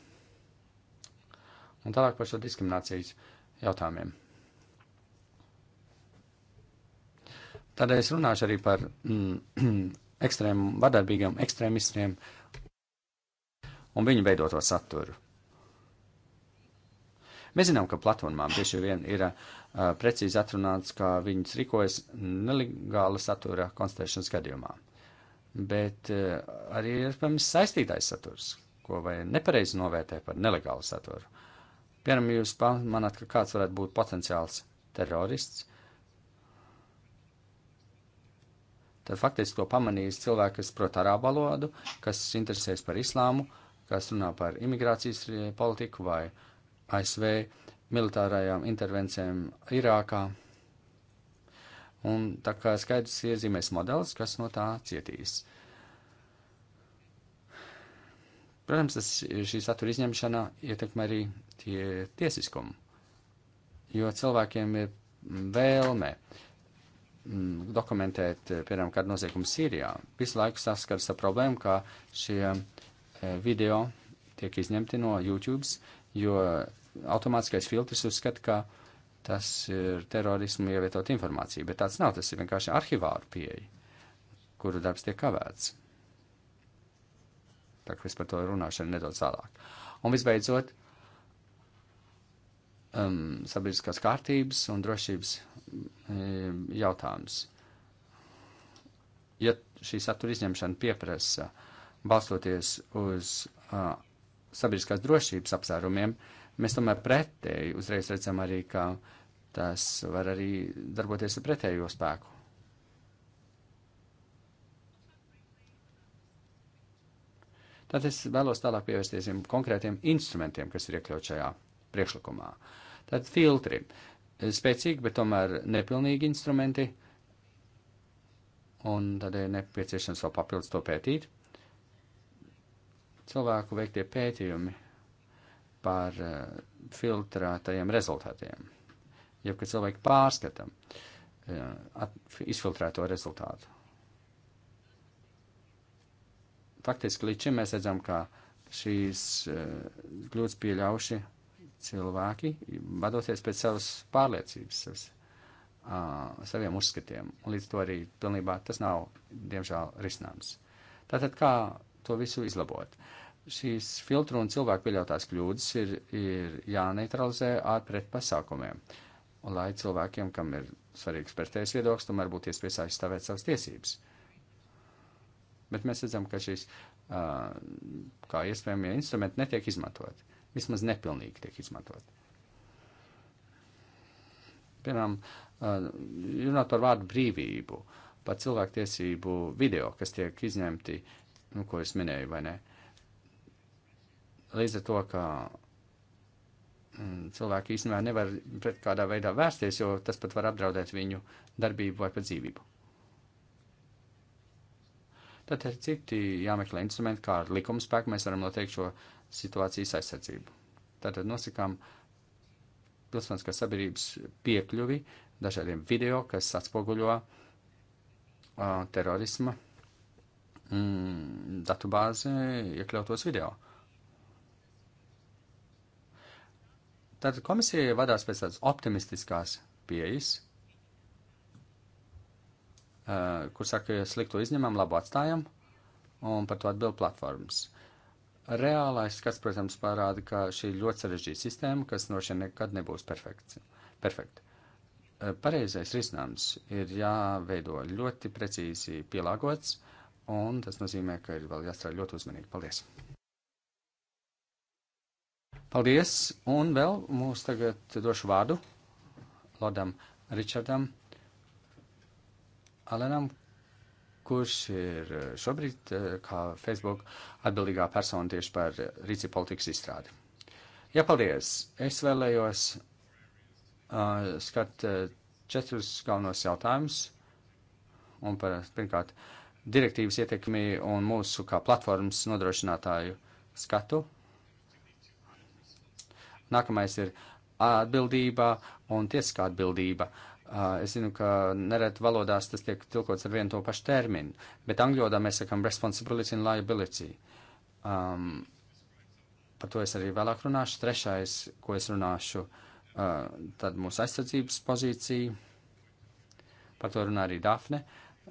Un tālāk par šo diskriminācijas jautājumiem. Tādēļ es runāšu arī par mm, (clears throat) ekstrēmu, vardarbīgiem ekstrēmistiem un viņu veidoto saturu. Mēs zinām, ka platformām bieži vien ir uh, precīzi atrunāts, kā viņas rīkojas nelegāla satura konstatēšanas gadījumā. Bet uh, arī ir, protams, saistītais saturs, ko vai nepareizi novērtē par nelegālu saturu. Piemēram, jūs pamanāt, ka kāds varētu būt potenciāls terorists, tad faktiski to pamanīs cilvēki, kas prot arābu valodu, kas interesēs par islāmu, kas runā par imigrācijas eh, politiku vai ASV militārajām intervencijām Irākā. Un tā kā skaidrs iezīmēs modelis, kas no tā cietīs. Protams, tas, šī satura izņemšana ietekmē arī tie tiesiskumu, jo cilvēkiem ir vēlme uh, Mm, dokumentēt, eh, piemēram, kādu noziegumu Sīrijā. Visu laiku saskars ar problēmu, ka šie eh, video tiek izņemti no YouTube, jo automātiskais filtrs uzskata, ka tas ir terorismu ievietot informāciju, bet tāds nav, tas ir vienkārši arhivāru pieeja, kuru darbs tiek kavēts. Tā kā es par to runāšu nedaudz tālāk. Un visbeidzot, um, sabiedriskās kārtības un drošības um, jautājumus. Ja šī satura izņemšana pieprasa balstoties uz uh, sabiedriskās drošības apsvērumiem, mēs tomēr pretēji uzreiz redzam arī, ka tas var arī darboties ar pretējo spēku. Tad es vēlos tālāk pievērsties konkrētiem instrumentiem, kas ir iekļauts šajā priekšlikumā. Tad filtri. Spēcīgi, bet tomēr nepilnīgi instrumenti. Un tad ir nepieciešams vēl papildus to pētīt. Cilvēku veiktie pētījumi par eh, filtrētajiem rezultātiem. Jeb, ka cilvēki pārskata eh, izfiltrēto rezultātu. Faktiski līdz šim mēs redzam, ka šīs eh, kļūdas pieļauši cilvēki vadosies pēc savas pārliecības, savas, uh, saviem uzskatiem. Un līdz to arī pilnībā tas nav, diemžēl, risināms. Tātad kā to visu izlabot? Šīs filtru un cilvēku pieļautās kļūdas ir, ir jāneutralizē ar pret pasākumiem, un lai cilvēkiem, kam ir svarīgs pretējs viedoklis, tomēr būtu iespējas aizstāvēt savas tiesības. Bet mēs redzam, ka šīs uh, kā iespējamie instrumenti netiek izmantoti vismaz nepilnīgi tiek izmantot. Piemēram, runāt par vārdu brīvību, par cilvēktiesību video, kas tiek izņemti, nu, ko es minēju, vai ne? Līdz ar to, ka mm, cilvēki īstenībā nevar pret kādā veidā vērsties, jo tas pat var apdraudēt viņu darbību vai pat dzīvību. Tad ir citi jāmeklē instrumenti, kā ar likuma spēku mēs varam noteikt šo situācijas aizsardzību. Tātad nosakām pilsoniskās sabiedrības piekļuvi dažādiem video, kas atspoguļo uh, terorisma mm, datubāzi iekļautos video. Tātad komisija vadās pēc tādas optimistiskās pieejas, uh, kur saka, slikto izņemam, labu atstājam, un par to atbild platformas. Reālais skats, protams, parāda, ka šī ir ļoti sarežģīta sistēma, kas no šiem nekad nebūs perfekta. Perfekt. Eh, pareizais risinājums ir jāveido ļoti precīzi pielāgots, un tas nozīmē, ka ir vēl jāstrādā ļoti uzmanīgi. Paldies! Paldies! Un vēl mūs tagad došu vārdu Lodam Ričardam Alenam, kurš ir eh, šobrīd eh, kā Facebook atbildīgā persona tieši par rīcību politikas izstrādi. Jā, paldies! Es vēlējos uh, eh, skat uh, četrus galvenos jautājumus. Un par, pirmkārt, direktīvas ietekmi un mūsu kā platformas nodrošinātāju skatu. Nākamais ir atbildība un tiesiskā atbildība. Uh, Es zinu, ka nereti valodās tas tiek tilkots ar vienu to pašu terminu, bet angļu valodā mēs sakam responsibility and liability. Um, par to es arī vēlāk runāšu. Trešais, ko es runāšu, uh, tad mūsu aizsardzības pozīcija. Par to runā arī Dafne.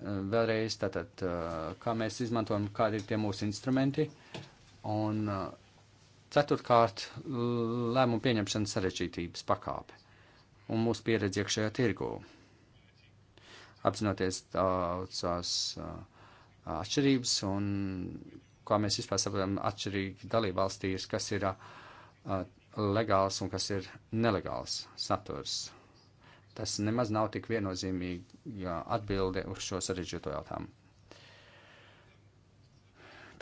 Uh, vēlreiz, tātad, uh, kā mēs izmantojam, kādi ir tie mūsu instrumenti. Un uh, ceturtkārt, lēmumu pieņemšanas sarežģītības pakāpe un mūsu pieredzi iekšējā tirgū. Apzinoties tās atšķirības un kā mēs vispār saprotam atšķirīgi dalību valstīs, kas ir uh, legāls un kas ir nelegāls saturs. Tas nemaz nav tik viennozīmīgi atbilde uz šo sarežģīto jautājumu.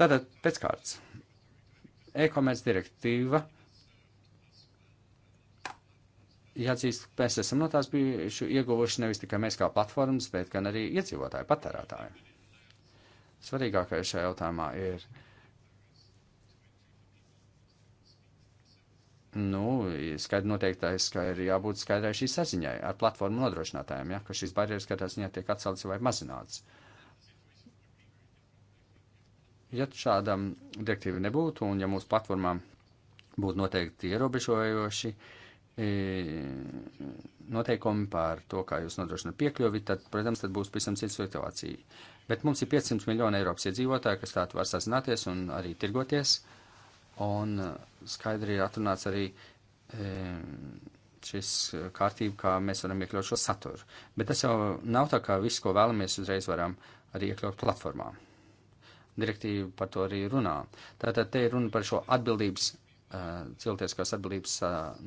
Tātad pēc kārtas. E-komerce direktīva jāatzīst, ka mēs esam no tās bijuši ieguvuši nevis tikai mēs kā platformas, bet gan arī iedzīvotāji, patērētāji. Svarīgākais šajā jautājumā ir, nu, skaidri noteiktais, ka ir jābūt skaidrai šī saziņai ar platformu nodrošinātājiem, ja, ka šīs barjeras katrā ziņā tiek atceltas vai mazinātas. Ja šādam direktīvi nebūtu un ja mūsu platformām būtu noteikti ierobežojoši, uh, E, noteikumi par to, kā jūs nodrošināt piekļuvi, tad, protams, tad būs pavisam cita situācija. Bet mums ir 500 miljoni Eiropas iedzīvotāji, kas tātad var sazināties un arī tirgoties, un e, skaidri ir atrunāts arī e, šis kārtība, kā mēs varam iekļaut šo saturu. Bet tas jau nav tā, ka visu, ko vēlamies, uzreiz varam arī iekļaut platformā. Direktīva par to arī runā. Tātad te ir runa par šo atbildības cilvēciskās atbildības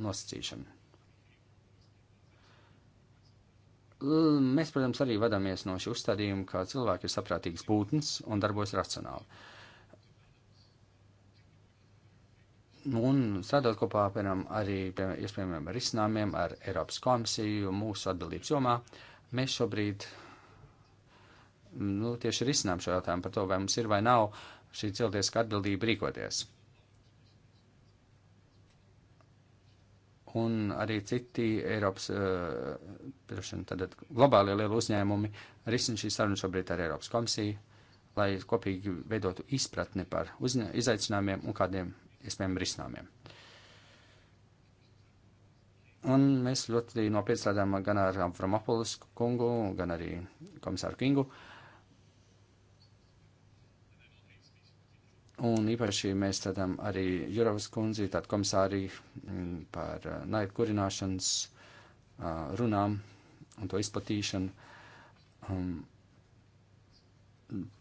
nosacīšanu. Mēs, protams, arī vadāmies no šī uzstādījuma, ka cilvēki ir saprātīgs būtnes un darbojas racionāli. Nu, un strādāt kopā, piemēram, arī pie iespējamiem risinājumiem ar Eiropas komisiju mūsu atbildības jomā, mēs šobrīd nu, tieši risinām šo jautājumu par to, vai mums ir vai nav šī cilvēciska atbildība rīkoties. un arī citi Eiropas, tātad eh, globālie lieli uzņēmumi risina šīs sarunas šobrīd ar Eiropas komisiju, lai kopīgi veidotu izpratni par izaicinājumiem un kādiem iespējamiem risinājumiem. Un mēs ļoti nopietni strādājam gan ar Amfromopolus kungu, gan arī komisāru Kingu. Uh, Un īpaši mēs tādam arī Jurovas kundzi, tādu komisāri mm, par uh, naidu kurināšanas uh, runām un to izplatīšanu. Um,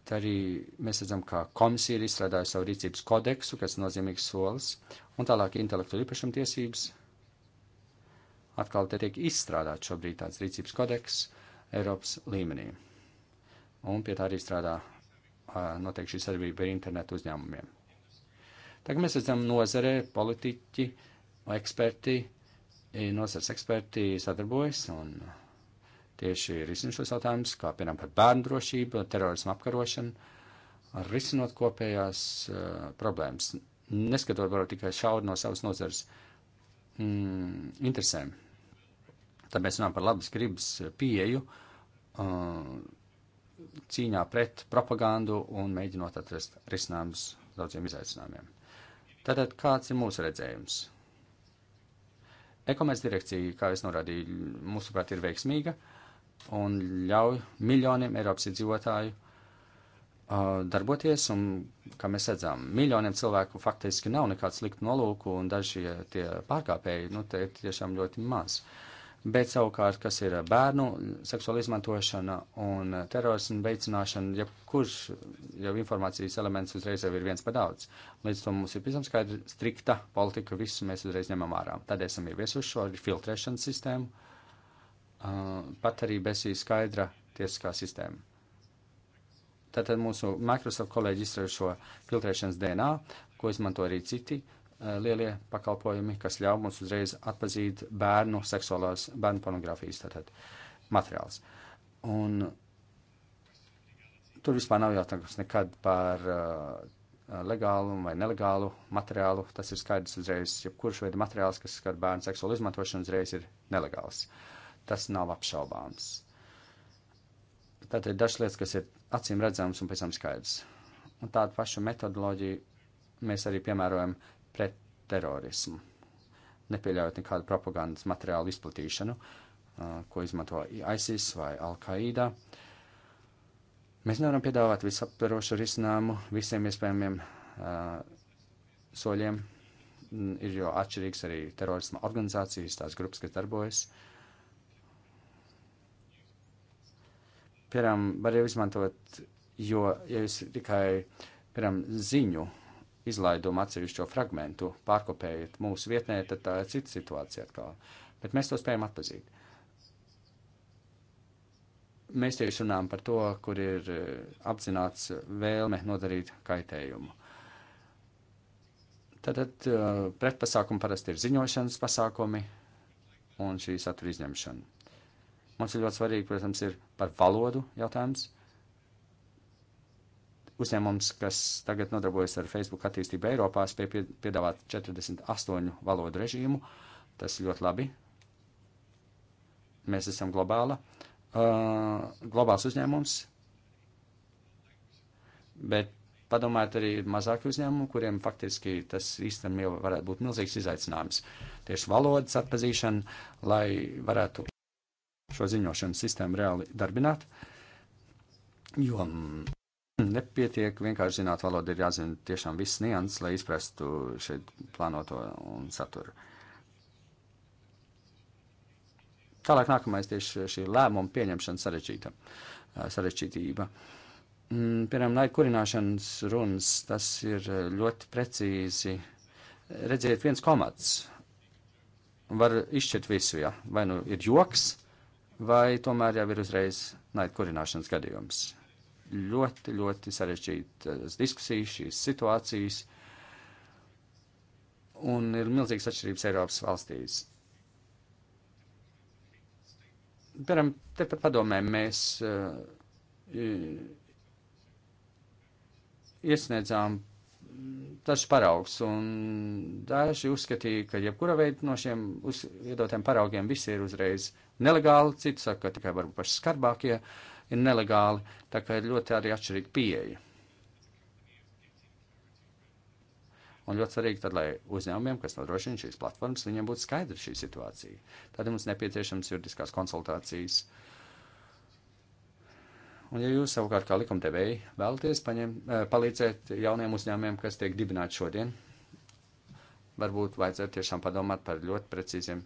Tā arī mēs redzam, ka komisija ir izstrādājusi savu rīcības kodeksu, kas ir nozīmīgs solis, un tālāk intelektuāla īpašuma tiesības. Atkal te tiek izstrādāts šobrīd tāds rīcības kodeks Eiropas līmenī. Un pie tā arī strādā notiek šī sadarbība ar internetu uzņēmumiem. Tagad mēs redzam nozarē, politiķi, eksperti, nozars eksperti sadarbojas un tieši risina šos jautājumus, kā piemēram par bērnu drošību, terorismu apkarošanu, risinot kopējās uh, problēmas, neskatot varbūt tikai šauri no savas nozars mm, interesēm. Tad mēs runājam par labas gribas pieeju. Uh, cīņā pret propagandu un mēģinot atrast risinājumus daudziem izaicinājumiem. Tātad, kāds ir mūsu redzējums? Ekomerces direkcija, kā es norādīju, mūsuprāt ir veiksmīga un ļauj miljoniem Eiropas iedzīvotāju uh, darboties, un, kā mēs redzam, miljoniem cilvēku faktiski nav nekāds sliktu nolūku, un daži tie pārkāpēji, nu, te ir tiešām ļoti maz. Uh, bet savukārt, kas ir bērnu seksuāla izmantošana un terorismu veicināšana, ja kurš jau informācijas elements uzreiz jau ir viens par daudz. Līdz to mums ir pēc skaidra strikta politika, visu mēs uzreiz ņemam ārā. Tad esam ievies uz šo filtrēšanas sistēmu, uh, pat arī bez skaidra tiesiskā sistēma. Tātad mūsu Microsoft kolēģi izstrādā šo filtrēšanas DNA, ko izmanto arī citi, uh, Eh, lielie pakalpojumi, kas ļauj mums uzreiz atpazīt bērnu seksuālās, bērnu pornogrāfijas tātad, materiāls. Un tur vispār nav jautājums nekad par uh, legālu vai nelegālu materiālu. Tas ir skaidrs uzreiz, ja kurš veida materiāls, kas skar bērnu seksuālu izmantošanu, uzreiz ir nelegāls. Tas nav apšaubāms. Tātad ir dažas lietas, kas ir acīm redzamas un pēc tam skaidrs. Un tādu pašu metodoloģiju mēs arī piemērojam pret terorismu, nepieļaujot nekādu propagandas materiālu izplatīšanu, ko izmanto ISIS vai Al-Qaida. Mēs nevaram piedāvāt visaptverošu risinājumu visiem iespējamiem uh, soļiem. Ir jau atšķirīgs arī terorisma organizācijas, tās grupas, kas darbojas. Piemēram, var jau izmantot, jo, ja jūs tikai, piemēram, ziņu uh, izlaidumu atsevišķo fragmentu pārkopējat mūsu vietnē, tad tā ir cita situācija atkal. Bet mēs to spējam atpazīt. Mēs tieši runājam par to, kur ir eh, apzināts vēlme nodarīt kaitējumu. Tad, tad eh, pretpasākumi parasti ir ziņošanas pasākumi un šī satura izņemšana. Mums ir ļoti svarīgi, protams, ir par valodu jautājums uzņēmums, kas tagad nodarbojas ar Facebook attīstību Eiropā, spēja piedāvāt 48 valodu režīmu. Tas ļoti labi. Mēs esam globāla, uh, globāls uzņēmums, bet padomājiet arī mazāki uzņēmumi, kuriem faktiski tas īstenībā jau varētu būt milzīgs izaicinājums. Tieši valodas atpazīšana, lai varētu šo ziņošanas sistēmu reāli darbināt, jo mm, Nepietiek vienkārši zināt valodu, ir jāzina tiešām viss nianses, lai izprastu šeit plānoto un saturu. Tālāk nākamais tieši šī lēmuma pieņemšana sarežģīta, sarežģītība. Mm, piemēram, laikurināšanas runas, tas ir ļoti precīzi. Redziet, viens komats var izšķirt visu, ja vai nu ir joks, vai tomēr jau ir uzreiz naidkurināšanas gadījums ļoti, ļoti sarežģītas diskusijas, šīs situācijas, un ir milzīgas atšķirības Eiropas valstīs. Piemēram, tepat padomē mēs uh, iesniedzām dažs paraugs, un daži uzskatīja, ka jebkura veida no šiem uz, iedotiem paraugiem visi ir uzreiz nelegāli, citi saka, ka tikai varbūt paši skarbākie. Uh, ir nelegāli, tā kā ir ļoti arī atšķirīga pieeja. Un ļoti svarīgi, tad, lai uzņēmumiem, kas nodrošina šīs platformas, viņiem būtu skaidra šī situācija. Tad mums nepieciešams juridiskās konsultācijas. Un, ja jūs savukārt kā likumdevēji vēlaties paņem, eh, palīdzēt jauniem uzņēmumiem, kas tiek dibināti šodien, varbūt vajadzētu tiešām padomāt par ļoti precīziem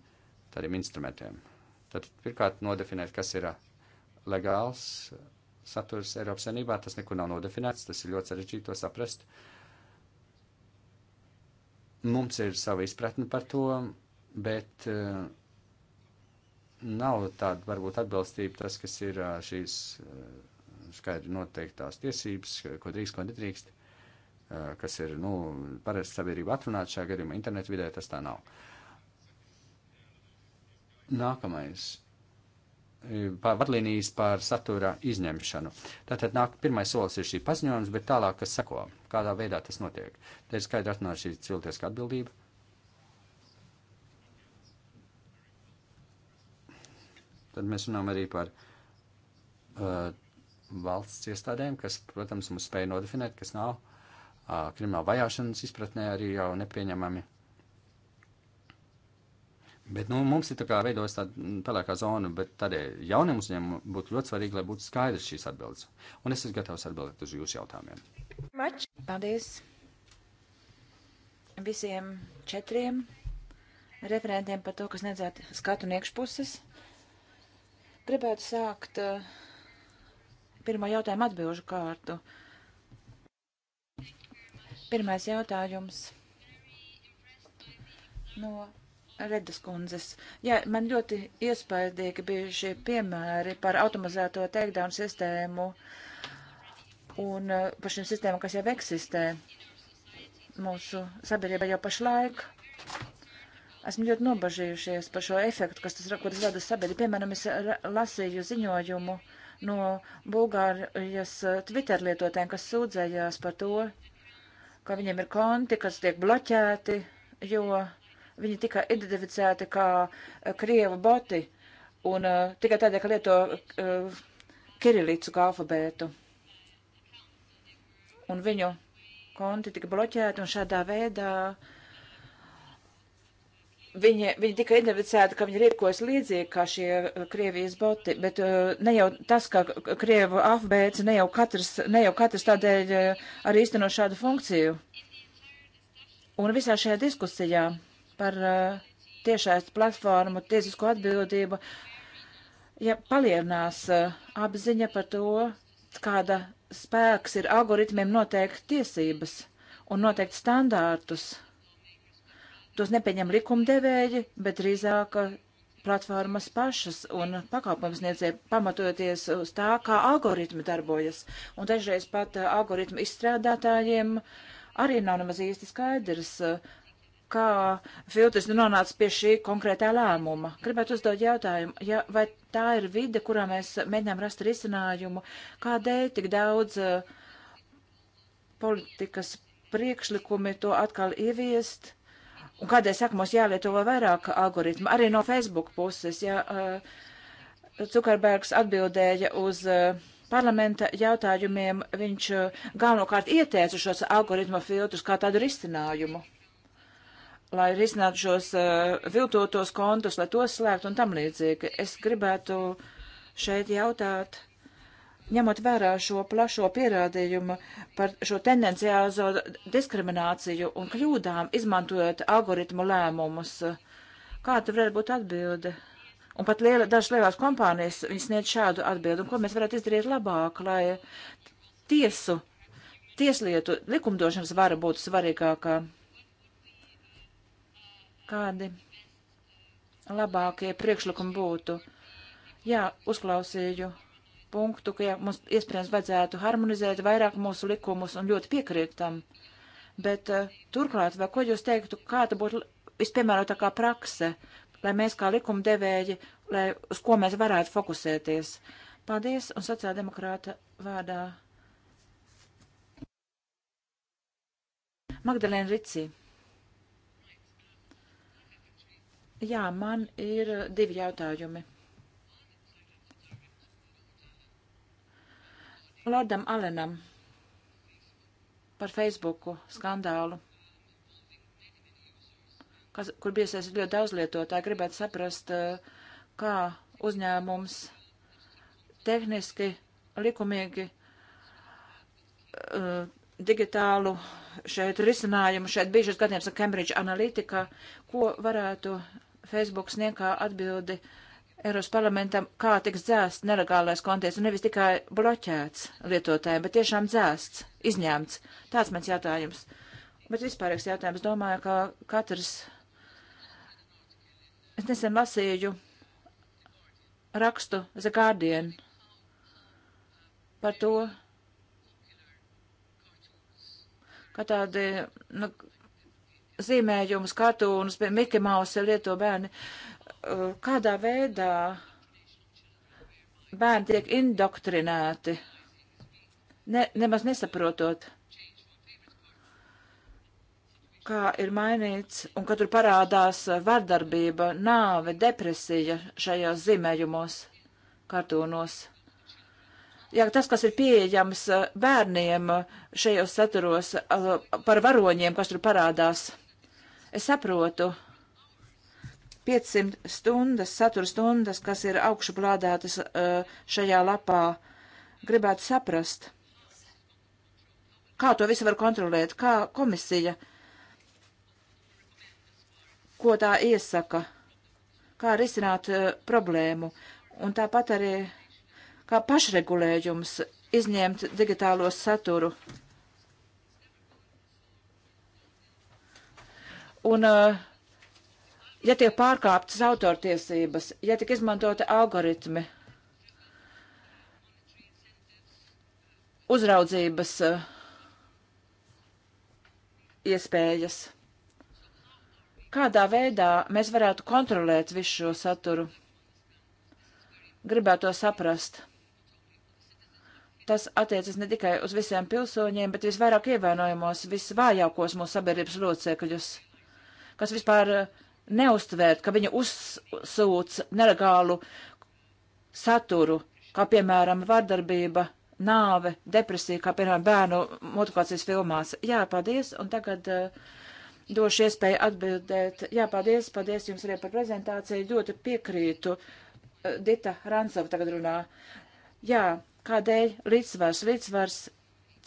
tādiem instrumentiem. Tad pirmkārt nodefinēt, kas ir uh, legāls saturs Eiropas Savienībā, tas nekur nav nodefinēts, tas ir ļoti sarežģīti to saprast. Mums ir sava izpratne par to, bet uh, nav tāda varbūt atbilstība tas, kas ir uh, šīs uh, skaidri noteiktās tiesības, ko drīkst, ko nedrīkst, kas ir, nu, parasti sabiedrība atrunāt šajā gadījumā internetu vidē, tas tā nav. Nākamais vadlīnijas par satura izņemšanu. Tātad nāk, pirmais solis ir šī paziņojums, bet tālāk, kas seko, kādā veidā tas notiek. Te ir skaidri atrunāta šī cilvēciska atbildība. Tad mēs runājam arī par uh, valsts iestādēm, kas, protams, mums spēja nodefinēt, kas nav uh, krimināla vajāšanas izpratnē arī jau nepieņemami Bet nu, mums ir tā kā veidojas tāda mm, pelēkā zona, bet tādēļ eh, jauniem uzņēmumiem būtu ļoti svarīgi, lai būtu skaidrs šīs atbildes. Un es esmu gatavs atbildēt uz jūsu jautājumiem. Mač. Paldies visiem četriem referentiem par to, kas nedzētu skatu un iekšpuses. Gribētu sākt eh, pirmo jautājumu atbilžu kārtu. Pirmais jautājums no Redas kundzes. Jā, man ļoti iespaidīgi bija šie piemēri par automatizēto takedown sistēmu un eh, par šīm sistēmām, kas jau eksistē mūsu sabiedrībā jau pašlaik. Esmu ļoti nobažījušies par šo efektu, kas tas, ko tas rada sabiedrība. Piemēram, es eh, lasīju ziņojumu no Bulgārijas eh, Twitter lietotēm, kas sūdzējās par to, ka viņiem ir konti, kas tiek bloķēti, jo Viņi tika identificēti kā eh, krievu boti un uh, tikai tādēļ, ka lieto uh, eh, kirilicu kā alfabētu. Un viņu konti tika bloķēti un šādā veidā viņi, viņi tika identificēti, ka viņi rīkojas līdzīgi kā šie Krievijas boti, bet uh, ne jau tas, ka Krievu alfabēts, ne jau katrs, ne jau katrs tādēļ uh, arī īsteno šādu funkciju. Un visā šajā diskusijā par uh, tiešais platformu tiesisko atbildību, ja palielinās uh, apziņa par to, kāda spēks ir algoritmiem noteikt tiesības un noteikt standārtus. Tos nepieņem likumdevēji, bet drīzāk eh, platformas pašas un pakalpojumsniedzēji pamatoties uz tā, kā algoritmi darbojas. Un dažreiz pat algoritmu izstrādātājiem arī nav nemaz īsti skaidrs, kā filtrs nu nonāca pie šī konkrētā lēmuma. Gribētu uzdot jautājumu, ja, vai tā ir vide, kurā mēs mēģinām rast risinājumu, kādēļ tik daudz uh, politikas priekšlikumi to atkal ieviest, un kādēļ saka mums jālieto vēl vairāk algoritmu, arī no Facebook puses, ja uh, eh, Cukerbergs atbildēja uz uh, parlamenta jautājumiem, viņš galvenokārt ieteica šos algoritmu filtrus kā tādu risinājumu lai risinātu šos uh, viltotos kontus, lai tos slēgtu un tam līdzīgi. Es gribētu šeit jautāt, ņemot vērā šo plašo pierādījumu par šo tendenciāzo diskrimināciju un kļūdām, izmantojot algoritmu lēmumus, kāda varētu būt atbilde? Un pat liela, dažas lielās kompānijas sniedz šādu atbildi, un ko mēs varētu izdarīt labāk, lai tiesu, tieslietu likumdošanas vara būtu svarīgākā kādi labākie priekšlikumi būtu. Jā, uzklausīju punktu, ka jā, mums iespējams vajadzētu harmonizēt vairāk mūsu likumus un ļoti piekrīt tam. Bet uh, turklāt, vai ko jūs teiktu, kāda būtu vispiemērotākā prakse, lai mēs kā likumdevēji, lai uz ko mēs varētu fokusēties? Paldies un sociāldemokrāta vārdā. Magdalēna Ricī. Jā, man ir divi jautājumi. Lordam Alenam par Facebooku skandālu, kas, kur biesies ļoti daudz lietotāji, gribētu saprast, kā uzņēmums tehniski, likumīgi eh, digitālu šeit risinājumu, šeit bijušas gadiem ar Cambridge Analytica, ko varētu Facebook sniegā atbildi Eiros parlamentam, kā tiks dzēsts nelegālais kontiens, un nevis tikai bloķēts lietotājiem, bet tiešām dzēsts, izņemts. Tāds mans jautājums. Bet vispārīgs jautājums, domāju, ka katrs. Es nesen lasīju rakstu The Guardian par to, ka tādi nu, zīmējumus, kartūnus, Miki Mausa lieto bērni. Uh, kādā veidā bērni tiek indoktrinēti, ne, nemaz nesaprotot, kā ir mainīts, un ka tur parādās vardarbība, nāve, depresija šajos zīmējumos, kartūnos. Jā, tas, kas ir pieejams uh, bērniem uh, šajos saturos par varoņiem, kas tur parādās. Es saprotu, 500 stundas, satura stundas, kas ir augšuplādētas eh, šajā lapā, gribētu saprast, kā to visu var kontrolēt, kā komisija, ko tā iesaka, kā risināt eh, problēmu, un tāpat arī kā pašregulējums izņemt digitālo saturu Un, eh, ja tiek pārkāptas autortiesības, ja tiek izmantoti algoritmi, uzraudzības eh, iespējas, kādā veidā mēs varētu kontrolēt visu šo saturu, gribētu to saprast. Tas attiecas ne tikai uz visiem pilsoņiem, bet visvairāk ievainojamos, visvājākos mūsu sabiedrības locekļus kas vispār eh, neustvērt, ka viņi uzsūc nelegālu saturu, kā piemēram vardarbība, nāve, depresija, kā piemēram bērnu motivācijas filmās. Jā, paldies, un tagad uh, došu iespēju atbildēt. Jā, paldies, paldies jums arī par prezentāciju, ļoti piekrītu. Uh, Dita Ransova tagad runā. Jā, kādēļ līdzsvars, līdzsvars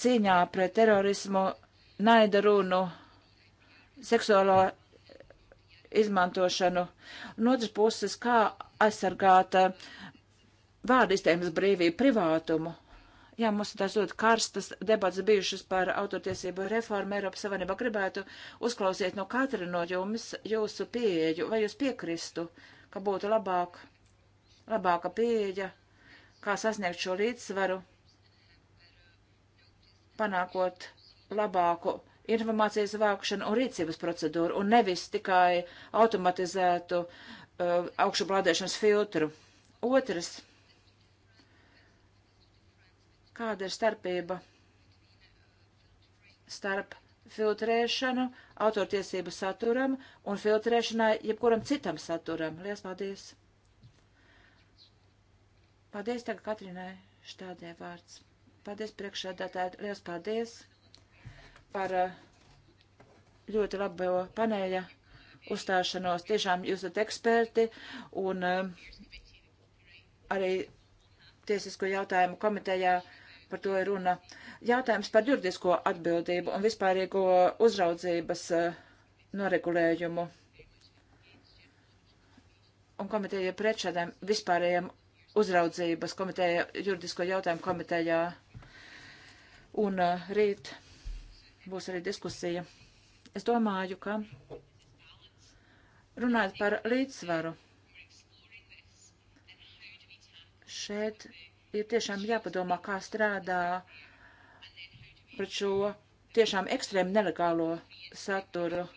cīņā pret terorismu, naida runu, seksuālo izmantošanu, un otras puses, kā aizsargāt eh, vārdu izteiksmes brīvību, privātumu. Jā, mums ir tās ļoti karstas debats bijušas par autortiesību reformu Eiropas Savienībā. Gribētu uzklausīt no katra no jums jūsu pieeju, vai jūs piekristu, ka būtu labāk, labāka pieeja, kā sasniegt šo līdzsvaru, panākot labāku informācijas vākšanu un rīcības procedūru, un nevis tikai automatizētu uh, augšuplādēšanas filtru. Otrs. Kāda ir starpība starp filtrēšanu autortiesību saturam un filtrēšanai jebkuram citam saturam? Lielas paldies! Paldies tagad Katrinai Štādē vārds. Paldies priekšsēdētāji, liels paldies! par eh, ļoti labo paneļa uzstāšanos. Tiešām jūs esat eksperti un eh, arī tiesisko jautājumu komitejā par to ir runa. Jautājums par juridisko atbildību un vispārīgo uzraudzības eh, noregulējumu. Un komiteja pret šādiem vispārējiem uzraudzības komiteja, juridisko jautājumu komitejā. Un rīt būs arī diskusija. Es domāju, ka runājot par līdzsvaru, šeit ir tiešām jāpadomā, kā strādā pret šo tiešām ekstrēmu nelegālo saturu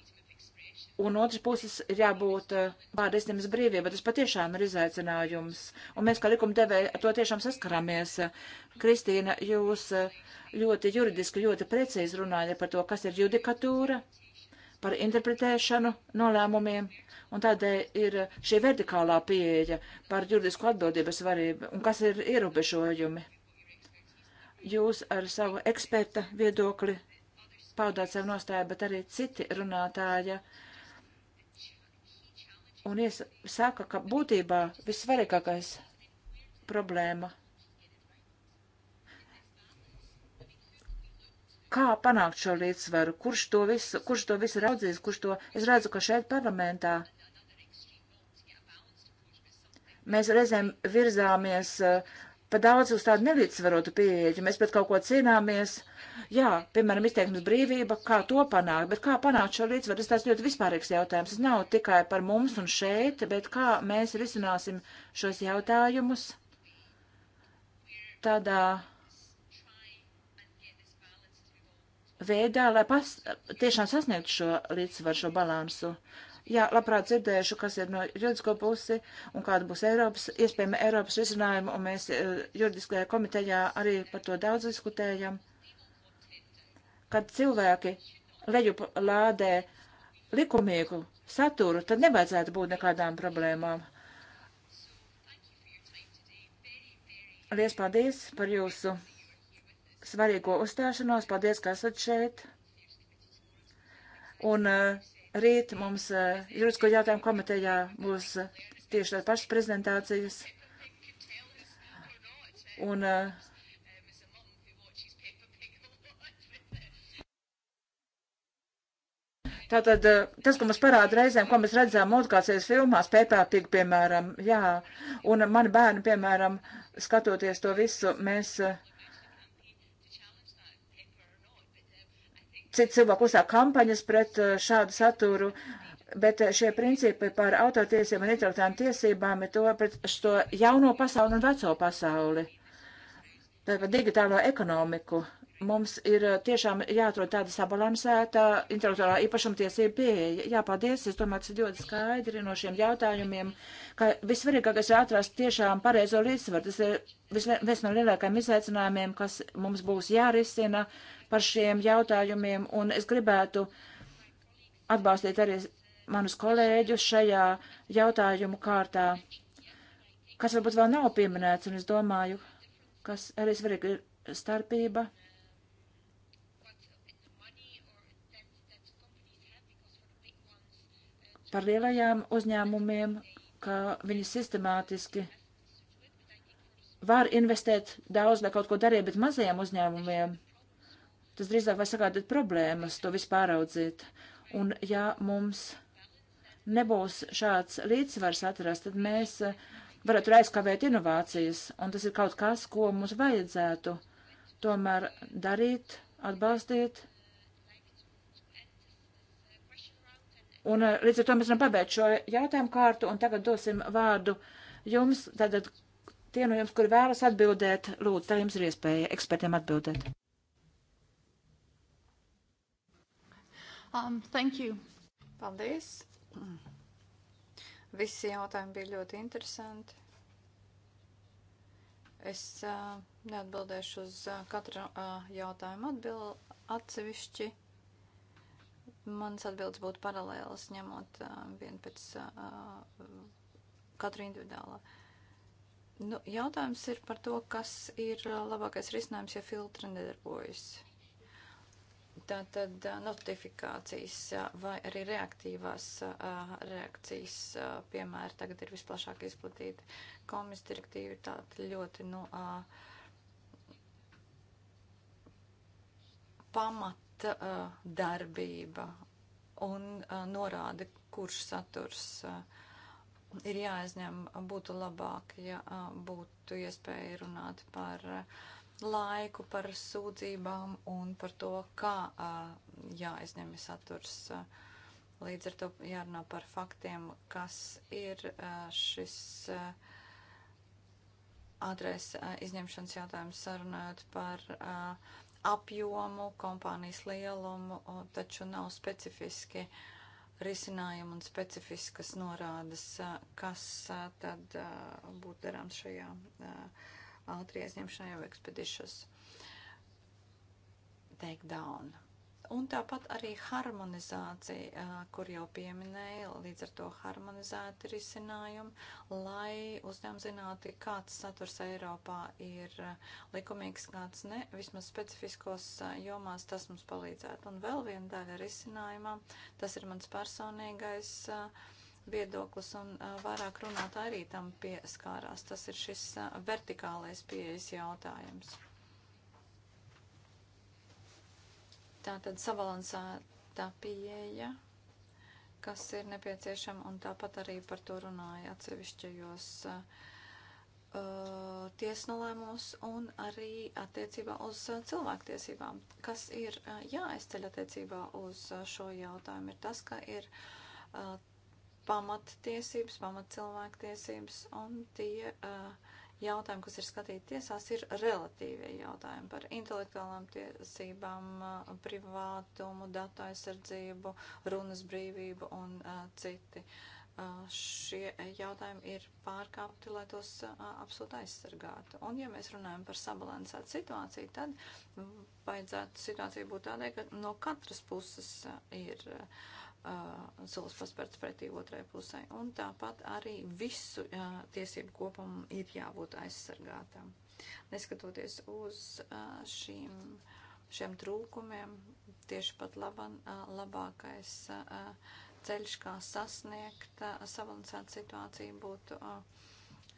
Un otrs puses ir jābūt eh, vārda izteikšanas brīvībai. Tas patiešām ir izaicinājums. Un mēs, kā likumdevēji, ar to tiešām saskaramies. Kristīna, jūs eh, ļoti juridiski, ļoti precīzi runājat par to, kas ir judikatūra, par interpretēšanu nolēmumiem. Un tādēļ ir šī vertikālā pieeja par juridisko atbildības varību un kas ir ierobežojumi. Jūs ar savu eksperta viedokli paudāt savu nostāju, bet arī citi runātāja. Uh, un saka, ka būtībā vissvarīgākais problēma. Kā panākt šo līdzsvaru? Kurš to visu, kurš to visu raudzīs? Kurš to? Es redzu, ka šeit parlamentā mēs reizēm virzāmies eh, pa daudz uz tādu nelīdzsvarotu pieeju. Mēs pat kaut ko cīnāmies. Uh, Jā, piemēram, izteiksmes brīvība, kā to panākt, bet kā panākt šo līdzsvaru, tas ļoti vispārīgs jautājums. Tas nav tikai par mums un šeit, bet kā mēs risināsim šos jautājumus tādā veidā, lai pas, tiešām sasniegtu šo līdzsvaru, šo balansu. Jā, labprāt dzirdēšu, kas ir no juridisko pusi un kāda būs Eiropas, iespējama Eiropas risinājuma, un mēs eh, juridiskajā komitejā arī par to daudz diskutējam. Uh, kad cilvēki lejup lādē likumīgu saturu, tad nevajadzētu būt nekādām problēmām. Lies paldies par jūsu svarīgo uzstāšanos. Paldies, ka esat šeit. Un uh, rīt mums uh, juridisko jautājumu komitejā būs uh, tieši tādas pašas prezentācijas. Un uh, Tātad eh, tas, ko mums parāda reizēm, ko mēs redzam multikācijas filmās, Pepāpīgi, piemēram, jā, un mani bērni, piemēram, skatoties to visu, mēs eh, citi cilvēki uzsāk kampaņas pret eh, šādu saturu, bet šie principi par autortiesībām un intelektuālām tiesībām ir to pret šo jauno pasauli un veco pasauli. Tāpat digitālo ekonomiku mums ir eh, tiešām jāatrod tāda sabalansēta intelektuālā īpašumtiesība pieeja. Jā, paldies, es domāju, tas ir ļoti skaidri no šiem jautājumiem, ka vissvarīgākais ir atrast tiešām pareizo līdzsvaru. Tas ir visle, viens no lielākajiem izaicinājumiem, kas mums būs jārisina par šiem jautājumiem, un es gribētu atbalstīt arī manus kolēģus šajā jautājumu kārtā, kas varbūt vēl nav pieminēts, un es domāju, kas arī svarīgi ir starpība par lielajām uzņēmumiem, ka viņi sistemātiski var investēt daudz, lai kaut ko darītu, bet mazajiem uzņēmumiem tas drīzāk vai sagādāt problēmas to vispār audzīt. Un ja mums nebūs šāds līdzsvars atrast, tad mēs eh, varētu aizkavēt inovācijas, un tas ir kaut kas, ko mums vajadzētu tomēr darīt, atbalstīt Un eh, līdz ar to mēs varam pabeigt šo jautājumu kārtu un tagad dosim vārdu jums. Tātad tie no jums, kuri vēlas atbildēt, lūdzu, tā jums ir iespēja ekspertiem atbildēt. Um, thank you. Paldies. Visi jautājumi bija ļoti interesanti. Es uh, neatbildēšu uz uh, katru uh, jautājumu atbild atsevišķi. Mans atbildes būtu paralēlas, ņemot uh, vienu pēc uh, katru individuālā. Nu, jautājums ir par to, kas ir labākais risinājums, ja filtri nedarbojas. Tātad notifikācijas vai arī reaktīvās reakcijas piemēri tagad ir visplašāk izplatīti. Komis direktīva ir tāda ļoti, nu, pamat cita uh, darbība un uh, norāda, kurš saturs uh, ir jāizņem, būtu labāk, ja uh, būtu iespēja runāt par uh, laiku, par sūdzībām un par to, kā uh, jāizņem saturs. Uh, Līdz ar to jārunā par faktiem, kas ir šis ātrais izņemšanas jautājums sarunājot par uh, apjomu, kompānijas lielumu, taču nav specifiski risinājumi un specifiskas norādes, kas tad būtu darāms šajā ātrie aizņemšanā jau ekspedišas takedown. Un tāpat arī harmonizācija, kur jau pieminēja, līdz ar to harmonizēti risinājumi, lai uzņēmumi zinātu, kāds saturs Eiropā ir likumīgs, kāds ne, vismaz specifiskos jomās tas mums palīdzētu. Un vēl viena daļa risinājumā, tas ir mans personīgais viedoklis un vairāk runāt arī tam pieskārās. Tas ir šis vertikālais pieejas jautājums Tā tad sabalansēta pieeja, kas ir nepieciešama, un tāpat arī par to runāja atsevišķajos uh, tiesnolēmos un arī attiecībā uz uh, cilvēktiesībām. Kas ir uh, jāaizceļ attiecībā uz uh, šo jautājumu, ir tas, ka ir uh, pamattiesības, pamatcilvēktiesības, un tie uh, jautājumi, kas ir skatīti tiesās, ir relatīvie jautājumi par intelektuālām tiesībām, privātumu, datu aizsardzību, runas brīvību un citi. Šie jautājumi ir pārkāpti, lai tos absolūti aizsargātu. Un, ja mēs runājam par sabalansētu situāciju, tad vajadzētu situācija būt tādai, ka no katras puses ir. Uh, uh, solis paspērts pretī otrai pusē. Un tāpat arī visu uh, tiesību kopumu ir jābūt aizsargātām. Neskatoties uz uh, šīm, šiem trūkumiem, tieši pat laban, uh, labākais uh, ceļš, kā sasniegt uh, sabalansētu situāciju, būtu. Uh,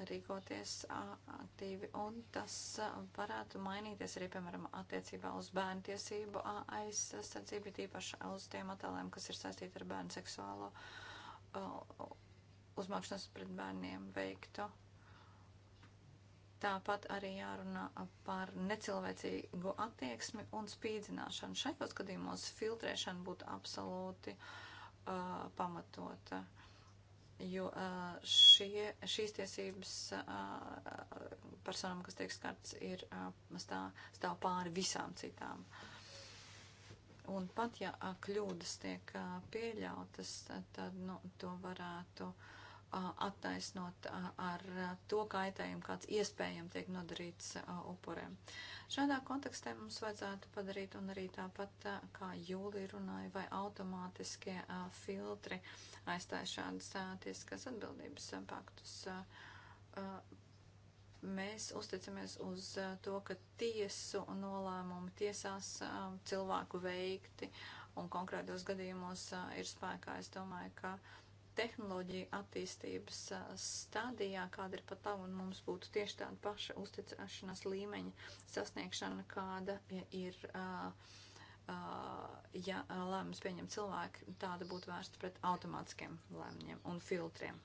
rīkoties aktīvi, un tas varētu mainīties arī, piemēram, attiecībā uz bērnu tiesību aizsardzību, tīpaši uz tiem attēliem, kas ir saistīti ar bērnu seksuālo uzmākšanos pret bērniem veiktu. Tāpat arī jārunā par necilvēcīgu attieksmi un spīdzināšanu. Šajos gadījumos filtrēšana būtu absolūti uh, pamatota. Uh, jo šie, šīs tiesības personām, kas tiek skarts, ir stā, stāv pāri visām citām. Un pat ja kļūdas tiek pieļautas, tad nu, to varētu uh, attaisnot ar to kaitējumu, kāds iespējami tiek nodarīts upuriem. Šādā kontekstē mums vajadzētu padarīt un arī tāpat, kā Jūlija runāja, vai automātiskie filtri aizstāja šādas tiesiskās atbildības paktus. Mēs uzticamies uz to, ka tiesu nolēmumi tiesās cilvēku veikti un konkrētos gadījumos ir spēkā. Es domāju, ka uh, tehnoloģiju attīstības stadijā, kāda ir pat laba, un mums būtu tieši tāda paša uzticēšanās līmeņa sasniegšana, kāda ir, ja lēmums pieņem cilvēki, tāda būtu vērsta pret automātiskiem lēmumiem un filtriem.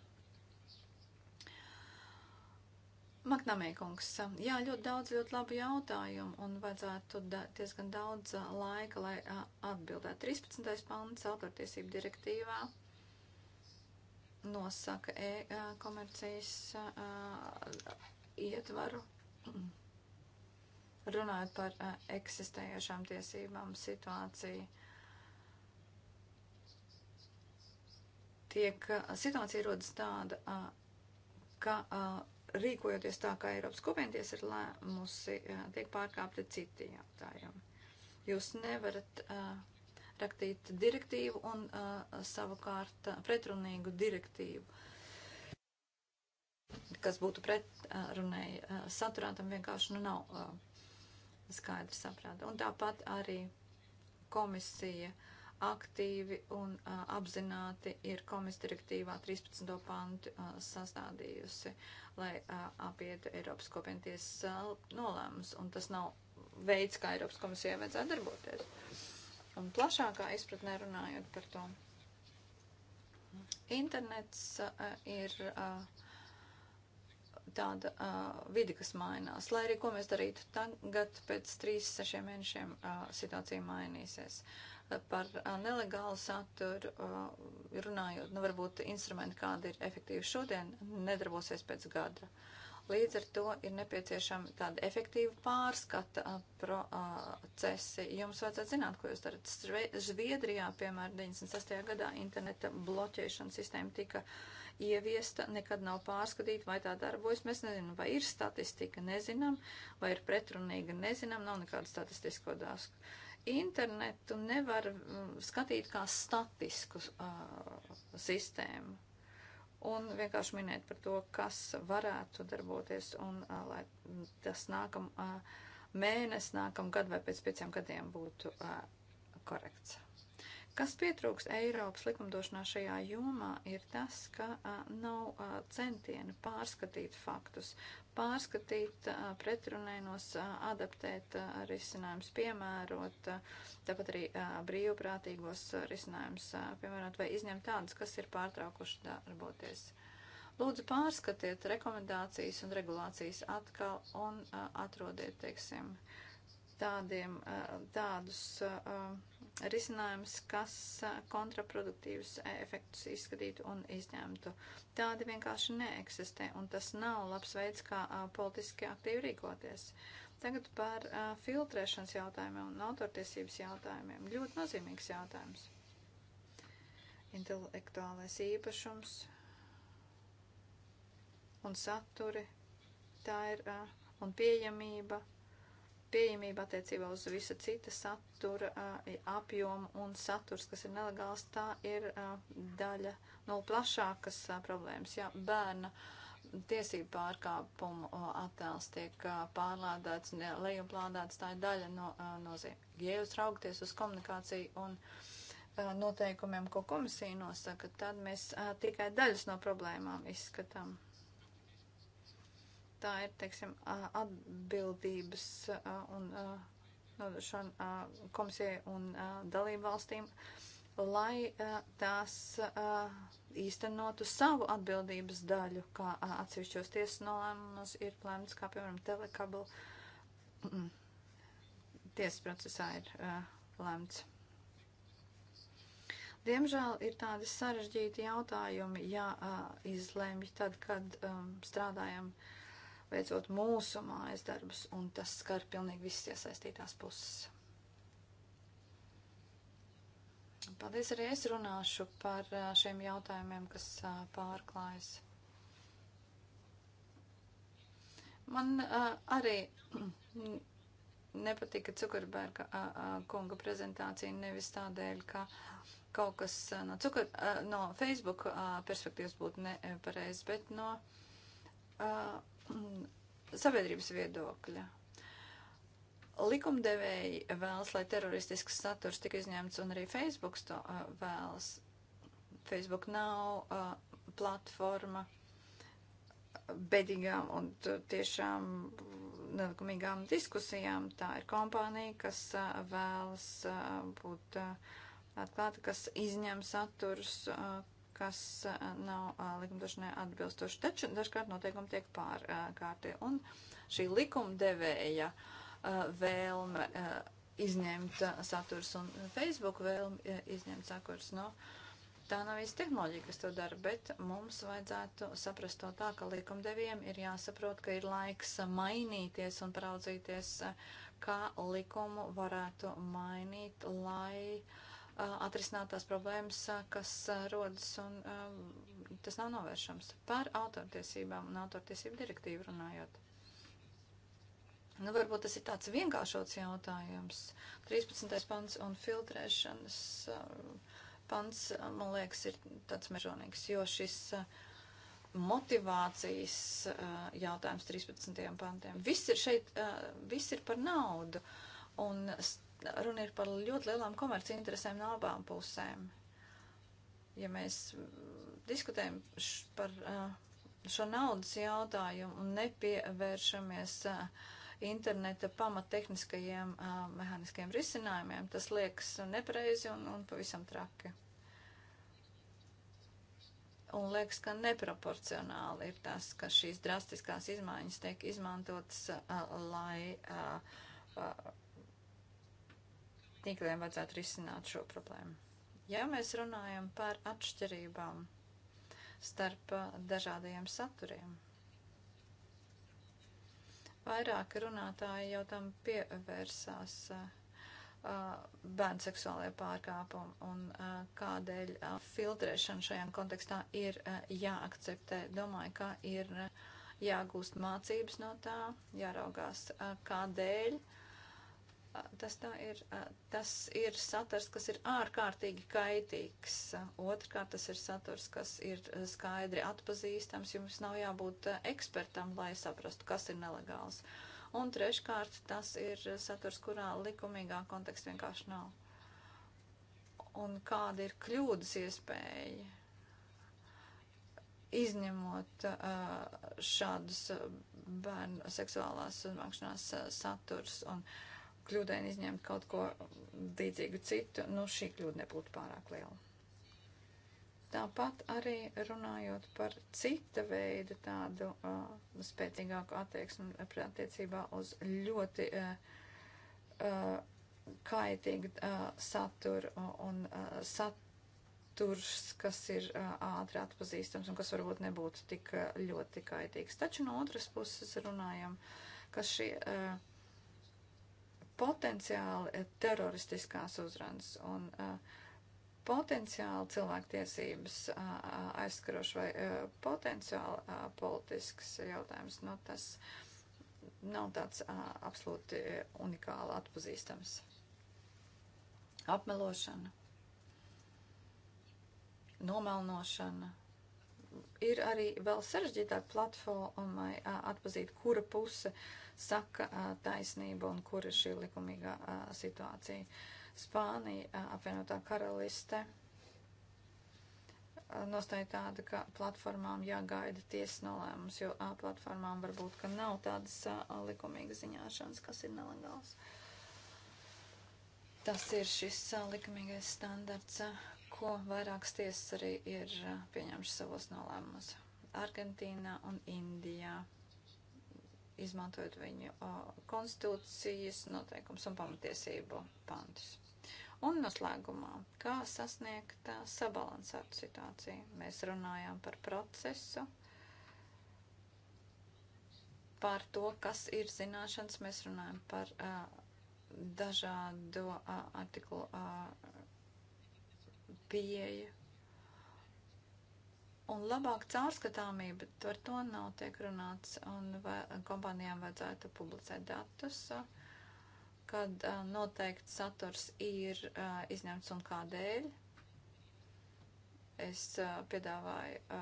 Maknamēkungs, jā, ļoti daudz, ļoti labu jautājumu un vajadzētu da, diezgan daudz laika, lai atbildētu. 13. pants autortiesību direktīvā nosaka e-komercijas ietvaru. Runājot par eksistējošām tiesībām, situācija tiek, situācija rodas tāda, ka rīkojoties tā, kā Eiropas kopienties ir lēmusi, tiek pārkāpti citi jautājumi. Jūs nevarat uh, raktītu direktīvu un uh, savukārt uh, pretrunīgu direktīvu kas būtu pretrunēji uh, uh, saturā, tam vienkārši nu, nav uh, skaidri saprāta. Un tāpat arī komisija aktīvi un uh, apzināti ir komisija direktīvā 13. pantu uh, sastādījusi, lai apietu Eiropas kopienties nolēmums, un tas nav veids, kā Eiropas komisijai vajadzētu darboties un plašākā izpratnē runājot par to. Internets uh, ir uh, tāda uh, vide, kas mainās. Lai arī ko mēs darītu tagad, pēc 3-6 mēnešiem uh, situācija mainīsies. Uh, par uh, nelegālu saturu uh, runājot, nu varbūt instrumenti, kādi ir efektīvi šodien, nedarbosies pēc gada. Uh, Līdz ar to ir nepieciešama tāda efektīva pārskata uh, procesi. Jums vajadzētu zināt, ko jūs darat. Zviedrijā, piemēram, 96. gadā interneta bloķēšana sistēma tika ieviesta, nekad nav pārskatīta, vai tā darbojas. Mēs nezinām, vai ir statistika, nezinām, vai ir pretrunīga, nezinām, nav nekādu statistisko dāsku. Internetu nevar mm, skatīt kā statisku uh, sistēmu un vienkārši minēt par to, kas varētu darboties un uh, lai tas nākam uh, mēnesi, nākam gadu vai pēc pieciem gadiem būtu uh, korekts. Kas pietrūks Eiropas likumdošanā šajā jomā ir tas, ka a, nav a, centieni pārskatīt faktus, pārskatīt, pretrunēnos, adaptēt risinājumus, piemērot, tāpat arī brīvprātīgos risinājumus, piemērot vai izņemt tādus, kas ir pārtraukuši darboties. Lūdzu, pārskatiet rekomendācijas un regulācijas atkal un atrodiet, teiksim, tādiem, tādus. Uh, risinājums, kas kontraproduktīvus efektus izskatītu un izņemtu. Tādi vienkārši neeksistē, un tas nav labs veids, kā politiski aktīvi rīkoties. Tagad par filtrēšanas jautājumiem un autortiesības jautājumiem. Ļoti nozīmīgs jautājums. Intelektuālais īpašums un saturi, tā ir un pieejamība pieejamība attiecībā uz visa cita satura eh, apjomu un saturs, kas ir nelegāls, tā ir eh, daļa no plašākas eh, problēmas. Jā, bērna tiesību pārkāpumu attēls tiek pārlādēts, lejuplādēts, tā ir daļa no nozīme. Ja jūs raugties uz komunikāciju un noteikumiem, ko komisija nosaka, tad mēs tikai daļas no problēmām izskatām tā ir, teiksim, atbildības un nodošana komisijai un dalību valstīm, lai tās īstenotu savu atbildības daļu, kā atsevišķos tiesas nolēmumos ir plēmts, kā piemēram telekabla tiesas procesā ir lēmts. Diemžēl ir tādi sarežģīti jautājumi, ja izlēmj tad, kad um, strādājam uh, veicot mūsu mājas darbus, un tas skar pilnīgi visas iesaistītās puses. Paldies arī es runāšu par šiem jautājumiem, kas pārklājas. Man arī (clears throat) nepatika Cukurberga kunga prezentācija nevis tādēļ, ka kaut kas no, cukur, no Facebook perspektīvas būtu nepareizi, bet no Mm, sabiedrības viedokļa. Likumdevēji vēlas, lai teroristisks saturs tik izņemts, un arī Facebook to uh, vēlas. Facebook nav uh, platforma uh, bedīgām un tiešām nelikumīgām diskusijām. Tā ir kompānija, kas uh, vēlas uh, būt uh, atklāta, kas izņem saturs, uh, kas eh, nav eh, likumdošanai atbilstoši. Taču dažkārt noteikumi tiek pārkārtie. Un šī likumdevēja eh, vēlme izņemt saturs un Facebook vēlme izņemt saturs no. Nu, tā nav īsti tehnoloģija, kas to dara, bet mums vajadzētu saprast to tā, ka likumdevējiem ir jāsaprot, ka ir laiks mainīties un praudzīties, kā likumu varētu mainīt, lai uh, atrisināt tās problēmas, kas rodas, un tas nav novēršams. Par autortiesībām un autortiesību direktīvu runājot. Nu, varbūt tas ir tāds vienkāršots jautājums. 13. pants un filtrēšanas pants, man liekas, ir tāds mežonīgs, jo šis motivācijas jautājums 13. pantiem. Viss ir šeit, viss ir par naudu. Un runa ir par ļoti lielām komerci interesēm no abām pusēm. Ja mēs mm, diskutējam par šo naudas jautājumu un nepievēršamies interneta pamattehniskajiem mehāniskiem risinājumiem, tas liekas nepareizi un, un pavisam traki. Un liekas, ka neproporcionāli ir tas, ka šīs drastiskās izmaiņas tiek izmantotas, a, lai a, a, tīkliem vajadzētu risināt šo problēmu. Ja mēs runājam par atšķirībām starp uh, dažādajiem saturiem, vairāk runātāji jau tam pievērsās uh, uh, bērnu seksuālajā pārkāpuma un kādēļ filtrēšana šajā kontekstā ir jāakceptē. Domāju, ka ir jāgūst mācības no tā, jāraugās kādēļ tas tā ir, tas ir saturs, kas ir ārkārtīgi kaitīgs. Otrkārt, tas ir saturs, kas ir skaidri atpazīstams, jums nav jābūt ekspertam, lai saprastu, kas ir nelegāls. Un treškārt, tas ir saturs, kurā likumīgā konteksta vienkārši nav. Un kāda ir kļūdas iespēja? izņemot uh, šādus bērnu seksuālās uzmākšanās uh, saturs un uh, kļūdaini izņemt kaut ko līdzīgu citu, nu šī kļūda nebūtu pārāk liela. Tāpat arī runājot par cita veida tādu uh, spēcīgāku attieksmi attiecībā uz ļoti uh, uh, kaitīgu uh, saturu un uh, saturs, kas ir uh, ātri atpazīstams un kas varbūt nebūtu tik uh, ļoti kaitīgs. Taču no otras puses runājam, ka šie. Uh, potenciāli eh, teroristiskās uzrunas un uh, potenciāli cilvēktiesības uh, aizskarošs vai uh, potenciāli uh, politisks jautājums. No nu, tas nav tāds uh, absolūti unikāli atpazīstams. Apmelošana, nomelnošana ir arī vēl sarežģītāk platformai atpazīt, kura puse uh, saka taisnību un kur ir šī likumīgā situācija. Spānija, apvienotā karaliste, nostāja tāda, ka platformām jāgaida tiesas nolēmums, jo platformām varbūt, ka nav tādas likumīgas ziņāšanas, kas ir nelegāls. Tas ir šis likumīgais standarts, ko vairākas tiesas arī ir pieņemšas savos nolēmumos. Argentīnā un Indijā izmantojot viņu konstitūcijas noteikums un pamatiesību pantus. Un noslēgumā, kā sasniegt sabalansētu situāciju? Mēs runājām par procesu, par to, kas ir zināšanas, mēs runājam par uh, dažādo uh, artiklu uh, pieeju un labāk caurskatāmība, par to nav tiek runāts, un vai, kompānijām vajadzētu publicēt datus, kad noteikti saturs ir izņemts un kādēļ. Es piedāvāju,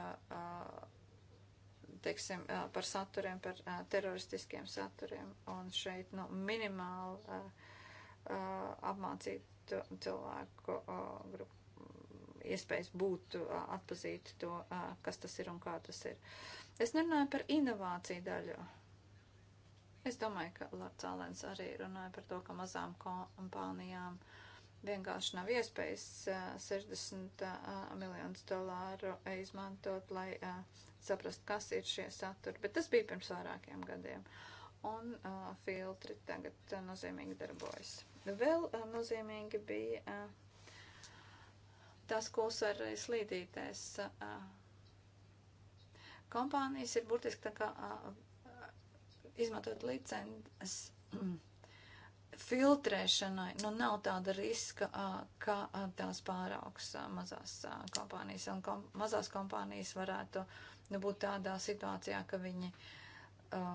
teiksim, par saturiem, par teroristiskiem saturiem, un šeit, nu, minimāli apmācītu cilvēku grupu iespējas būt, atpazīt to, kas tas ir un kā tas ir. Es nerunāju par inovāciju daļu. Es domāju, ka Lārcālēns arī runāja par to, ka mazām kompānijām vienkārši nav iespējas 60 miljonus dolāru izmantot, lai saprast, kas ir šie saturi. Bet tas bija pirms vairākiem gadiem. Un filtri tagad nozīmīgi darbojas. Vēl nozīmīgi bija tas, ko uzsver slīdītēs. Kompānijas ir burtiski tā kā izmantot licences mm, filtrēšanai, nu nav tāda riska, ka tās pāraugs mazās kompānijas. Un kom, mazās kompānijas varētu nu, būt tādā situācijā, ka viņi uh,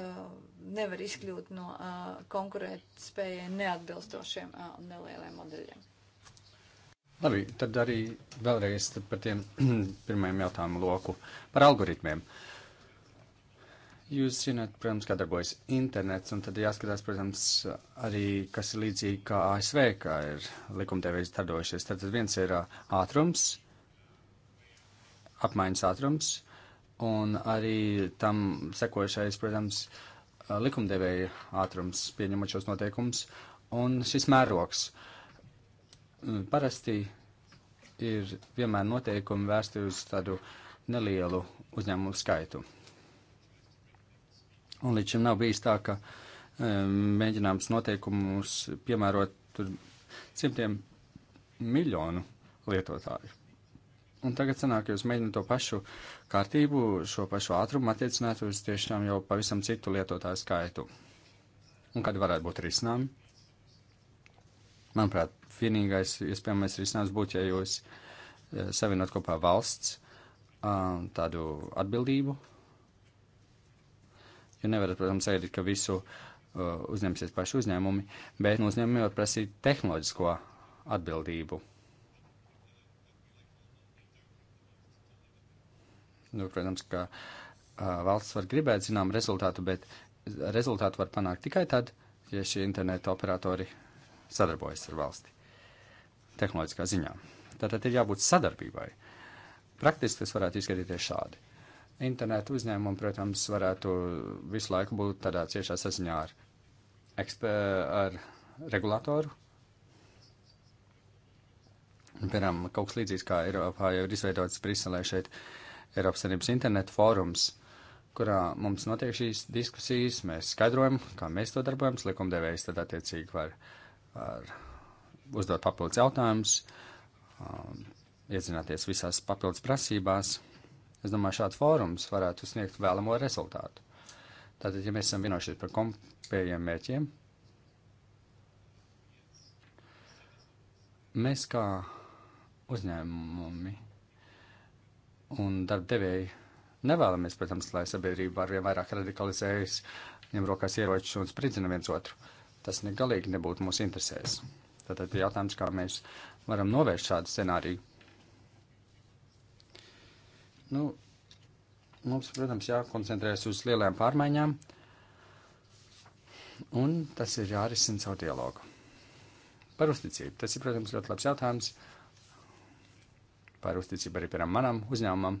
uh, nevar izkļūt no uh, konkurēt spējai neatbilstošiem nelieliem modeļiem. Labi, tad arī vēlreiz tad par tiem (clears throat) pirmajiem jautājumu loku par algoritmiem. Jūs zināt, protams, kā darbojas internets, un tad jāskatās, protams, arī, kas ir līdzīgi kā ASV, kā ir likumdevējs darbojušies. Tad viens ir ātrums, apmaiņas ātrums, un arī tam sekojušais, protams, likumdevēja ātrums, pieņemot šos noteikumus, un šis mērogs. Uh, Mm, parasti ir vienmēr noteikumi vērsti uz tādu nelielu uzņēmumu skaitu. Un līdz šim nav bijis tā, ka um, mēģinājums noteikumus piemērot tur simtiem miljonu lietotāju. Un tagad sanāk, ka jūs mēģināt to pašu kārtību, šo pašu ātrumu attiecināt uz tiešām jau pavisam citu lietotāju skaitu. Un kad varētu būt risinājumi? Manuprāt, vienīgais iespējamais risinājums būtu, ja jūs eh, savienot kopā valsts um, tādu atbildību. Jo nevarat, protams, sagaidīt, ka visu eh, uzņemsies paši uzņēmumi, bet no uzņēmumiem var prasīt tehnoloģisko atbildību. Nu, protams, ka eh, valsts var gribēt zinām rezultātu, bet rezultātu var panākt tikai tad, ja šie interneta operatori sadarbojas ar valsti tehnoloģiskā ziņā. Tātad ir jābūt sadarbībai. Praktiski tas varētu izskatīties šādi. Internetu uzņēmumi, protams, varētu visu laiku būt tādā ciešā saziņā ar, ar regulātoru. Piemēram, kaut kas līdzīgs kā Eiropā jau ir izveidots Briselē šeit Eiropas Savienības internetu fórums, kurā mums notiek šīs diskusijas, mēs skaidrojam, kā mēs to darbojamies, likumdevējs tad attiecīgi var. var uzdot papildus jautājumus, um, iedzināties visās papildus prasībās. Es domāju, šāds fórums varētu sniegt vēlamo rezultātu. Tātad, ja mēs esam vienojušies par kompējiem mērķiem, mēs kā uzņēmumi un darbdevēji nevēlamies, protams, lai sabiedrība arvien vairāk radikalizējas, ņem rokās ieroči un spridzina viens otru. Tas negalīgi nebūtu mūsu interesēs. Tātad ir jautājums, kā mēs varam novērst šādu scenāriju. Nu, mums, protams, jākoncentrēs uz lielajām pārmaiņām, un tas ir jārisina savu dialogu. Par uzticību. Tas ir, protams, ļoti labs jautājums. Par uzticību arī, piemēram, manam uzņēmumam.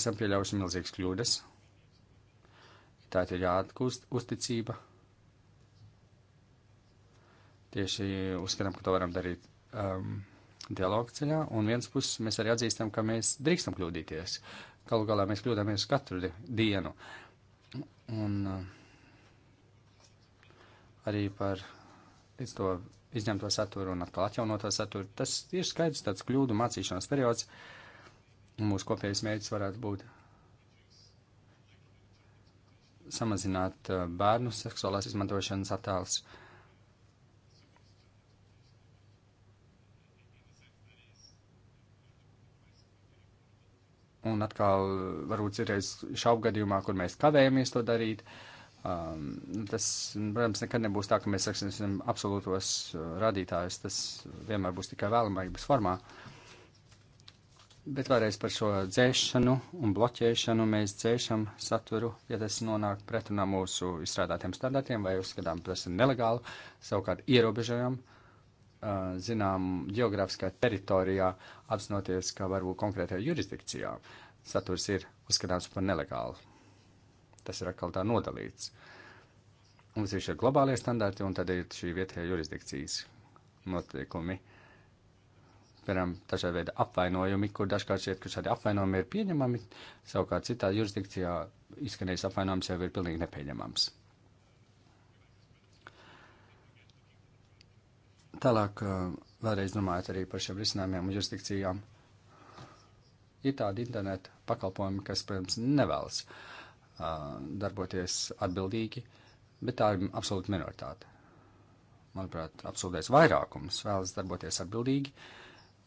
Esam pieļaujuši milzīgas kļūdas. Tā ir jāatgūst uzticība Tieši uzskatām, ka to varam darīt um, dialogu ceļā, un viens puses mēs arī atzīstam, ka mēs drīkstam kļūdīties. Galu galā mēs kļūdāmies katru di dienu. Un uh, arī par to izņemto saturu un atkal atjaunoto saturu. Tas ir skaidrs tāds kļūdu mācīšanās periods, un mūsu kopējais mērķis varētu būt samazināt uh, bērnu seksuālās izmantošanas attēls. Uh, Un atkal, varbūt citreiz šaubgadījumā, kur mēs kavējamies to darīt, um, tas, protams, nekad nebūs tā, ka mēs saksim absolūtos uh, rādītājus, tas vienmēr būs tikai vēlamības formā. Bet vēlreiz par šo dzēšanu un bloķēšanu mēs dzēšam saturu, ja tas nonāk pretrunā mūsu izstrādātiem standartiem vai uzskatām, ka tas ir nelegāli, savukārt ierobežojam uh, zinām, geogrāfiskā teritorijā, apzinoties, ka varbūt konkrētajā jurisdikcijā saturs ir uzskatāms par nelegālu. Tas ir atkal tā nodalīts. Mums ir šie globālie standarti, un tad ir šī vietējā jurisdikcijas noteikumi. Piemēram, dažādi veidi apvainojumi, kur dažkārt šķiet, ka šādi apvainojumi ir pieņemami, savukārt citā jurisdikcijā izskanējis apvainojums jau ir pilnīgi nepieņemams. Tālāk, vēlreiz domājot arī par šiem risinājumiem un jurisdikcijām, ir tādi interneta pakalpojumi, kas, protams, nevēlas uh, darboties atbildīgi, bet tā ir absolūta minoritāte. Manuprāt, absolūtais vairākums vēlas darboties atbildīgi,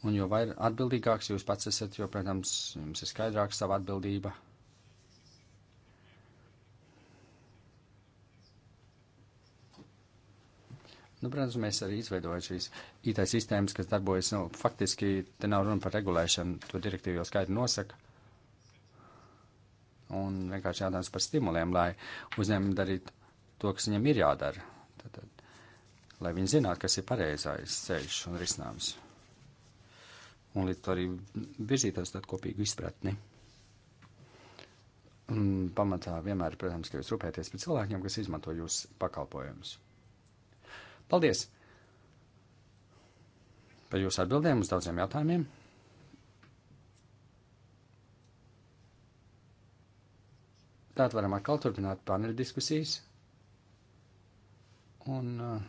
un jo atbildīgāks jūs pats esat, jo, protams, jums ir skaidrāk sava atbildība Nu, protams, mēs arī izveidojam šīs IT sistēmas, kas darbojas, nu, faktiski te nav runa par regulēšanu, to direktīva jau skaidri nosaka. Un vienkārši jādams par stimuliem, lai uzņēmumi darītu to, kas viņam ir jādara. Tad, tad, lai viņi zinātu, kas ir pareizais ceļš un risinājums. Un līdz to arī virzītos tad kopīgu izpratni. Un pamatā vienmēr, protams, ka jūs rūpēties par cilvēkiem, kas izmanto jūsu pakalpojumus. Paldies par jūsu atbildēm uz daudziem jautājumiem. Tātad varam atkal turpināt paneļa diskusijas. Un uh,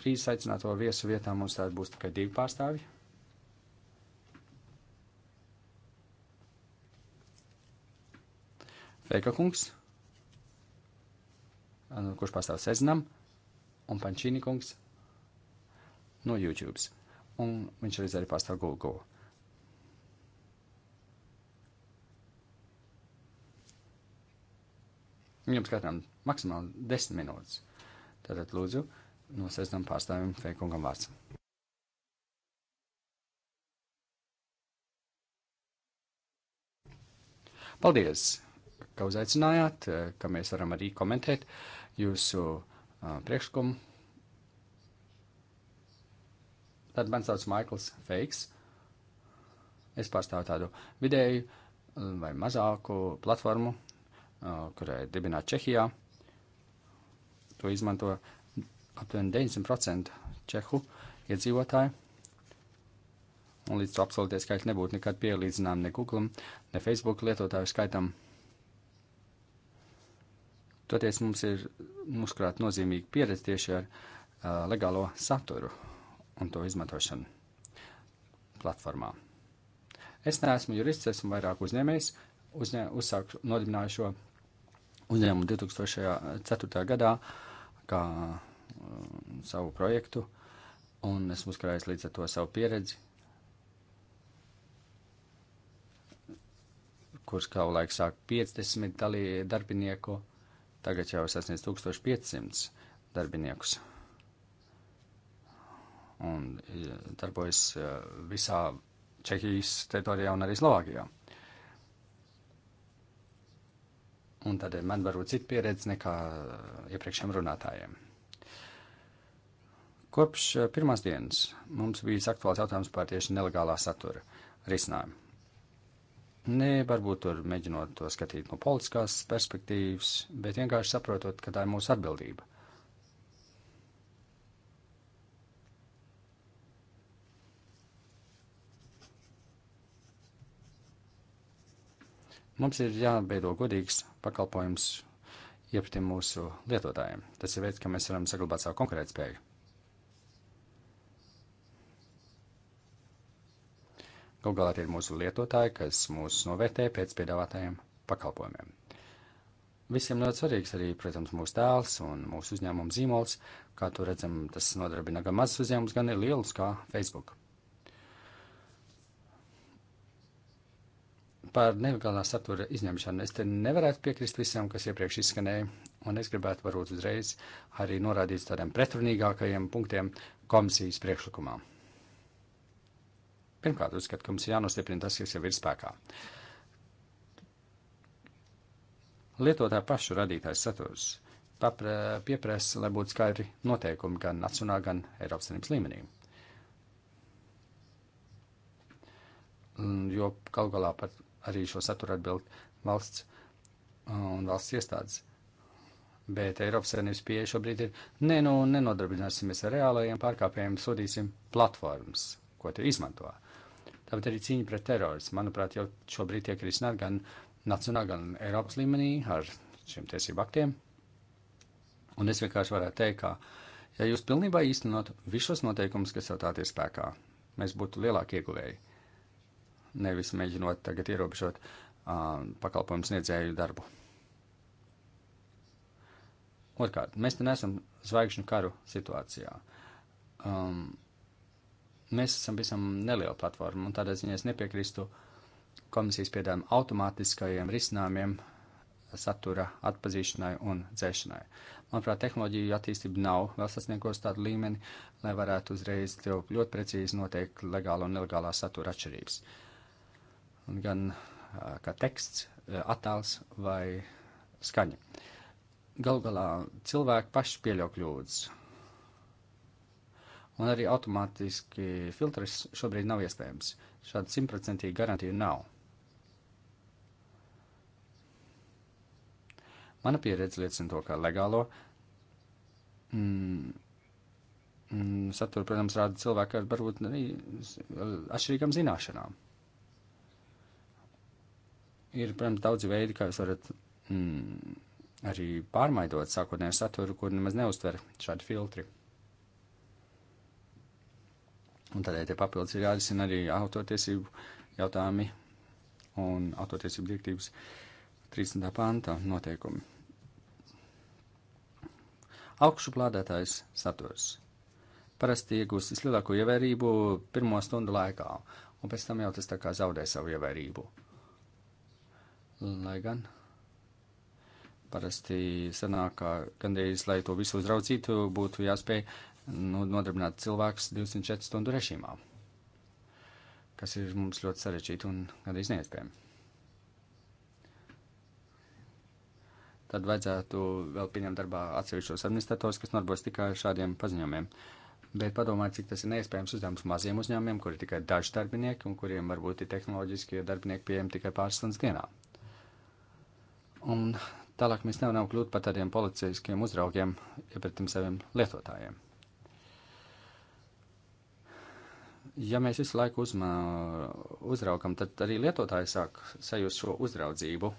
trīs aicināto viesu vietā mums tātad būs tikai divi pārstāvji. Veika kungs, kurš pārstāv sezinam. Uh, un Pančīnikungs no YouTube. Un viņš reiz arī pārstāv Google. Jums katram maksimāli desmit minūtes. Tātad lūdzu, nosēstam pārstāvim Fēkungam vārds. Paldies, ka uzaicinājāt, ka mēs varam arī komentēt jūsu uh, priekšlikumu. Tad man sauc Maikls Feiks. Es pārstāvu tādu vidēju vai mazāku platformu, kurai dibināt Čehijā. To izmanto aptuveni 90% čehu iedzīvotāju. Un līdz to absolūtie skaitļi nebūtu nekad pielīdzināmi ne Google, ne Facebook lietotāju skaitam. Toties mums ir, mūsuprāt, nozīmīga pieredze tieši ar uh, legālo saturu un to izmantošanu platformā. Es neesmu jurists, esmu vairāk uzņēmējs, uzņē, uzsāku nodibināju šo uzņēmumu 2004. gadā kā uh, savu projektu, un esmu uzkrājis līdz ar to savu pieredzi, kurš kā laik sāk 50 dalī, darbinieku. Uh, Tagad jau ir sasniedz 1500 darbiniekus. Un e, darbojas e, visā Čehijas teritorijā un arī Slovākijā. Un tādēļ man varbūt cita pieredze nekā e, iepriekšējiem runātājiem. Kopš pirmās dienas mums bija aktuāls jautājums par tieši nelegālā satura risinājumu. Nē, varbūt tur mēģinot to skatīt no politiskās perspektīvas, bet vienkārši saprotot, ka tā ir mūsu atbildība. Mums ir jābeido godīgs pakalpojums iepratiem mūsu lietotājiem. Tas ir veids, kā mēs varam saglabāt savu konkurētspēju. Galu galā tie ir mūsu lietotāji, kas mūs novērtē pēc piedāvātajiem pakalpojumiem. Visiem ļoti svarīgs arī, protams, mūsu tēls un mūsu uzņēmuma zīmols. Kā tu redzam, tas nodarbina gan mazus uzņēmumus, gan ir lielus kā Facebook. Par nelegālā satura izņemšanu es te nevarētu piekrist visam, kas iepriekš izskanēja, un es gribētu varbūt uzreiz arī norādīt tādiem pretrunīgākajiem punktiem komisijas priekšlikumā. Pirmkārt, uzskatu, ka mums ir jānostiprina tas, kas jau ir spēkā. Lietotāju pašu radītais saturs pieprasa, lai būtu skaidri noteikumi gan nacionālā, gan Eiropas Savienības līmenī. Jo galu galā par arī šo saturu atbild valsts un valsts iestādes. Bet Eiropas Savienības pieeja šobrīd ir ne, nu, nenodarbināsimies ar reālajiem pārkāpējiem, sodīsim platformas, ko tie izmantoja. Tāpat arī cīņa pret terorismu, manuprāt, jau šobrīd tiek risināta gan nacionālā, gan Eiropas līmenī ar šiem tiesību aktiem. Un es vienkārši varētu teikt, ka, ja jūs pilnībā īstenot visus noteikumus, kas jau tādā ir spēkā, mēs būtu lielāki ieguvēji. Nevis mēģinot tagad ierobežot uh, pakalpojumu sniedzēju darbu. Otrkārt, mēs te nesam zvaigžņu karu situācijā. Um, Mēs esam visam neliela platforma, un tādā ziņā es nepiekrīstu komisijas piedāvājumu automātiskajiem risinājumiem satura atpazīšanai un dzēšanai. Manuprāt, tehnoloģiju attīstība nav vēl sasniegusi tādu līmeni, lai varētu uzreiz jau ļoti precīzi noteikt legāla un nelegālā satura atšķirības. Un gan kā teksts, attēls vai skaņa. Galu galā cilvēki paši pieļauj kļūdas, un arī automātiski filtrs šobrīd nav iespējams. Šāda simtprocentīga garantija nav. Mana pieredze liecina to, ka legālo mm, mm, saturu, protams, rāda cilvēki ar varbūt arī atšķirīgām zināšanām. Ir, protams, daudz veidi, kā jūs varat mm, arī pārmaidot sākotnēju saturu, kur nemaz neuztver šādi filtri. Un tādēļ te papildus ir jārisina arī autortiesību jautājumi un autortiesību direktīvas 30. panta noteikumi. Augšu plādētājs saturs parasti iegūst vislielāko ievērību pirmo stundu laikā, un pēc tam jau tas tā kā zaudē savu ievērību. Lai gan parasti sanāk, ka gandrīz, lai to visu uzraudzītu, būtu jāspēj nu, nodarbināt cilvēkus 204 stundu režīmā, kas ir mums ļoti sarežģīti un gandrīz neiespējami. Tad vajadzētu vēl pieņemt darbā atsevišķos administrators, kas nodarbojas tikai ar šādiem paziņojumiem. Bet padomājiet, cik tas ir neiespējams uzdevums maziem uzņēmumiem, kur ir tikai daži darbinieki un kuriem varbūt ir tehnoloģiskie darbinieki pieejami tikai pāris stundas dienā. Un tālāk mēs nevaram kļūt par tādiem policijaskiem uzraugiem, ja pretim saviem lietotājiem. ja mēs visu laiku uzmā, uzraukam, tad arī lietotāji sāk sajust šo uzraudzību.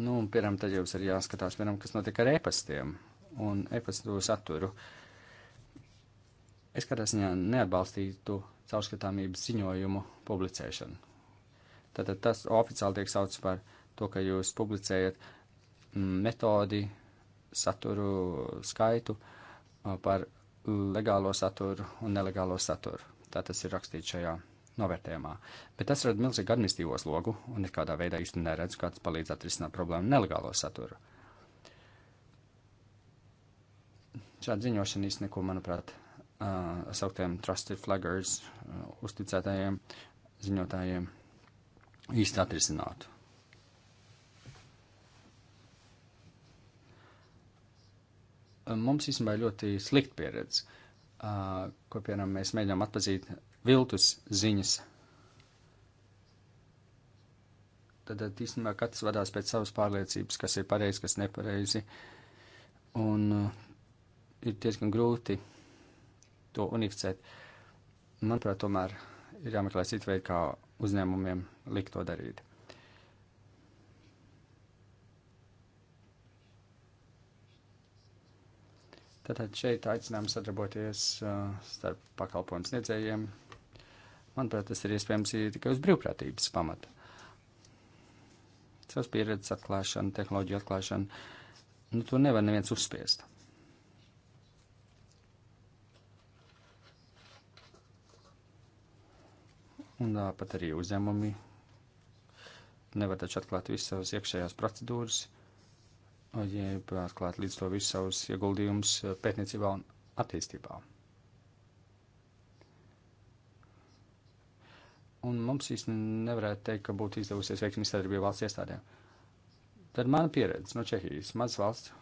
Nu, un, piemēram, tad jums ir jāskatās, piemēram, kas notiek ar e-pastiem un e-pastu saturu. Es kādā ziņā neatbalstītu caurskatāmības ziņojumu publicēšanu. Tātad tas oficiāli tiek sauc par to, ka jūs publicējat mm, metodi, saturu skaitu uh, par legālo saturu un nelegālo saturu. Tā tas ir rakstīts šajā novērtējumā. Bet tas rada milzīgu administīvo slogu un nekādā veidā īsti neredzu, kā tas palīdz atrisināt problēmu nelegālo saturu. Šāda ziņošana īsti neko, manuprāt, uh, sauktiem trusted flaggers, uh, uzticētajiem ziņotājiem īsti atrisinātu. mums īstenībā ļoti slikta pieredze, ko, piemēram, mēs mēģinām atpazīt viltus ziņas. Tad īstenībā katrs vadās pēc savas pārliecības, kas ir pareizi, kas nepareizi, un ir diezgan grūti to unificēt. Manuprāt, tomēr ir jāmeklē citu veidu, kā uzņēmumiem likt to darīt. Tātad šeit aicinām sadarboties uh, starp pakalpojumu sniedzējiem. Manuprāt, tas ir iespējams tikai uz brīvprātības pamata. Savas pieredzes atklāšana, tehnoloģiju atklāšana, nu, to nevar neviens uzspiest. Un tāpat arī uzņēmumi nevar taču atklāt visas savas iekšējās procedūras. Uh, jeb atklāt līdz to visu savus ieguldījumus eh, pētniecībā un attīstībā. Un mums īstenībā nevarētu teikt, ka būtu izdevusies veiksmīgi sadarbība valsts iestādēm. Tad mana pieredze no Čehijas, mazas valsts,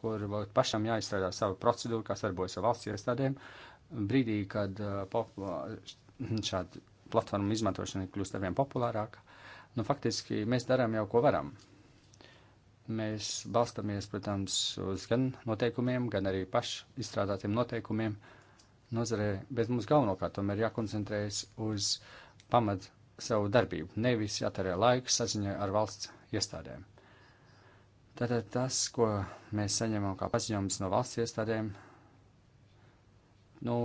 kur pašam jāizstrādā sava procedūra, kas darbojas ar valsts iestādēm, brīdī, kad eh, (clears throat) šāda platforma izmantošana kļūst ar vien populārāka, nu faktiski mēs darām jau, ko varam. Mēs balstamies, protams, uz gan noteikumiem, gan arī pašu izstrādātiem noteikumiem nozarē, bet mums galvenokārt tomēr jākoncentrējas uz pamat savu darbību, nevis jātērē laiks saziņā ar valsts iestādēm. Tātad tas, ko mēs saņemam kā paziņojums no valsts iestādēm, nu,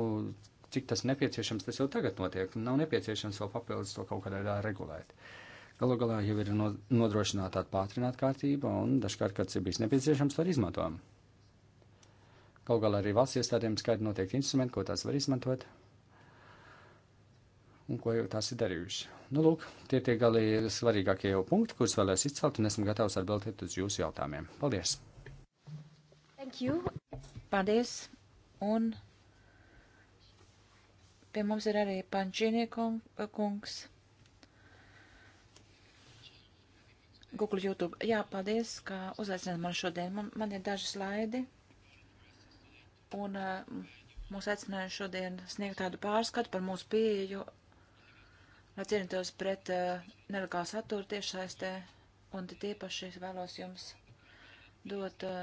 cik tas nepieciešams, tas jau tagad notiek. Nav nepieciešams vēl papildus to kaut kādā veidā regulēt. Uh, Galu galā jau ir nodrošināta tāda pātrināta kārtība, un dažkārt, kad ir bijis nepieciešams, to izmantojam. Galu galā arī valsts iestādēm skaidri noteikti instrumenti, ko tās var izmantot un ko jau tās ir darījušas. Nu, lūk, tie ir tie galīgi svarīgākie jau punkti, kurus vēlēs izcelt, un esmu gatavs atbildēt uz jūsu jautājumiem. Paldies! Thank you! Paldies! Un pie mums ir arī Pančīnie kungs Google YouTube. Jā, paldies, ka uzaicināt man šodien. Man, man ir daži slaidi. Un uh, mūs aicināja šodien sniegt tādu pārskatu par mūsu pieeju, lai cienītos pret uh, nelegālu saturu tiešsaistē. Un tad īpaši vēlos jums dot uh,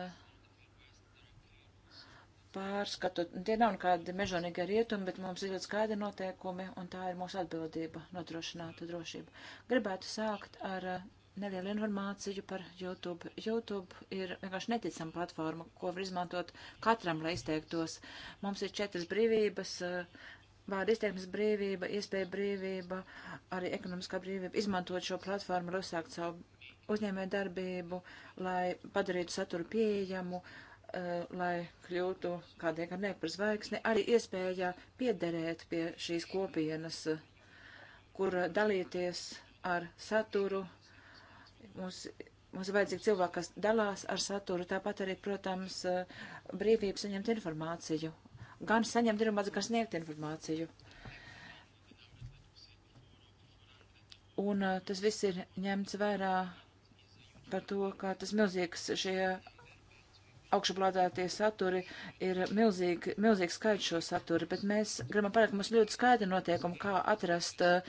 pārskatu. Tie nav nekādi mežonīgi rietumi, bet mums ir ļoti skaidri noteikumi, un tā ir mūsu atbildība nodrošināt drošību. Gribētu sākt ar uh, nelielu informāciju par YouTube. YouTube ir vienkārši neticama platforma, ko var izmantot katram, lai izteiktos. Mums ir četras brīvības eh, - vārda izteiksmes brīvība, iespēja brīvība, arī ekonomiskā brīvība. Izmantot šo platformu, lai uzsākt savu uzņēmēju darbību, lai padarītu saturu pieejamu, eh, lai kļūtu kādiem ar nepar zvaigzni, arī iespēja piederēt pie šīs kopienas, kur dalīties ar saturu Mums, mums ir vajadzīgi cilvēki, kas dalās ar saturu, tāpat arī, protams, eh, brīvību saņemt informāciju. Gan saņemt informāciju, gan sniegt informāciju. Un eh, tas viss ir ņemts vērā par to, ka tas milzīgs šie augšuplādētie saturi ir milzīgi, milzīgs skaits šo saturi, bet mēs gribam parādīt, ka mums ļoti skaidri notiekumi, kā atrast uh,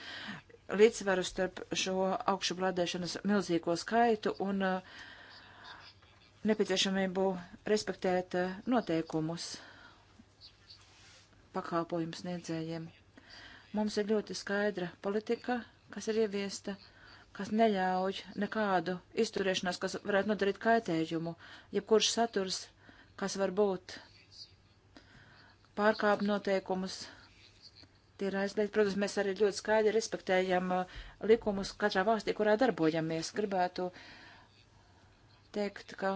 līdzsvaru starp šo augšublādēšanas milzīgo skaitu un eh, nepieciešamību respektēt eh, noteikumus pakalpojumu sniedzējiem. Mums ir ļoti skaidra politika, kas ir ieviesta, kas neļauj nekādu izturēšanās, kas varētu nodarīt kaitējumu, jebkurš saturs, kas var būt pārkāp noteikumus, Tie ir aizliegti. Protams, mēs arī ļoti skaidri respektējam uh, likumus katrā valstī, kurā darbojamies. Gribētu teikt, ka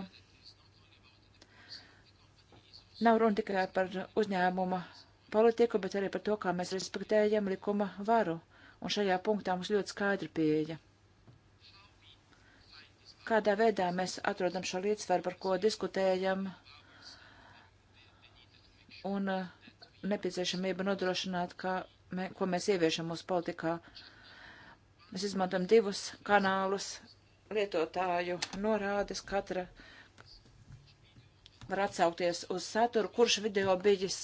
nav runa tikai par uzņēmuma politiku, bet arī par to, kā mēs respektējam likuma varu. Un šajā punktā mums ļoti skaidra pieeja. Kādā veidā mēs atrodam šo līdzsvaru, par ko diskutējam, un uh, nepieciešamība nodrošināt, ka, mē, ko mēs ieviešam mūsu politikā. Mēs izmantojam divus kanālus, lietotāju norādes, katra var atsaukties uz saturu, kurš video bijis,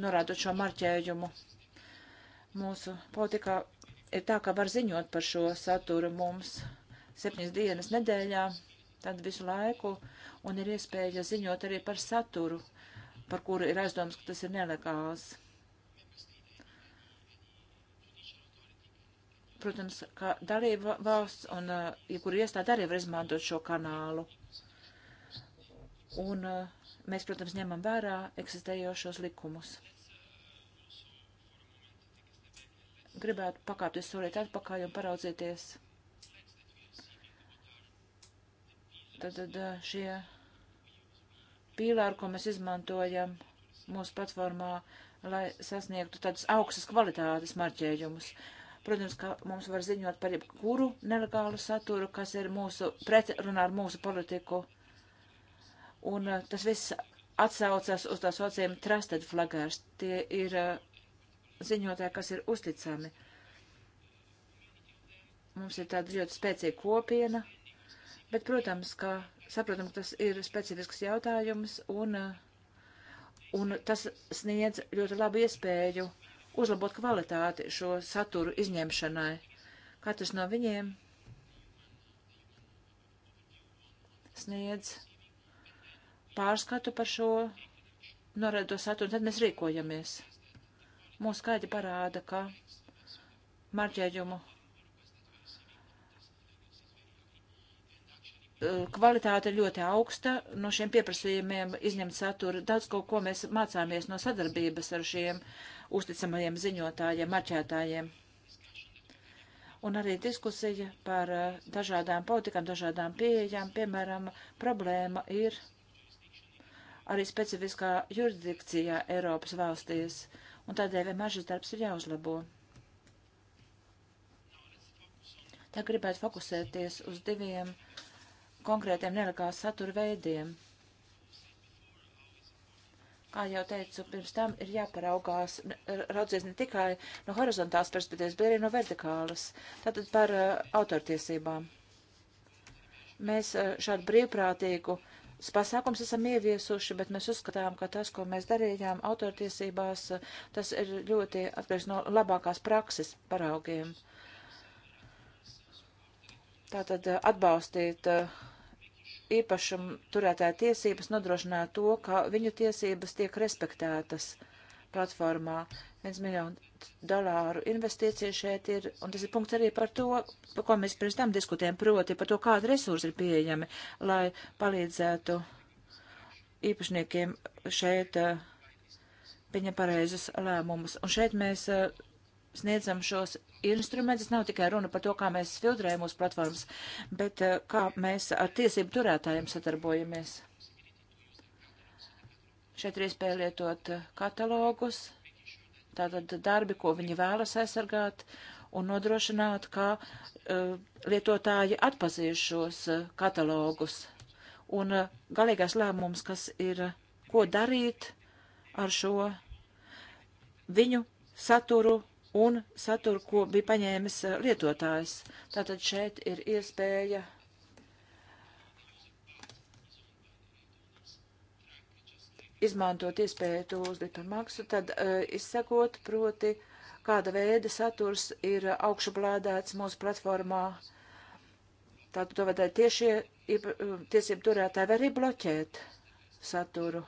norādot šo marķējumu. Mūsu politikā ir tā, ka var ziņot par šo saturu mums septiņas dienas nedēļā, tad visu laiku, un ir iespēja ziņot arī par saturu par kuru ir aizdoms, ka tas ir nelegāls. Protams, ka dalība valsts un uh, jebkur ja iestāde arī var izmantot šo kanālu. Un uh, mēs, protams, ņemam vērā eksistējošos likumus. Gribētu pakāpties solīt atpakaļ un paraudzīties. Tad, tad uh, šie pīlāru, ko mēs izmantojam mūsu platformā, lai sasniegtu tādus augstas kvalitātes marķējumus. Protams, ka mums var ziņot par jebkuru nelegālu saturu, kas ir mūsu pretrunā ar mūsu politiku. Un eh, tas viss atsaucas uz tā saucējiem trusted flagers. Tie ir eh, ziņotāji, kas ir uzticami. Mums ir tāda ļoti spēcīga kopiena, bet, protams, ka Saprotam, ka tas ir specifisks jautājums un, eh, un tas sniedz ļoti labu iespēju uzlabot kvalitāti šo saturu izņemšanai. Katrs no viņiem sniedz pārskatu par šo norēdo saturu, tad mēs rīkojamies. Mūsu skaidri parāda, ka marķējumu Eh, kvalitāte ir ļoti augsta. No šiem pieprasījumiem izņemt saturu daudz kaut ko mēs mācāmies no sadarbības ar šiem uzticamajiem ziņotājiem, marķētājiem. Un arī diskusija par eh, dažādām politikām, dažādām pieejām. Piemēram, problēma ir arī specifiskā jurisdikcijā Eiropas valstīs, un tādēļ vienmēr šis darbs ir jāuzlabo. Tā gribētu fokusēties uz diviem uh, konkrētiem nelegāla satura veidiem. Kā jau teicu, pirms tam ir jāparaugās, raudzies ne tikai no horizontālas perspektīvas, bet arī no vertikālas. Tātad par uh, autortiesībām. Mēs uh, šādu brīvprātīgu pasākums esam ieviesuši, bet mēs uzskatām, ka tas, ko mēs darījām autortiesībās, uh, tas ir ļoti atkarīgs no labākās prakses paraugiem. Tātad uh, atbalstīt uh, īpašuma turētāja tiesības nodrošināja to, ka viņu tiesības tiek respektētas platformā. 1 miljonu dolāru investīcija šeit ir, un tas ir punkts arī par to, par ko mēs pirms tam diskutējam, proti par to, kāda resursi ir pieejami, lai palīdzētu īpašniekiem šeit eh, pieņem pareizus lēmumus. Un šeit mēs uh, sniedzam šos instrumentus. Nav tikai runa par to, kā mēs filtrējam mūsu platformas, bet eh, kā mēs ar tiesību turētājiem sadarbojamies. Šeit ir iespēja lietot eh, katalogus, tātad darbi, ko viņi vēlas aizsargāt un nodrošināt, ka uh, lietotāji atpazīst šos uh, katalogus. Un uh, galīgais lēmums, kas ir, ko darīt ar šo viņu saturu un saturu, ko bija paņēmis eh, lietotājs. Tātad šeit ir iespēja izmantot iespēju to uzlikt par maksu, tad uh, eh, izsekot proti, kāda veida saturs ir augšuplādēts mūsu platformā. Tātad to vajadzēja tiešie eh, tiesību turētāji vai arī bloķēt saturu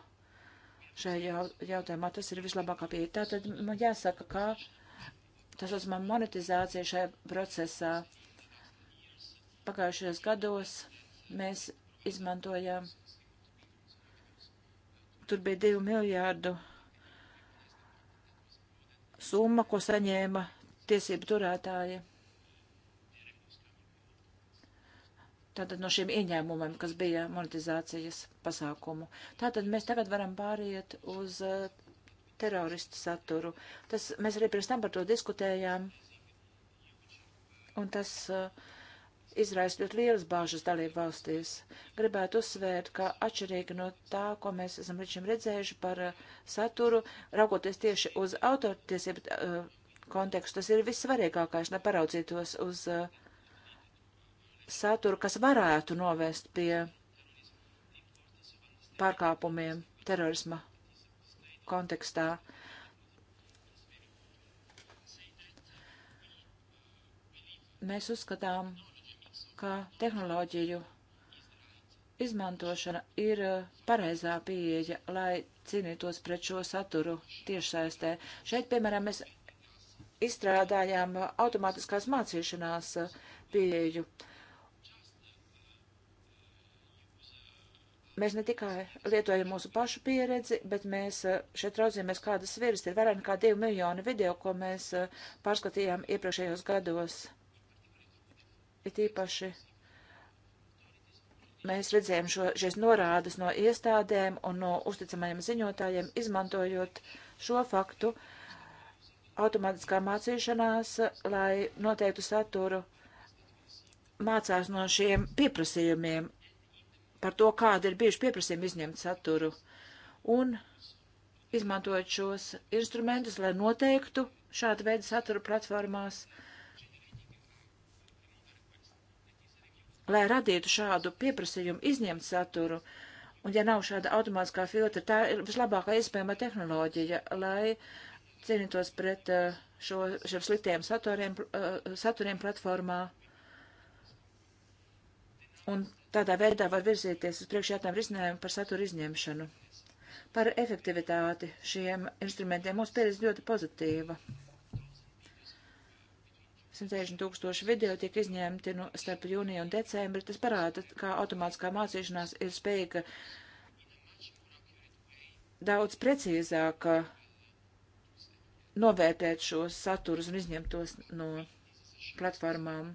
šajā jautājumā. Tas ir vislabākā pieeja. Tātad man jāsaka, ka tā saucamā monetizācija šajā procesā. Pagājušajos gados mēs izmantojām, tur bija divu miljārdu summa, ko saņēma tiesību turētāji. Tātad no šiem ieņēmumiem, kas bija monetizācijas pasākumu. Tātad mēs tagad varam pāriet uz eh, teroristu saturu. Tas, mēs arī pirms tam par to diskutējām, un tas uh, izraisa ļoti lielas bāžas dalību valstīs. Gribētu uzsvērt, ka atšķirīgi no tā, ko mēs esam līdz šim redzējuši par uh, saturu, raugoties tieši uz autortiesību uh, kontekstu, tas ir vissvarīgākais, lai paraudzītos uz uh, saturu, kas varētu novest pie pārkāpumiem terorisma kontekstā. Mēs uzskatām, ka tehnoloģiju izmantošana ir uh, pareizā pieeja, lai cīnītos pret šo saturu tiešsaistē. Šeit, piemēram, mēs izstrādājām uh, automātiskās mācīšanās uh, pieeju. Uh, Mēs ne tikai lietojam mūsu pašu pieredzi, bet mēs eh, šeit raudzījamies, kādas virsmas ir vairāk nekā 2 miljoni video, ko mēs eh, pārskatījām iepriekšējos gados. Ir īpaši mēs redzējām šo, šīs norādes no iestādēm un no uzticamajiem ziņotājiem, izmantojot šo faktu automātiskā mācīšanās, lai noteiktu saturu mācās no šiem pieprasījumiem par to, kāda ir bieži pieprasījuma izņemt saturu. Un izmantojot šos instrumentus, lai noteiktu šādu veidu saturu platformās, lai radītu šādu pieprasījumu izņemt saturu, un ja nav šāda automātiskā filtra, tā ir vislabākā iespējama tehnoloģija, lai cīnītos pret uh, šo, šiem sliktiem saturiem, uh, saturiem platformā un tādā veidā var virzīties uz priekšu jautājumu risinājumu par satura izņemšanu. Par efektivitāti šiem instrumentiem mūsu pieredze ļoti pozitīva. 160 tūkstoši video tiek izņemti nu, starp jūniju un decembri. Tas parāda, kā automātiskā mācīšanās ir spējīga daudz precīzāk novērtēt šos saturus un izņemt tos no. Nu, platformām.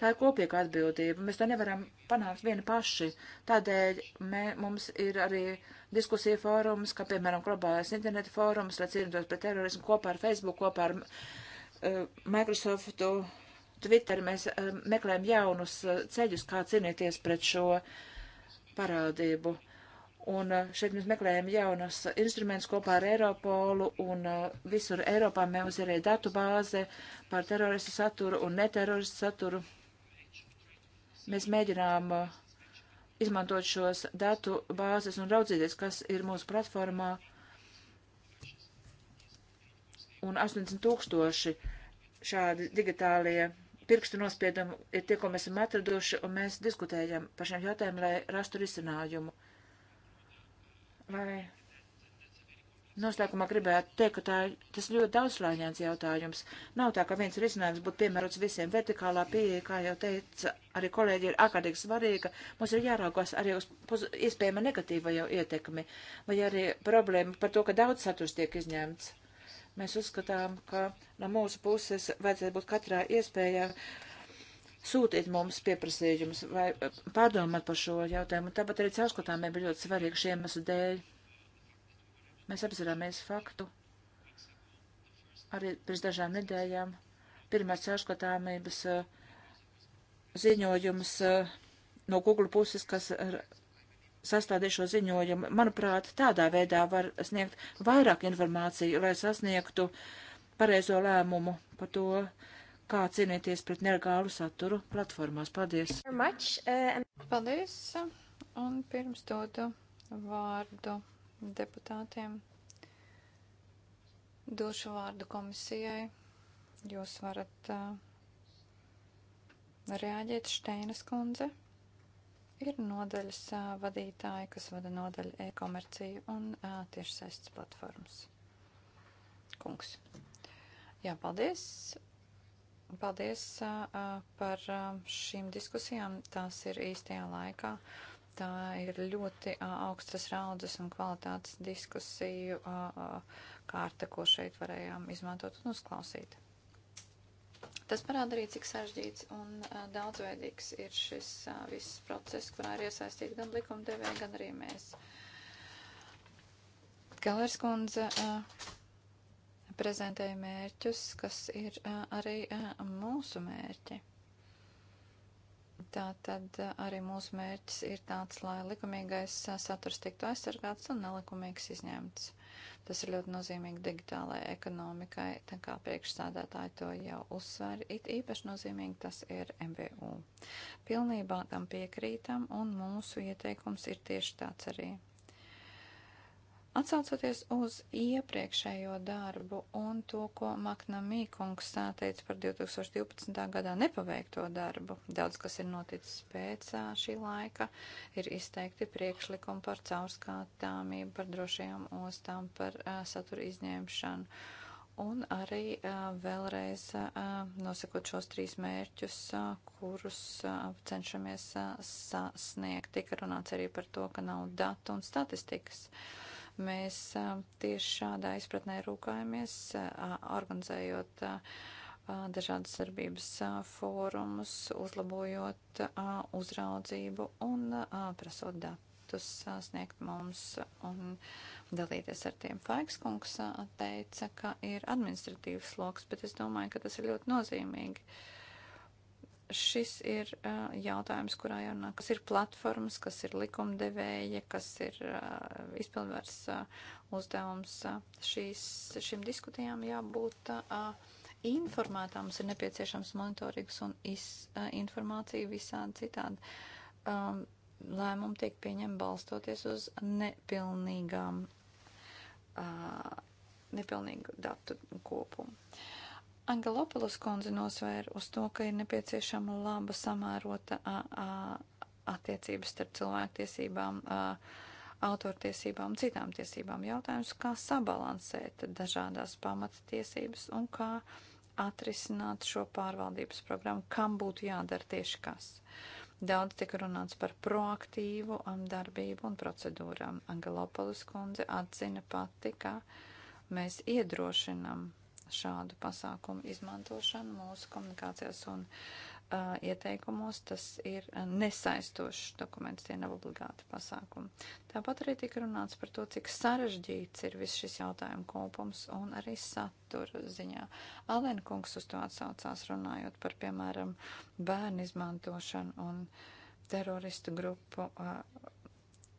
Tā ir kopīga atbildība. Mēs to nevaram panākt vieni paši. Tādēļ mē, mums ir arī diskusija fórums, kā piemēram globālais interneta fórums, lai cīnītos pret terorismu kopā ar Facebook, kopā ar uh, Microsoftu, Twitter. Mēs uh, meklējam jaunus uh, ceļus, kā cīnīties pret šo parādību. Uh, Un eh, šeit mēs meklējam jaunas instrumentus kopā ar Eiropolu un eh, visur Eiropā mums ir arī datu bāze par teroristu saturu un neteroristu saturu. Mēs mēģinām eh, izmantot šos datu bāzes un raudzīties, kas ir mūsu platformā. Un 80 tūkstoši šādi digitālie pirkstu nospiedumi ir tie, ko mēs esam atraduši, un mēs diskutējam par šiem jautājumiem, lai rastu risinājumu. Vai noslēgumā gribētu teikt, ka tā, tas ļoti daudzslāņēns jautājums. Nav tā, ka viens risinājums būtu piemērots visiem. Vertikālā pieeja, kā jau teica, arī kolēģi ir ārkārtīgi svarīga. Mums ir jāraugās arī uz iespējama negatīva jau ietekmi, vai arī problēma par to, ka daudz saturs tiek izņemts. Mēs uzskatām, ka no mūsu puses vajadzētu būt katrā iespējā. Uh, sūtīt mums pieprasījumus vai eh, pārdomāt par šo jautājumu. Tāpat arī caurskatāmiem bija ļoti svarīgi šiem iemeslu dēļ. Mēs apzināmies faktu arī pirms dažām nedēļām. Pirmais caurskatāmības eh, ziņojums eh, no Google puses, kas sastādīja šo ziņojumu. Manuprāt, tādā veidā var sniegt vairāk informāciju, lai sasniegtu pareizo lēmumu par to, uh, kā cīnīties pret nelegālu saturu platformās. Paldies! Much, uh, and... Paldies! Un pirms dodu vārdu deputātiem, došu vārdu komisijai. Jūs varat uh, reaģēt Šteinas kundze. Ir nodaļas uh, vadītāja, kas vada nodaļu e-komerciju un uh, tiešsaistes platformas. Kungs. Jā, paldies. Paldies par šīm diskusijām. Tās ir īstajā laikā. Tā ir ļoti augstas raudzes un kvalitātes diskusiju kārta, ko šeit varējām izmantot un uzklausīt. Tas parāda arī, cik sarežģīts un daudzveidīgs ir šis viss process, kurā ir iesaistīti gan likumdevēji, gan arī mēs. Galers kundze. Uh, prezentēja mērķus, kas ir arī mūsu mērķi. Tā tad arī mūsu mērķis ir tāds, lai likumīgais saturs tiktu aizsargāts un nelikumīgs izņemts. Tas ir ļoti nozīmīgi digitālajai ekonomikai, tā kā priekšsādātāji to jau uzsver, it īpaši nozīmīgi tas ir MVU. Pilnībā tam piekrītam un mūsu ieteikums ir tieši tāds arī. Atsaucoties uz iepriekšējo darbu un to, ko Maknamī kungs teica par 2012. gadā nepaveikto darbu, daudz kas ir noticis pēc šī laika, ir izteikti priekšlikumi par caurskatāmību, par drošajām ostām, par uh, satura izņemšanu. Un arī uh, vēlreiz uh, nosakot šos trīs mērķus, uh, kurus uh, cenšamies uh, sasniegt, tika runāts arī par to, ka nav datu un statistikas. Uh, Mēs tieši šādā izpratnē rūkājamies, organizējot dažādas darbības fórumus, uzlabojot uzraudzību un prasot datus sniegt mums un dalīties ar tiem. Faikskungs teica, ka ir administratīvs sloks, bet es domāju, ka tas ir ļoti nozīmīgi šis ir uh, jautājums, kurā jārunā, kas ir platformas, kas ir likumdevēja, kas ir uh, izpildvars uh, uzdevums. Uh, šīs, šim diskutējām jābūt uh, informētām, mums ir nepieciešams monitorings un iz, uh, informācija visādi citādi. Um, lēmumi tiek pieņemti balstoties uz nepilnīgām, uh, nepilnīgu datu kopumu. Uh, Angelopoulos kundze nosvēra uz to, ka ir nepieciešama laba samērota attiecības starp cilvēktiesībām, autortiesībām un citām tiesībām. Jautājums, kā sabalansēt dažādās pamattiesības un kā atrisināt šo pārvaldības programmu, kam būtu jādara tieši kas. Daudz tika runāts par proaktīvu um, darbību un procedūrām. Angelopolis kundze atzina pati, ka mēs iedrošinam šādu pasākumu izmantošanu mūsu komunikācijās un uh, ieteikumos. Tas ir nesaistošs dokuments, tie nav obligāti pasākumi. Tāpat arī tika runāts par to, cik sarežģīts ir viss šis jautājumu kopums un arī satura ziņā. Alēna kungs uz to atsaucās runājot par, piemēram, bērnu izmantošanu un teroristu grupu. Uh,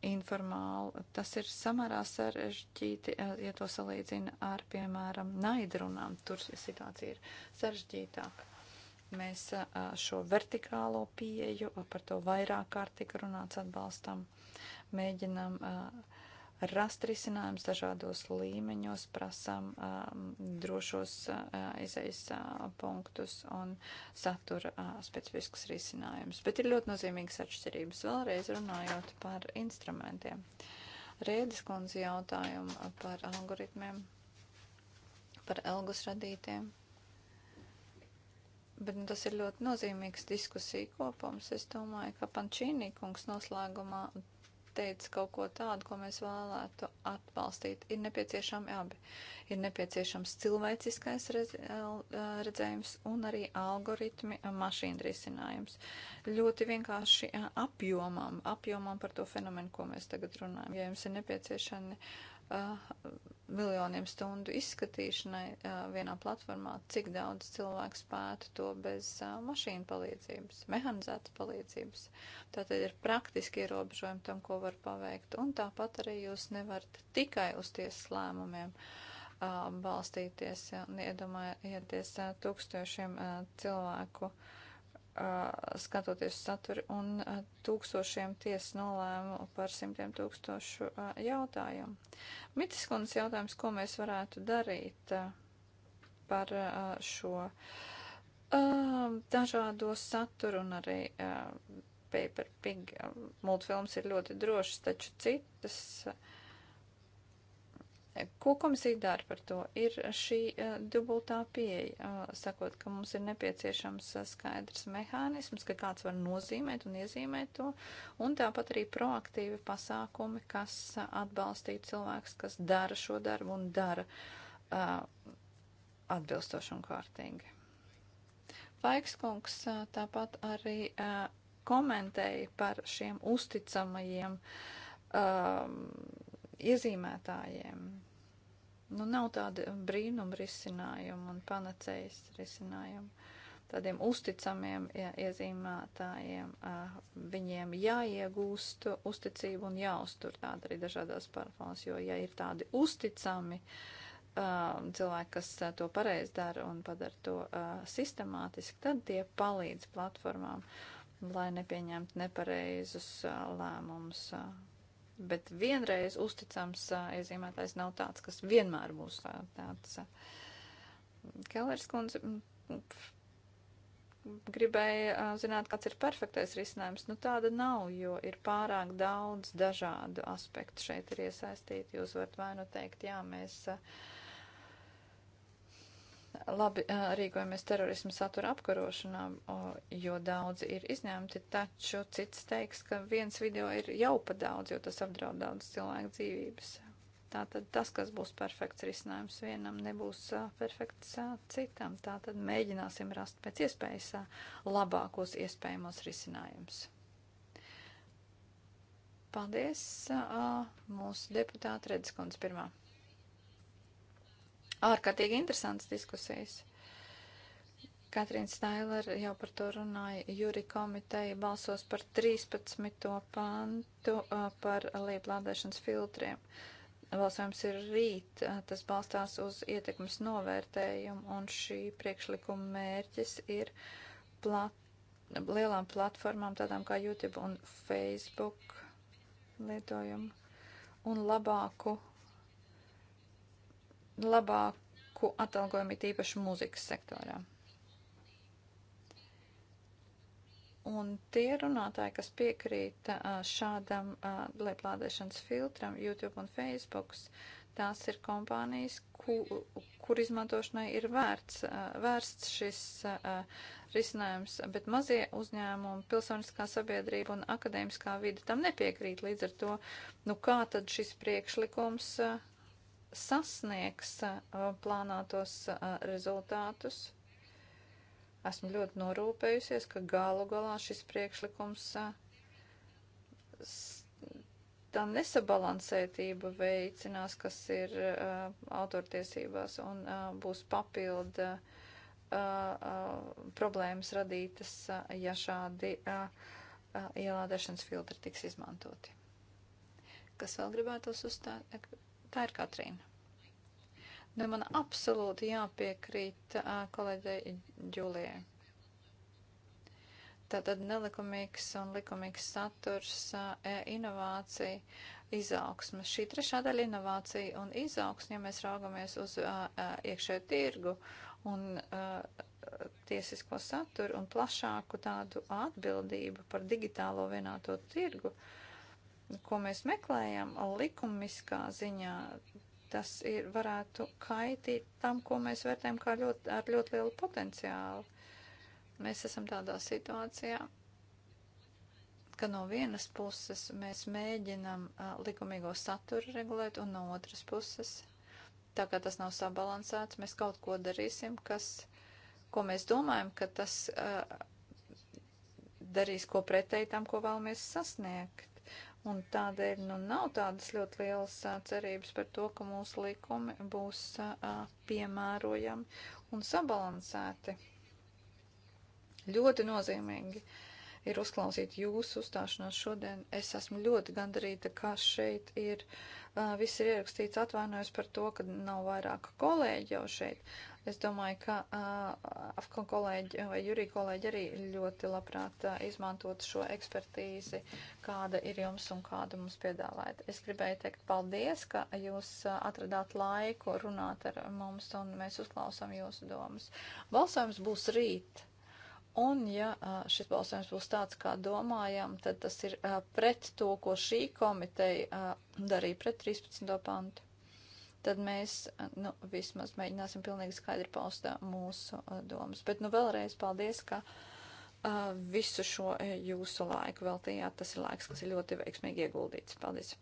informāli. Tas ir samērā sarežģīti, ja to salīdzina ar, piemēram, naidrunām. Tur situācija ir sarežģītāka. Mēs šo vertikālo pieeju, par to vairāk kārt tika runāts atbalstam, mēģinam uh, rast risinājums dažādos līmeņos, prasam um, drošos uh, izejas uh, punktus un satura uh, specifiskus risinājumus. Bet ir ļoti nozīmīgas atšķirības, vēlreiz runājot par instrumentiem. Rēdis kundze jautājumu par algoritmiem, par algus radītiem. Bet nu, tas ir ļoti nozīmīgs diskusija kopums. Es domāju, ka Pančīnī kungs noslēgumā teica kaut ko tādu, ko mēs vēlētu atbalstīt. Ir nepieciešami abi. Ir nepieciešams cilvēciskais e, redzējums un arī algoritmi e, mašīna risinājums. Ļoti vienkārši e, apjomam, apjomam par to fenomenu, ko mēs tagad runājam. Ja jums ir nepieciešami uh, Eh, miljoniem stundu izskatīšanai eh, vienā platformā, cik daudz cilvēku spētu to bez eh, mašīnu palīdzības, mehanizētas palīdzības. Tātad ir praktiski ierobežojumi tam, ko var paveikt. Un tāpat arī jūs nevarat tikai uz tiesas lēmumiem balstīties un iedomājieties tūkstošiem cilvēku skatoties saturi un tūkstošiem tiesas nolēmu par simtiem tūkstošu jautājumu. Mitiskundas jautājums, ko mēs varētu darīt par šo dažādo saturu un arī paper pig multfilms ir ļoti drošs, taču citas. Uh, Ko komisija dara par to? Ir šī uh, dubultā pieeja, uh, sakot, ka mums ir nepieciešams uh, skaidrs mehānisms, ka kāds var nozīmēt un iezīmēt to, un tāpat arī proaktīvi pasākumi, kas uh, atbalstītu cilvēks, kas dara šo darbu un dara uh, atbilstoši un kārtīgi. Paikskungs uh, tāpat arī uh, komentēja par šiem uzticamajiem. Uh, iezīmētājiem. Nu, nav tāda brīnuma risinājuma un panacējas risinājuma. Tādiem uzticamiem jā, iezīmētājiem uh, viņiem jāiegūst uzticību un jāuztur tāda arī dažādās pārfās, jo ja ir tādi uzticami uh, cilvēki, kas uh, to pareizi dara un padara to uh, sistemātiski, tad tie palīdz platformām, lai nepieņemtu nepareizus uh, lēmumus. Uh, bet vienreiz uzticams iezīmētājs nav tāds, kas vienmēr būs tāds. Kellers kundze gribēja zināt, kāds ir perfektais risinājums. Nu, tāda nav, jo ir pārāk daudz dažādu aspektu šeit ir iesaistīti. Jūs varat vai nu teikt, jā, mēs. Uh, labi rīkojamies terorismu satura apkarošanā, jo daudzi ir izņemti, taču cits teiks, ka viens video ir jau pa daudz, jo tas apdraud daudz cilvēku dzīvības. Tātad tas, kas būs perfekts risinājums vienam, nebūs perfekts citam. Tātad mēģināsim rast pēc iespējas labākos iespējamos risinājumus. Paldies, mūsu deputāta Redskons pirmā ārkārtīgi interesants diskusijas. Katrīna Stailer jau par to runāja. Juri komiteja balsos par 13. pantu par lieplādēšanas filtriem. Balsojums ir rīt, tas balstās uz ietekmes novērtējumu, un šī priekšlikuma mērķis ir plat, lielām platformām, tādām kā YouTube un Facebook lietojumu, un labāku labāku atalgojumu it īpaši mūzikas sektorā. Un tie runātāji, kas piekrīt šādam leplādēšanas filtram, YouTube un Facebook, tās ir kompānijas, ku, kur izmantošanai ir vērts, vērsts šis risinājums, bet mazie uzņēmumi, pilsoniskā sabiedrība un akadēmiskā vide tam nepiekrīt. Līdz ar to, nu kā tad šis priekšlikums sasniegs plānātos rezultātus. Esmu ļoti norūpējusies, ka galu galā šis priekšlikums tā nesabalansētība veicinās, kas ir uh, autortiesībās un uh, būs papilda uh, uh, problēmas radītas, uh, ja šādi uh, uh, ielādēšanas filtri tiks izmantoti. Kas vēl gribētos uzstāt? Tā ir Katrīna. Nu, man absolūti jāpiekrīt uh, kolēģei Džulijai. Tātad nelikumīgs un likumīgs saturs, uh, inovācija, izaugsme. Šī trešā daļa inovācija un izaugsme, ja mēs raugamies uz uh, iekšēju tirgu un uh, tiesisko saturu un plašāku tādu atbildību par digitālo vienāto tirgu, uh, ko mēs meklējam likumiskā ziņā, tas ir, varētu kaitīt tam, ko mēs vērtējam kā ļoti, ar ļoti lielu potenciālu. Mēs esam tādā situācijā, ka no vienas puses mēs mēģinam uh, likumīgo saturu regulēt, un no otras puses, tā kā tas nav sabalansēts, mēs kaut ko darīsim, kas, ko mēs domājam, ka tas uh, darīs ko pretēji tam, ko vēlamies sasniegt. Un tādēļ nu, nav tādas ļoti lielas a, cerības par to, ka mūsu likumi būs a, piemērojami un sabalansēti. Ļoti nozīmīgi ir uzklausīt jūsu uzstāšanos šodien. Es esmu ļoti gandarīta, ka šeit ir a, viss ir ierakstīts atvainojos par to, ka nav vairāk kolēģi jau šeit. Es domāju, ka uh, Afgan kolēģi vai Jurī kolēģi arī ļoti labprāt uh, izmantot šo ekspertīzi, kāda ir jums un kādu mums piedāvājat. Es gribēju teikt paldies, ka jūs uh, atradāt laiku runāt ar mums un mēs uzklausām jūsu domas. Balsojums būs rīt. Un, ja šis balsojums būs tāds, kā domājam, tad tas ir pret to, ko šī komiteja darīja pret 13. pantu tad mēs, nu, vismaz mēģināsim pilnīgi skaidri paust mūsu domas. Bet, nu, vēlreiz paldies, ka uh, visu šo jūsu laiku veltījāt. Tas ir laiks, kas ir ļoti veiksmīgi ieguldīts. Paldies!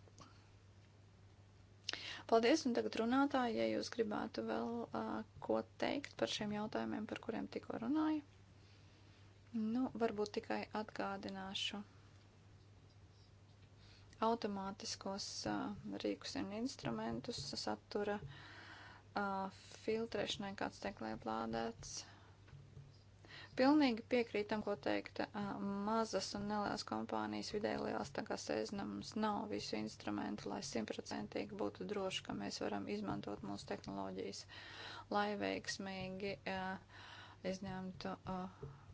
Paldies, un tagad runātāji, ja jūs gribētu vēl uh, ko teikt par šiem jautājumiem, par kuriem tikko runāju. Nu, varbūt tikai atgādināšu automātiskos rīkus un instrumentus satura filtrēšanai, kāds tiek lieplādēts. Pilnīgi piekrītam, ko teikt, mazas un nelielas kompānijas vidēji lielas, tā kā sēzinams nav visu instrumentu, lai simtprocentīgi būtu droši, ka mēs varam izmantot mūsu tehnoloģijas, lai veiksmīgi izņemtu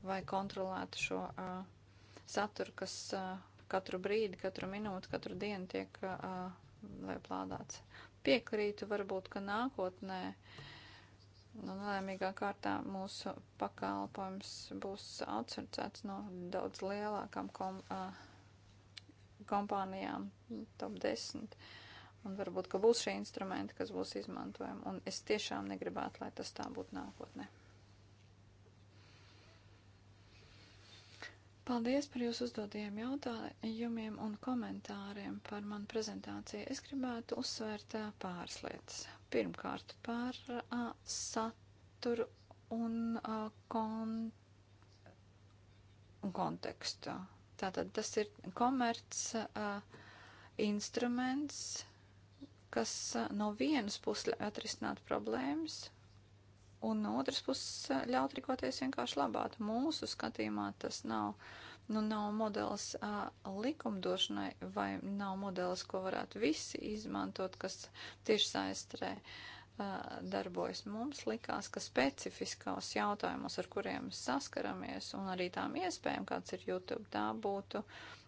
vai kontrolētu šo saturu, kas uh, katru brīdi, katru minūti, katru dienu tiek uh, plādāts. Piekrītu varbūt, ka nākotnē nu, nelēmīgā kārtā mūsu pakalpojums būs atsardzēts no daudz lielākām kom, uh, kompānijām, top 10. Un varbūt, ka būs šie instrumenti, kas būs izmantojami. Un es tiešām negribētu, lai tas tā būtu nākotnē. Paldies par jūsu uzdotajiem jautājumiem un komentāriem par manu prezentāciju. Es gribētu uzsvērt pāris lietas. Pirmkārt, par a, saturu un, a, kon, un kontekstu. Tātad tas ir komerc a, instruments, kas a, no vienas puses atrisinātu problēmas, un no otras puses ļaut rīkoties vienkārši labāk. Mūsu skatījumā tas nav, nu, nav modelis uh, likumdošanai vai nav modelis, ko varētu visi izmantot, kas tieši saistrē uh, darbojas. Mums likās, ka specifiskos jautājumos, ar kuriem saskaramies, un arī tām iespējām, kāds ir YouTube, tā būtu,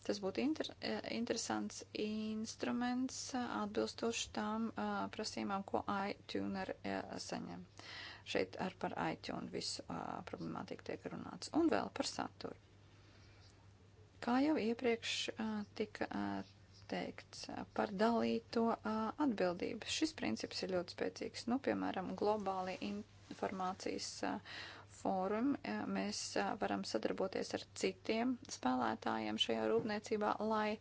tas būtu inter, e, interesants instruments atbilstoši tām uh, prasībām, ko iTuner e, saņem. Uh, Šeit ar par iTunes visu uh, problemātiku tiek runāts. Un vēl par saturu. Kā jau iepriekš uh, tika uh, teikts par dalīto uh, atbildību, šis princips ir ļoti spēcīgs. Nu, piemēram, globāli informācijas uh, fórumi uh, mēs uh, varam sadarboties ar citiem spēlētājiem šajā rūpniecībā, lai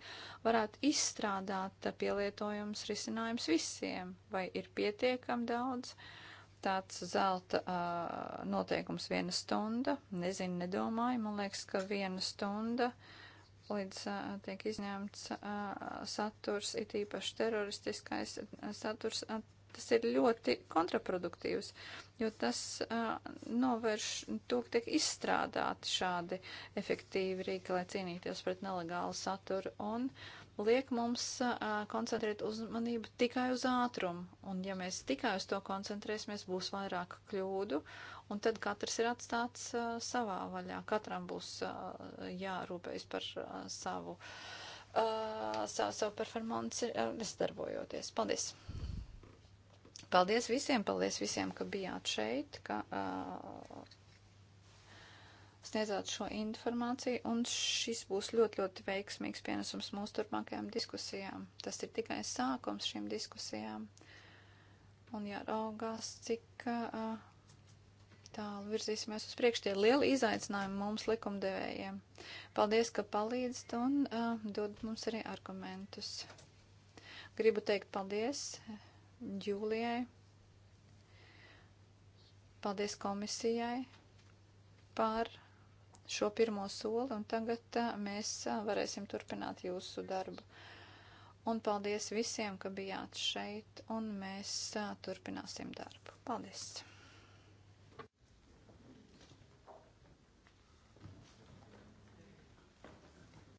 varētu izstrādāt uh, pielietojums risinājums visiem, vai ir pietiekam daudz. Uh, tāds zelta uh, noteikums viena stunda. Nezinu, nedomāju. Man liekas, ka viena stunda līdz uh, tiek izņemts uh, saturs, it īpaši teroristiskais saturs. Uh, tas ir ļoti kontraproduktīvs, jo tas uh, novērš to, ka tiek izstrādāti šādi efektīvi rīki, lai cīnīties pret nelegālu saturu. Un liek mums koncentrēt uzmanību tikai uz ātrumu. Un ja mēs tikai uz to koncentrēsimies, būs vairāk kļūdu, un tad katrs ir atstāts savā vaļā. Katram būs jārūpējas par savu, savu, savu performanci, nesadarbojoties. Paldies! Paldies visiem, paldies visiem, ka bijāt šeit, ka uh, sniedzāt šo informāciju, un šis būs ļoti, ļoti veiksmīgs pienesums mūsu turpmākajām diskusijām. Tas ir tikai sākums šīm diskusijām, un jāraugās, cik uh, tālu virzīsimies uz priekšu. Tie ir lieli izaicinājumi mums likumdevējiem. Paldies, ka palīdzat un uh, dod mums arī argumentus. Gribu teikt paldies Jūlijai. Paldies komisijai par šo pirmo soli, un tagad eh, mēs eh, varēsim turpināt jūsu darbu. Un paldies visiem, ka bijāt šeit, un mēs eh, turpināsim darbu. Paldies!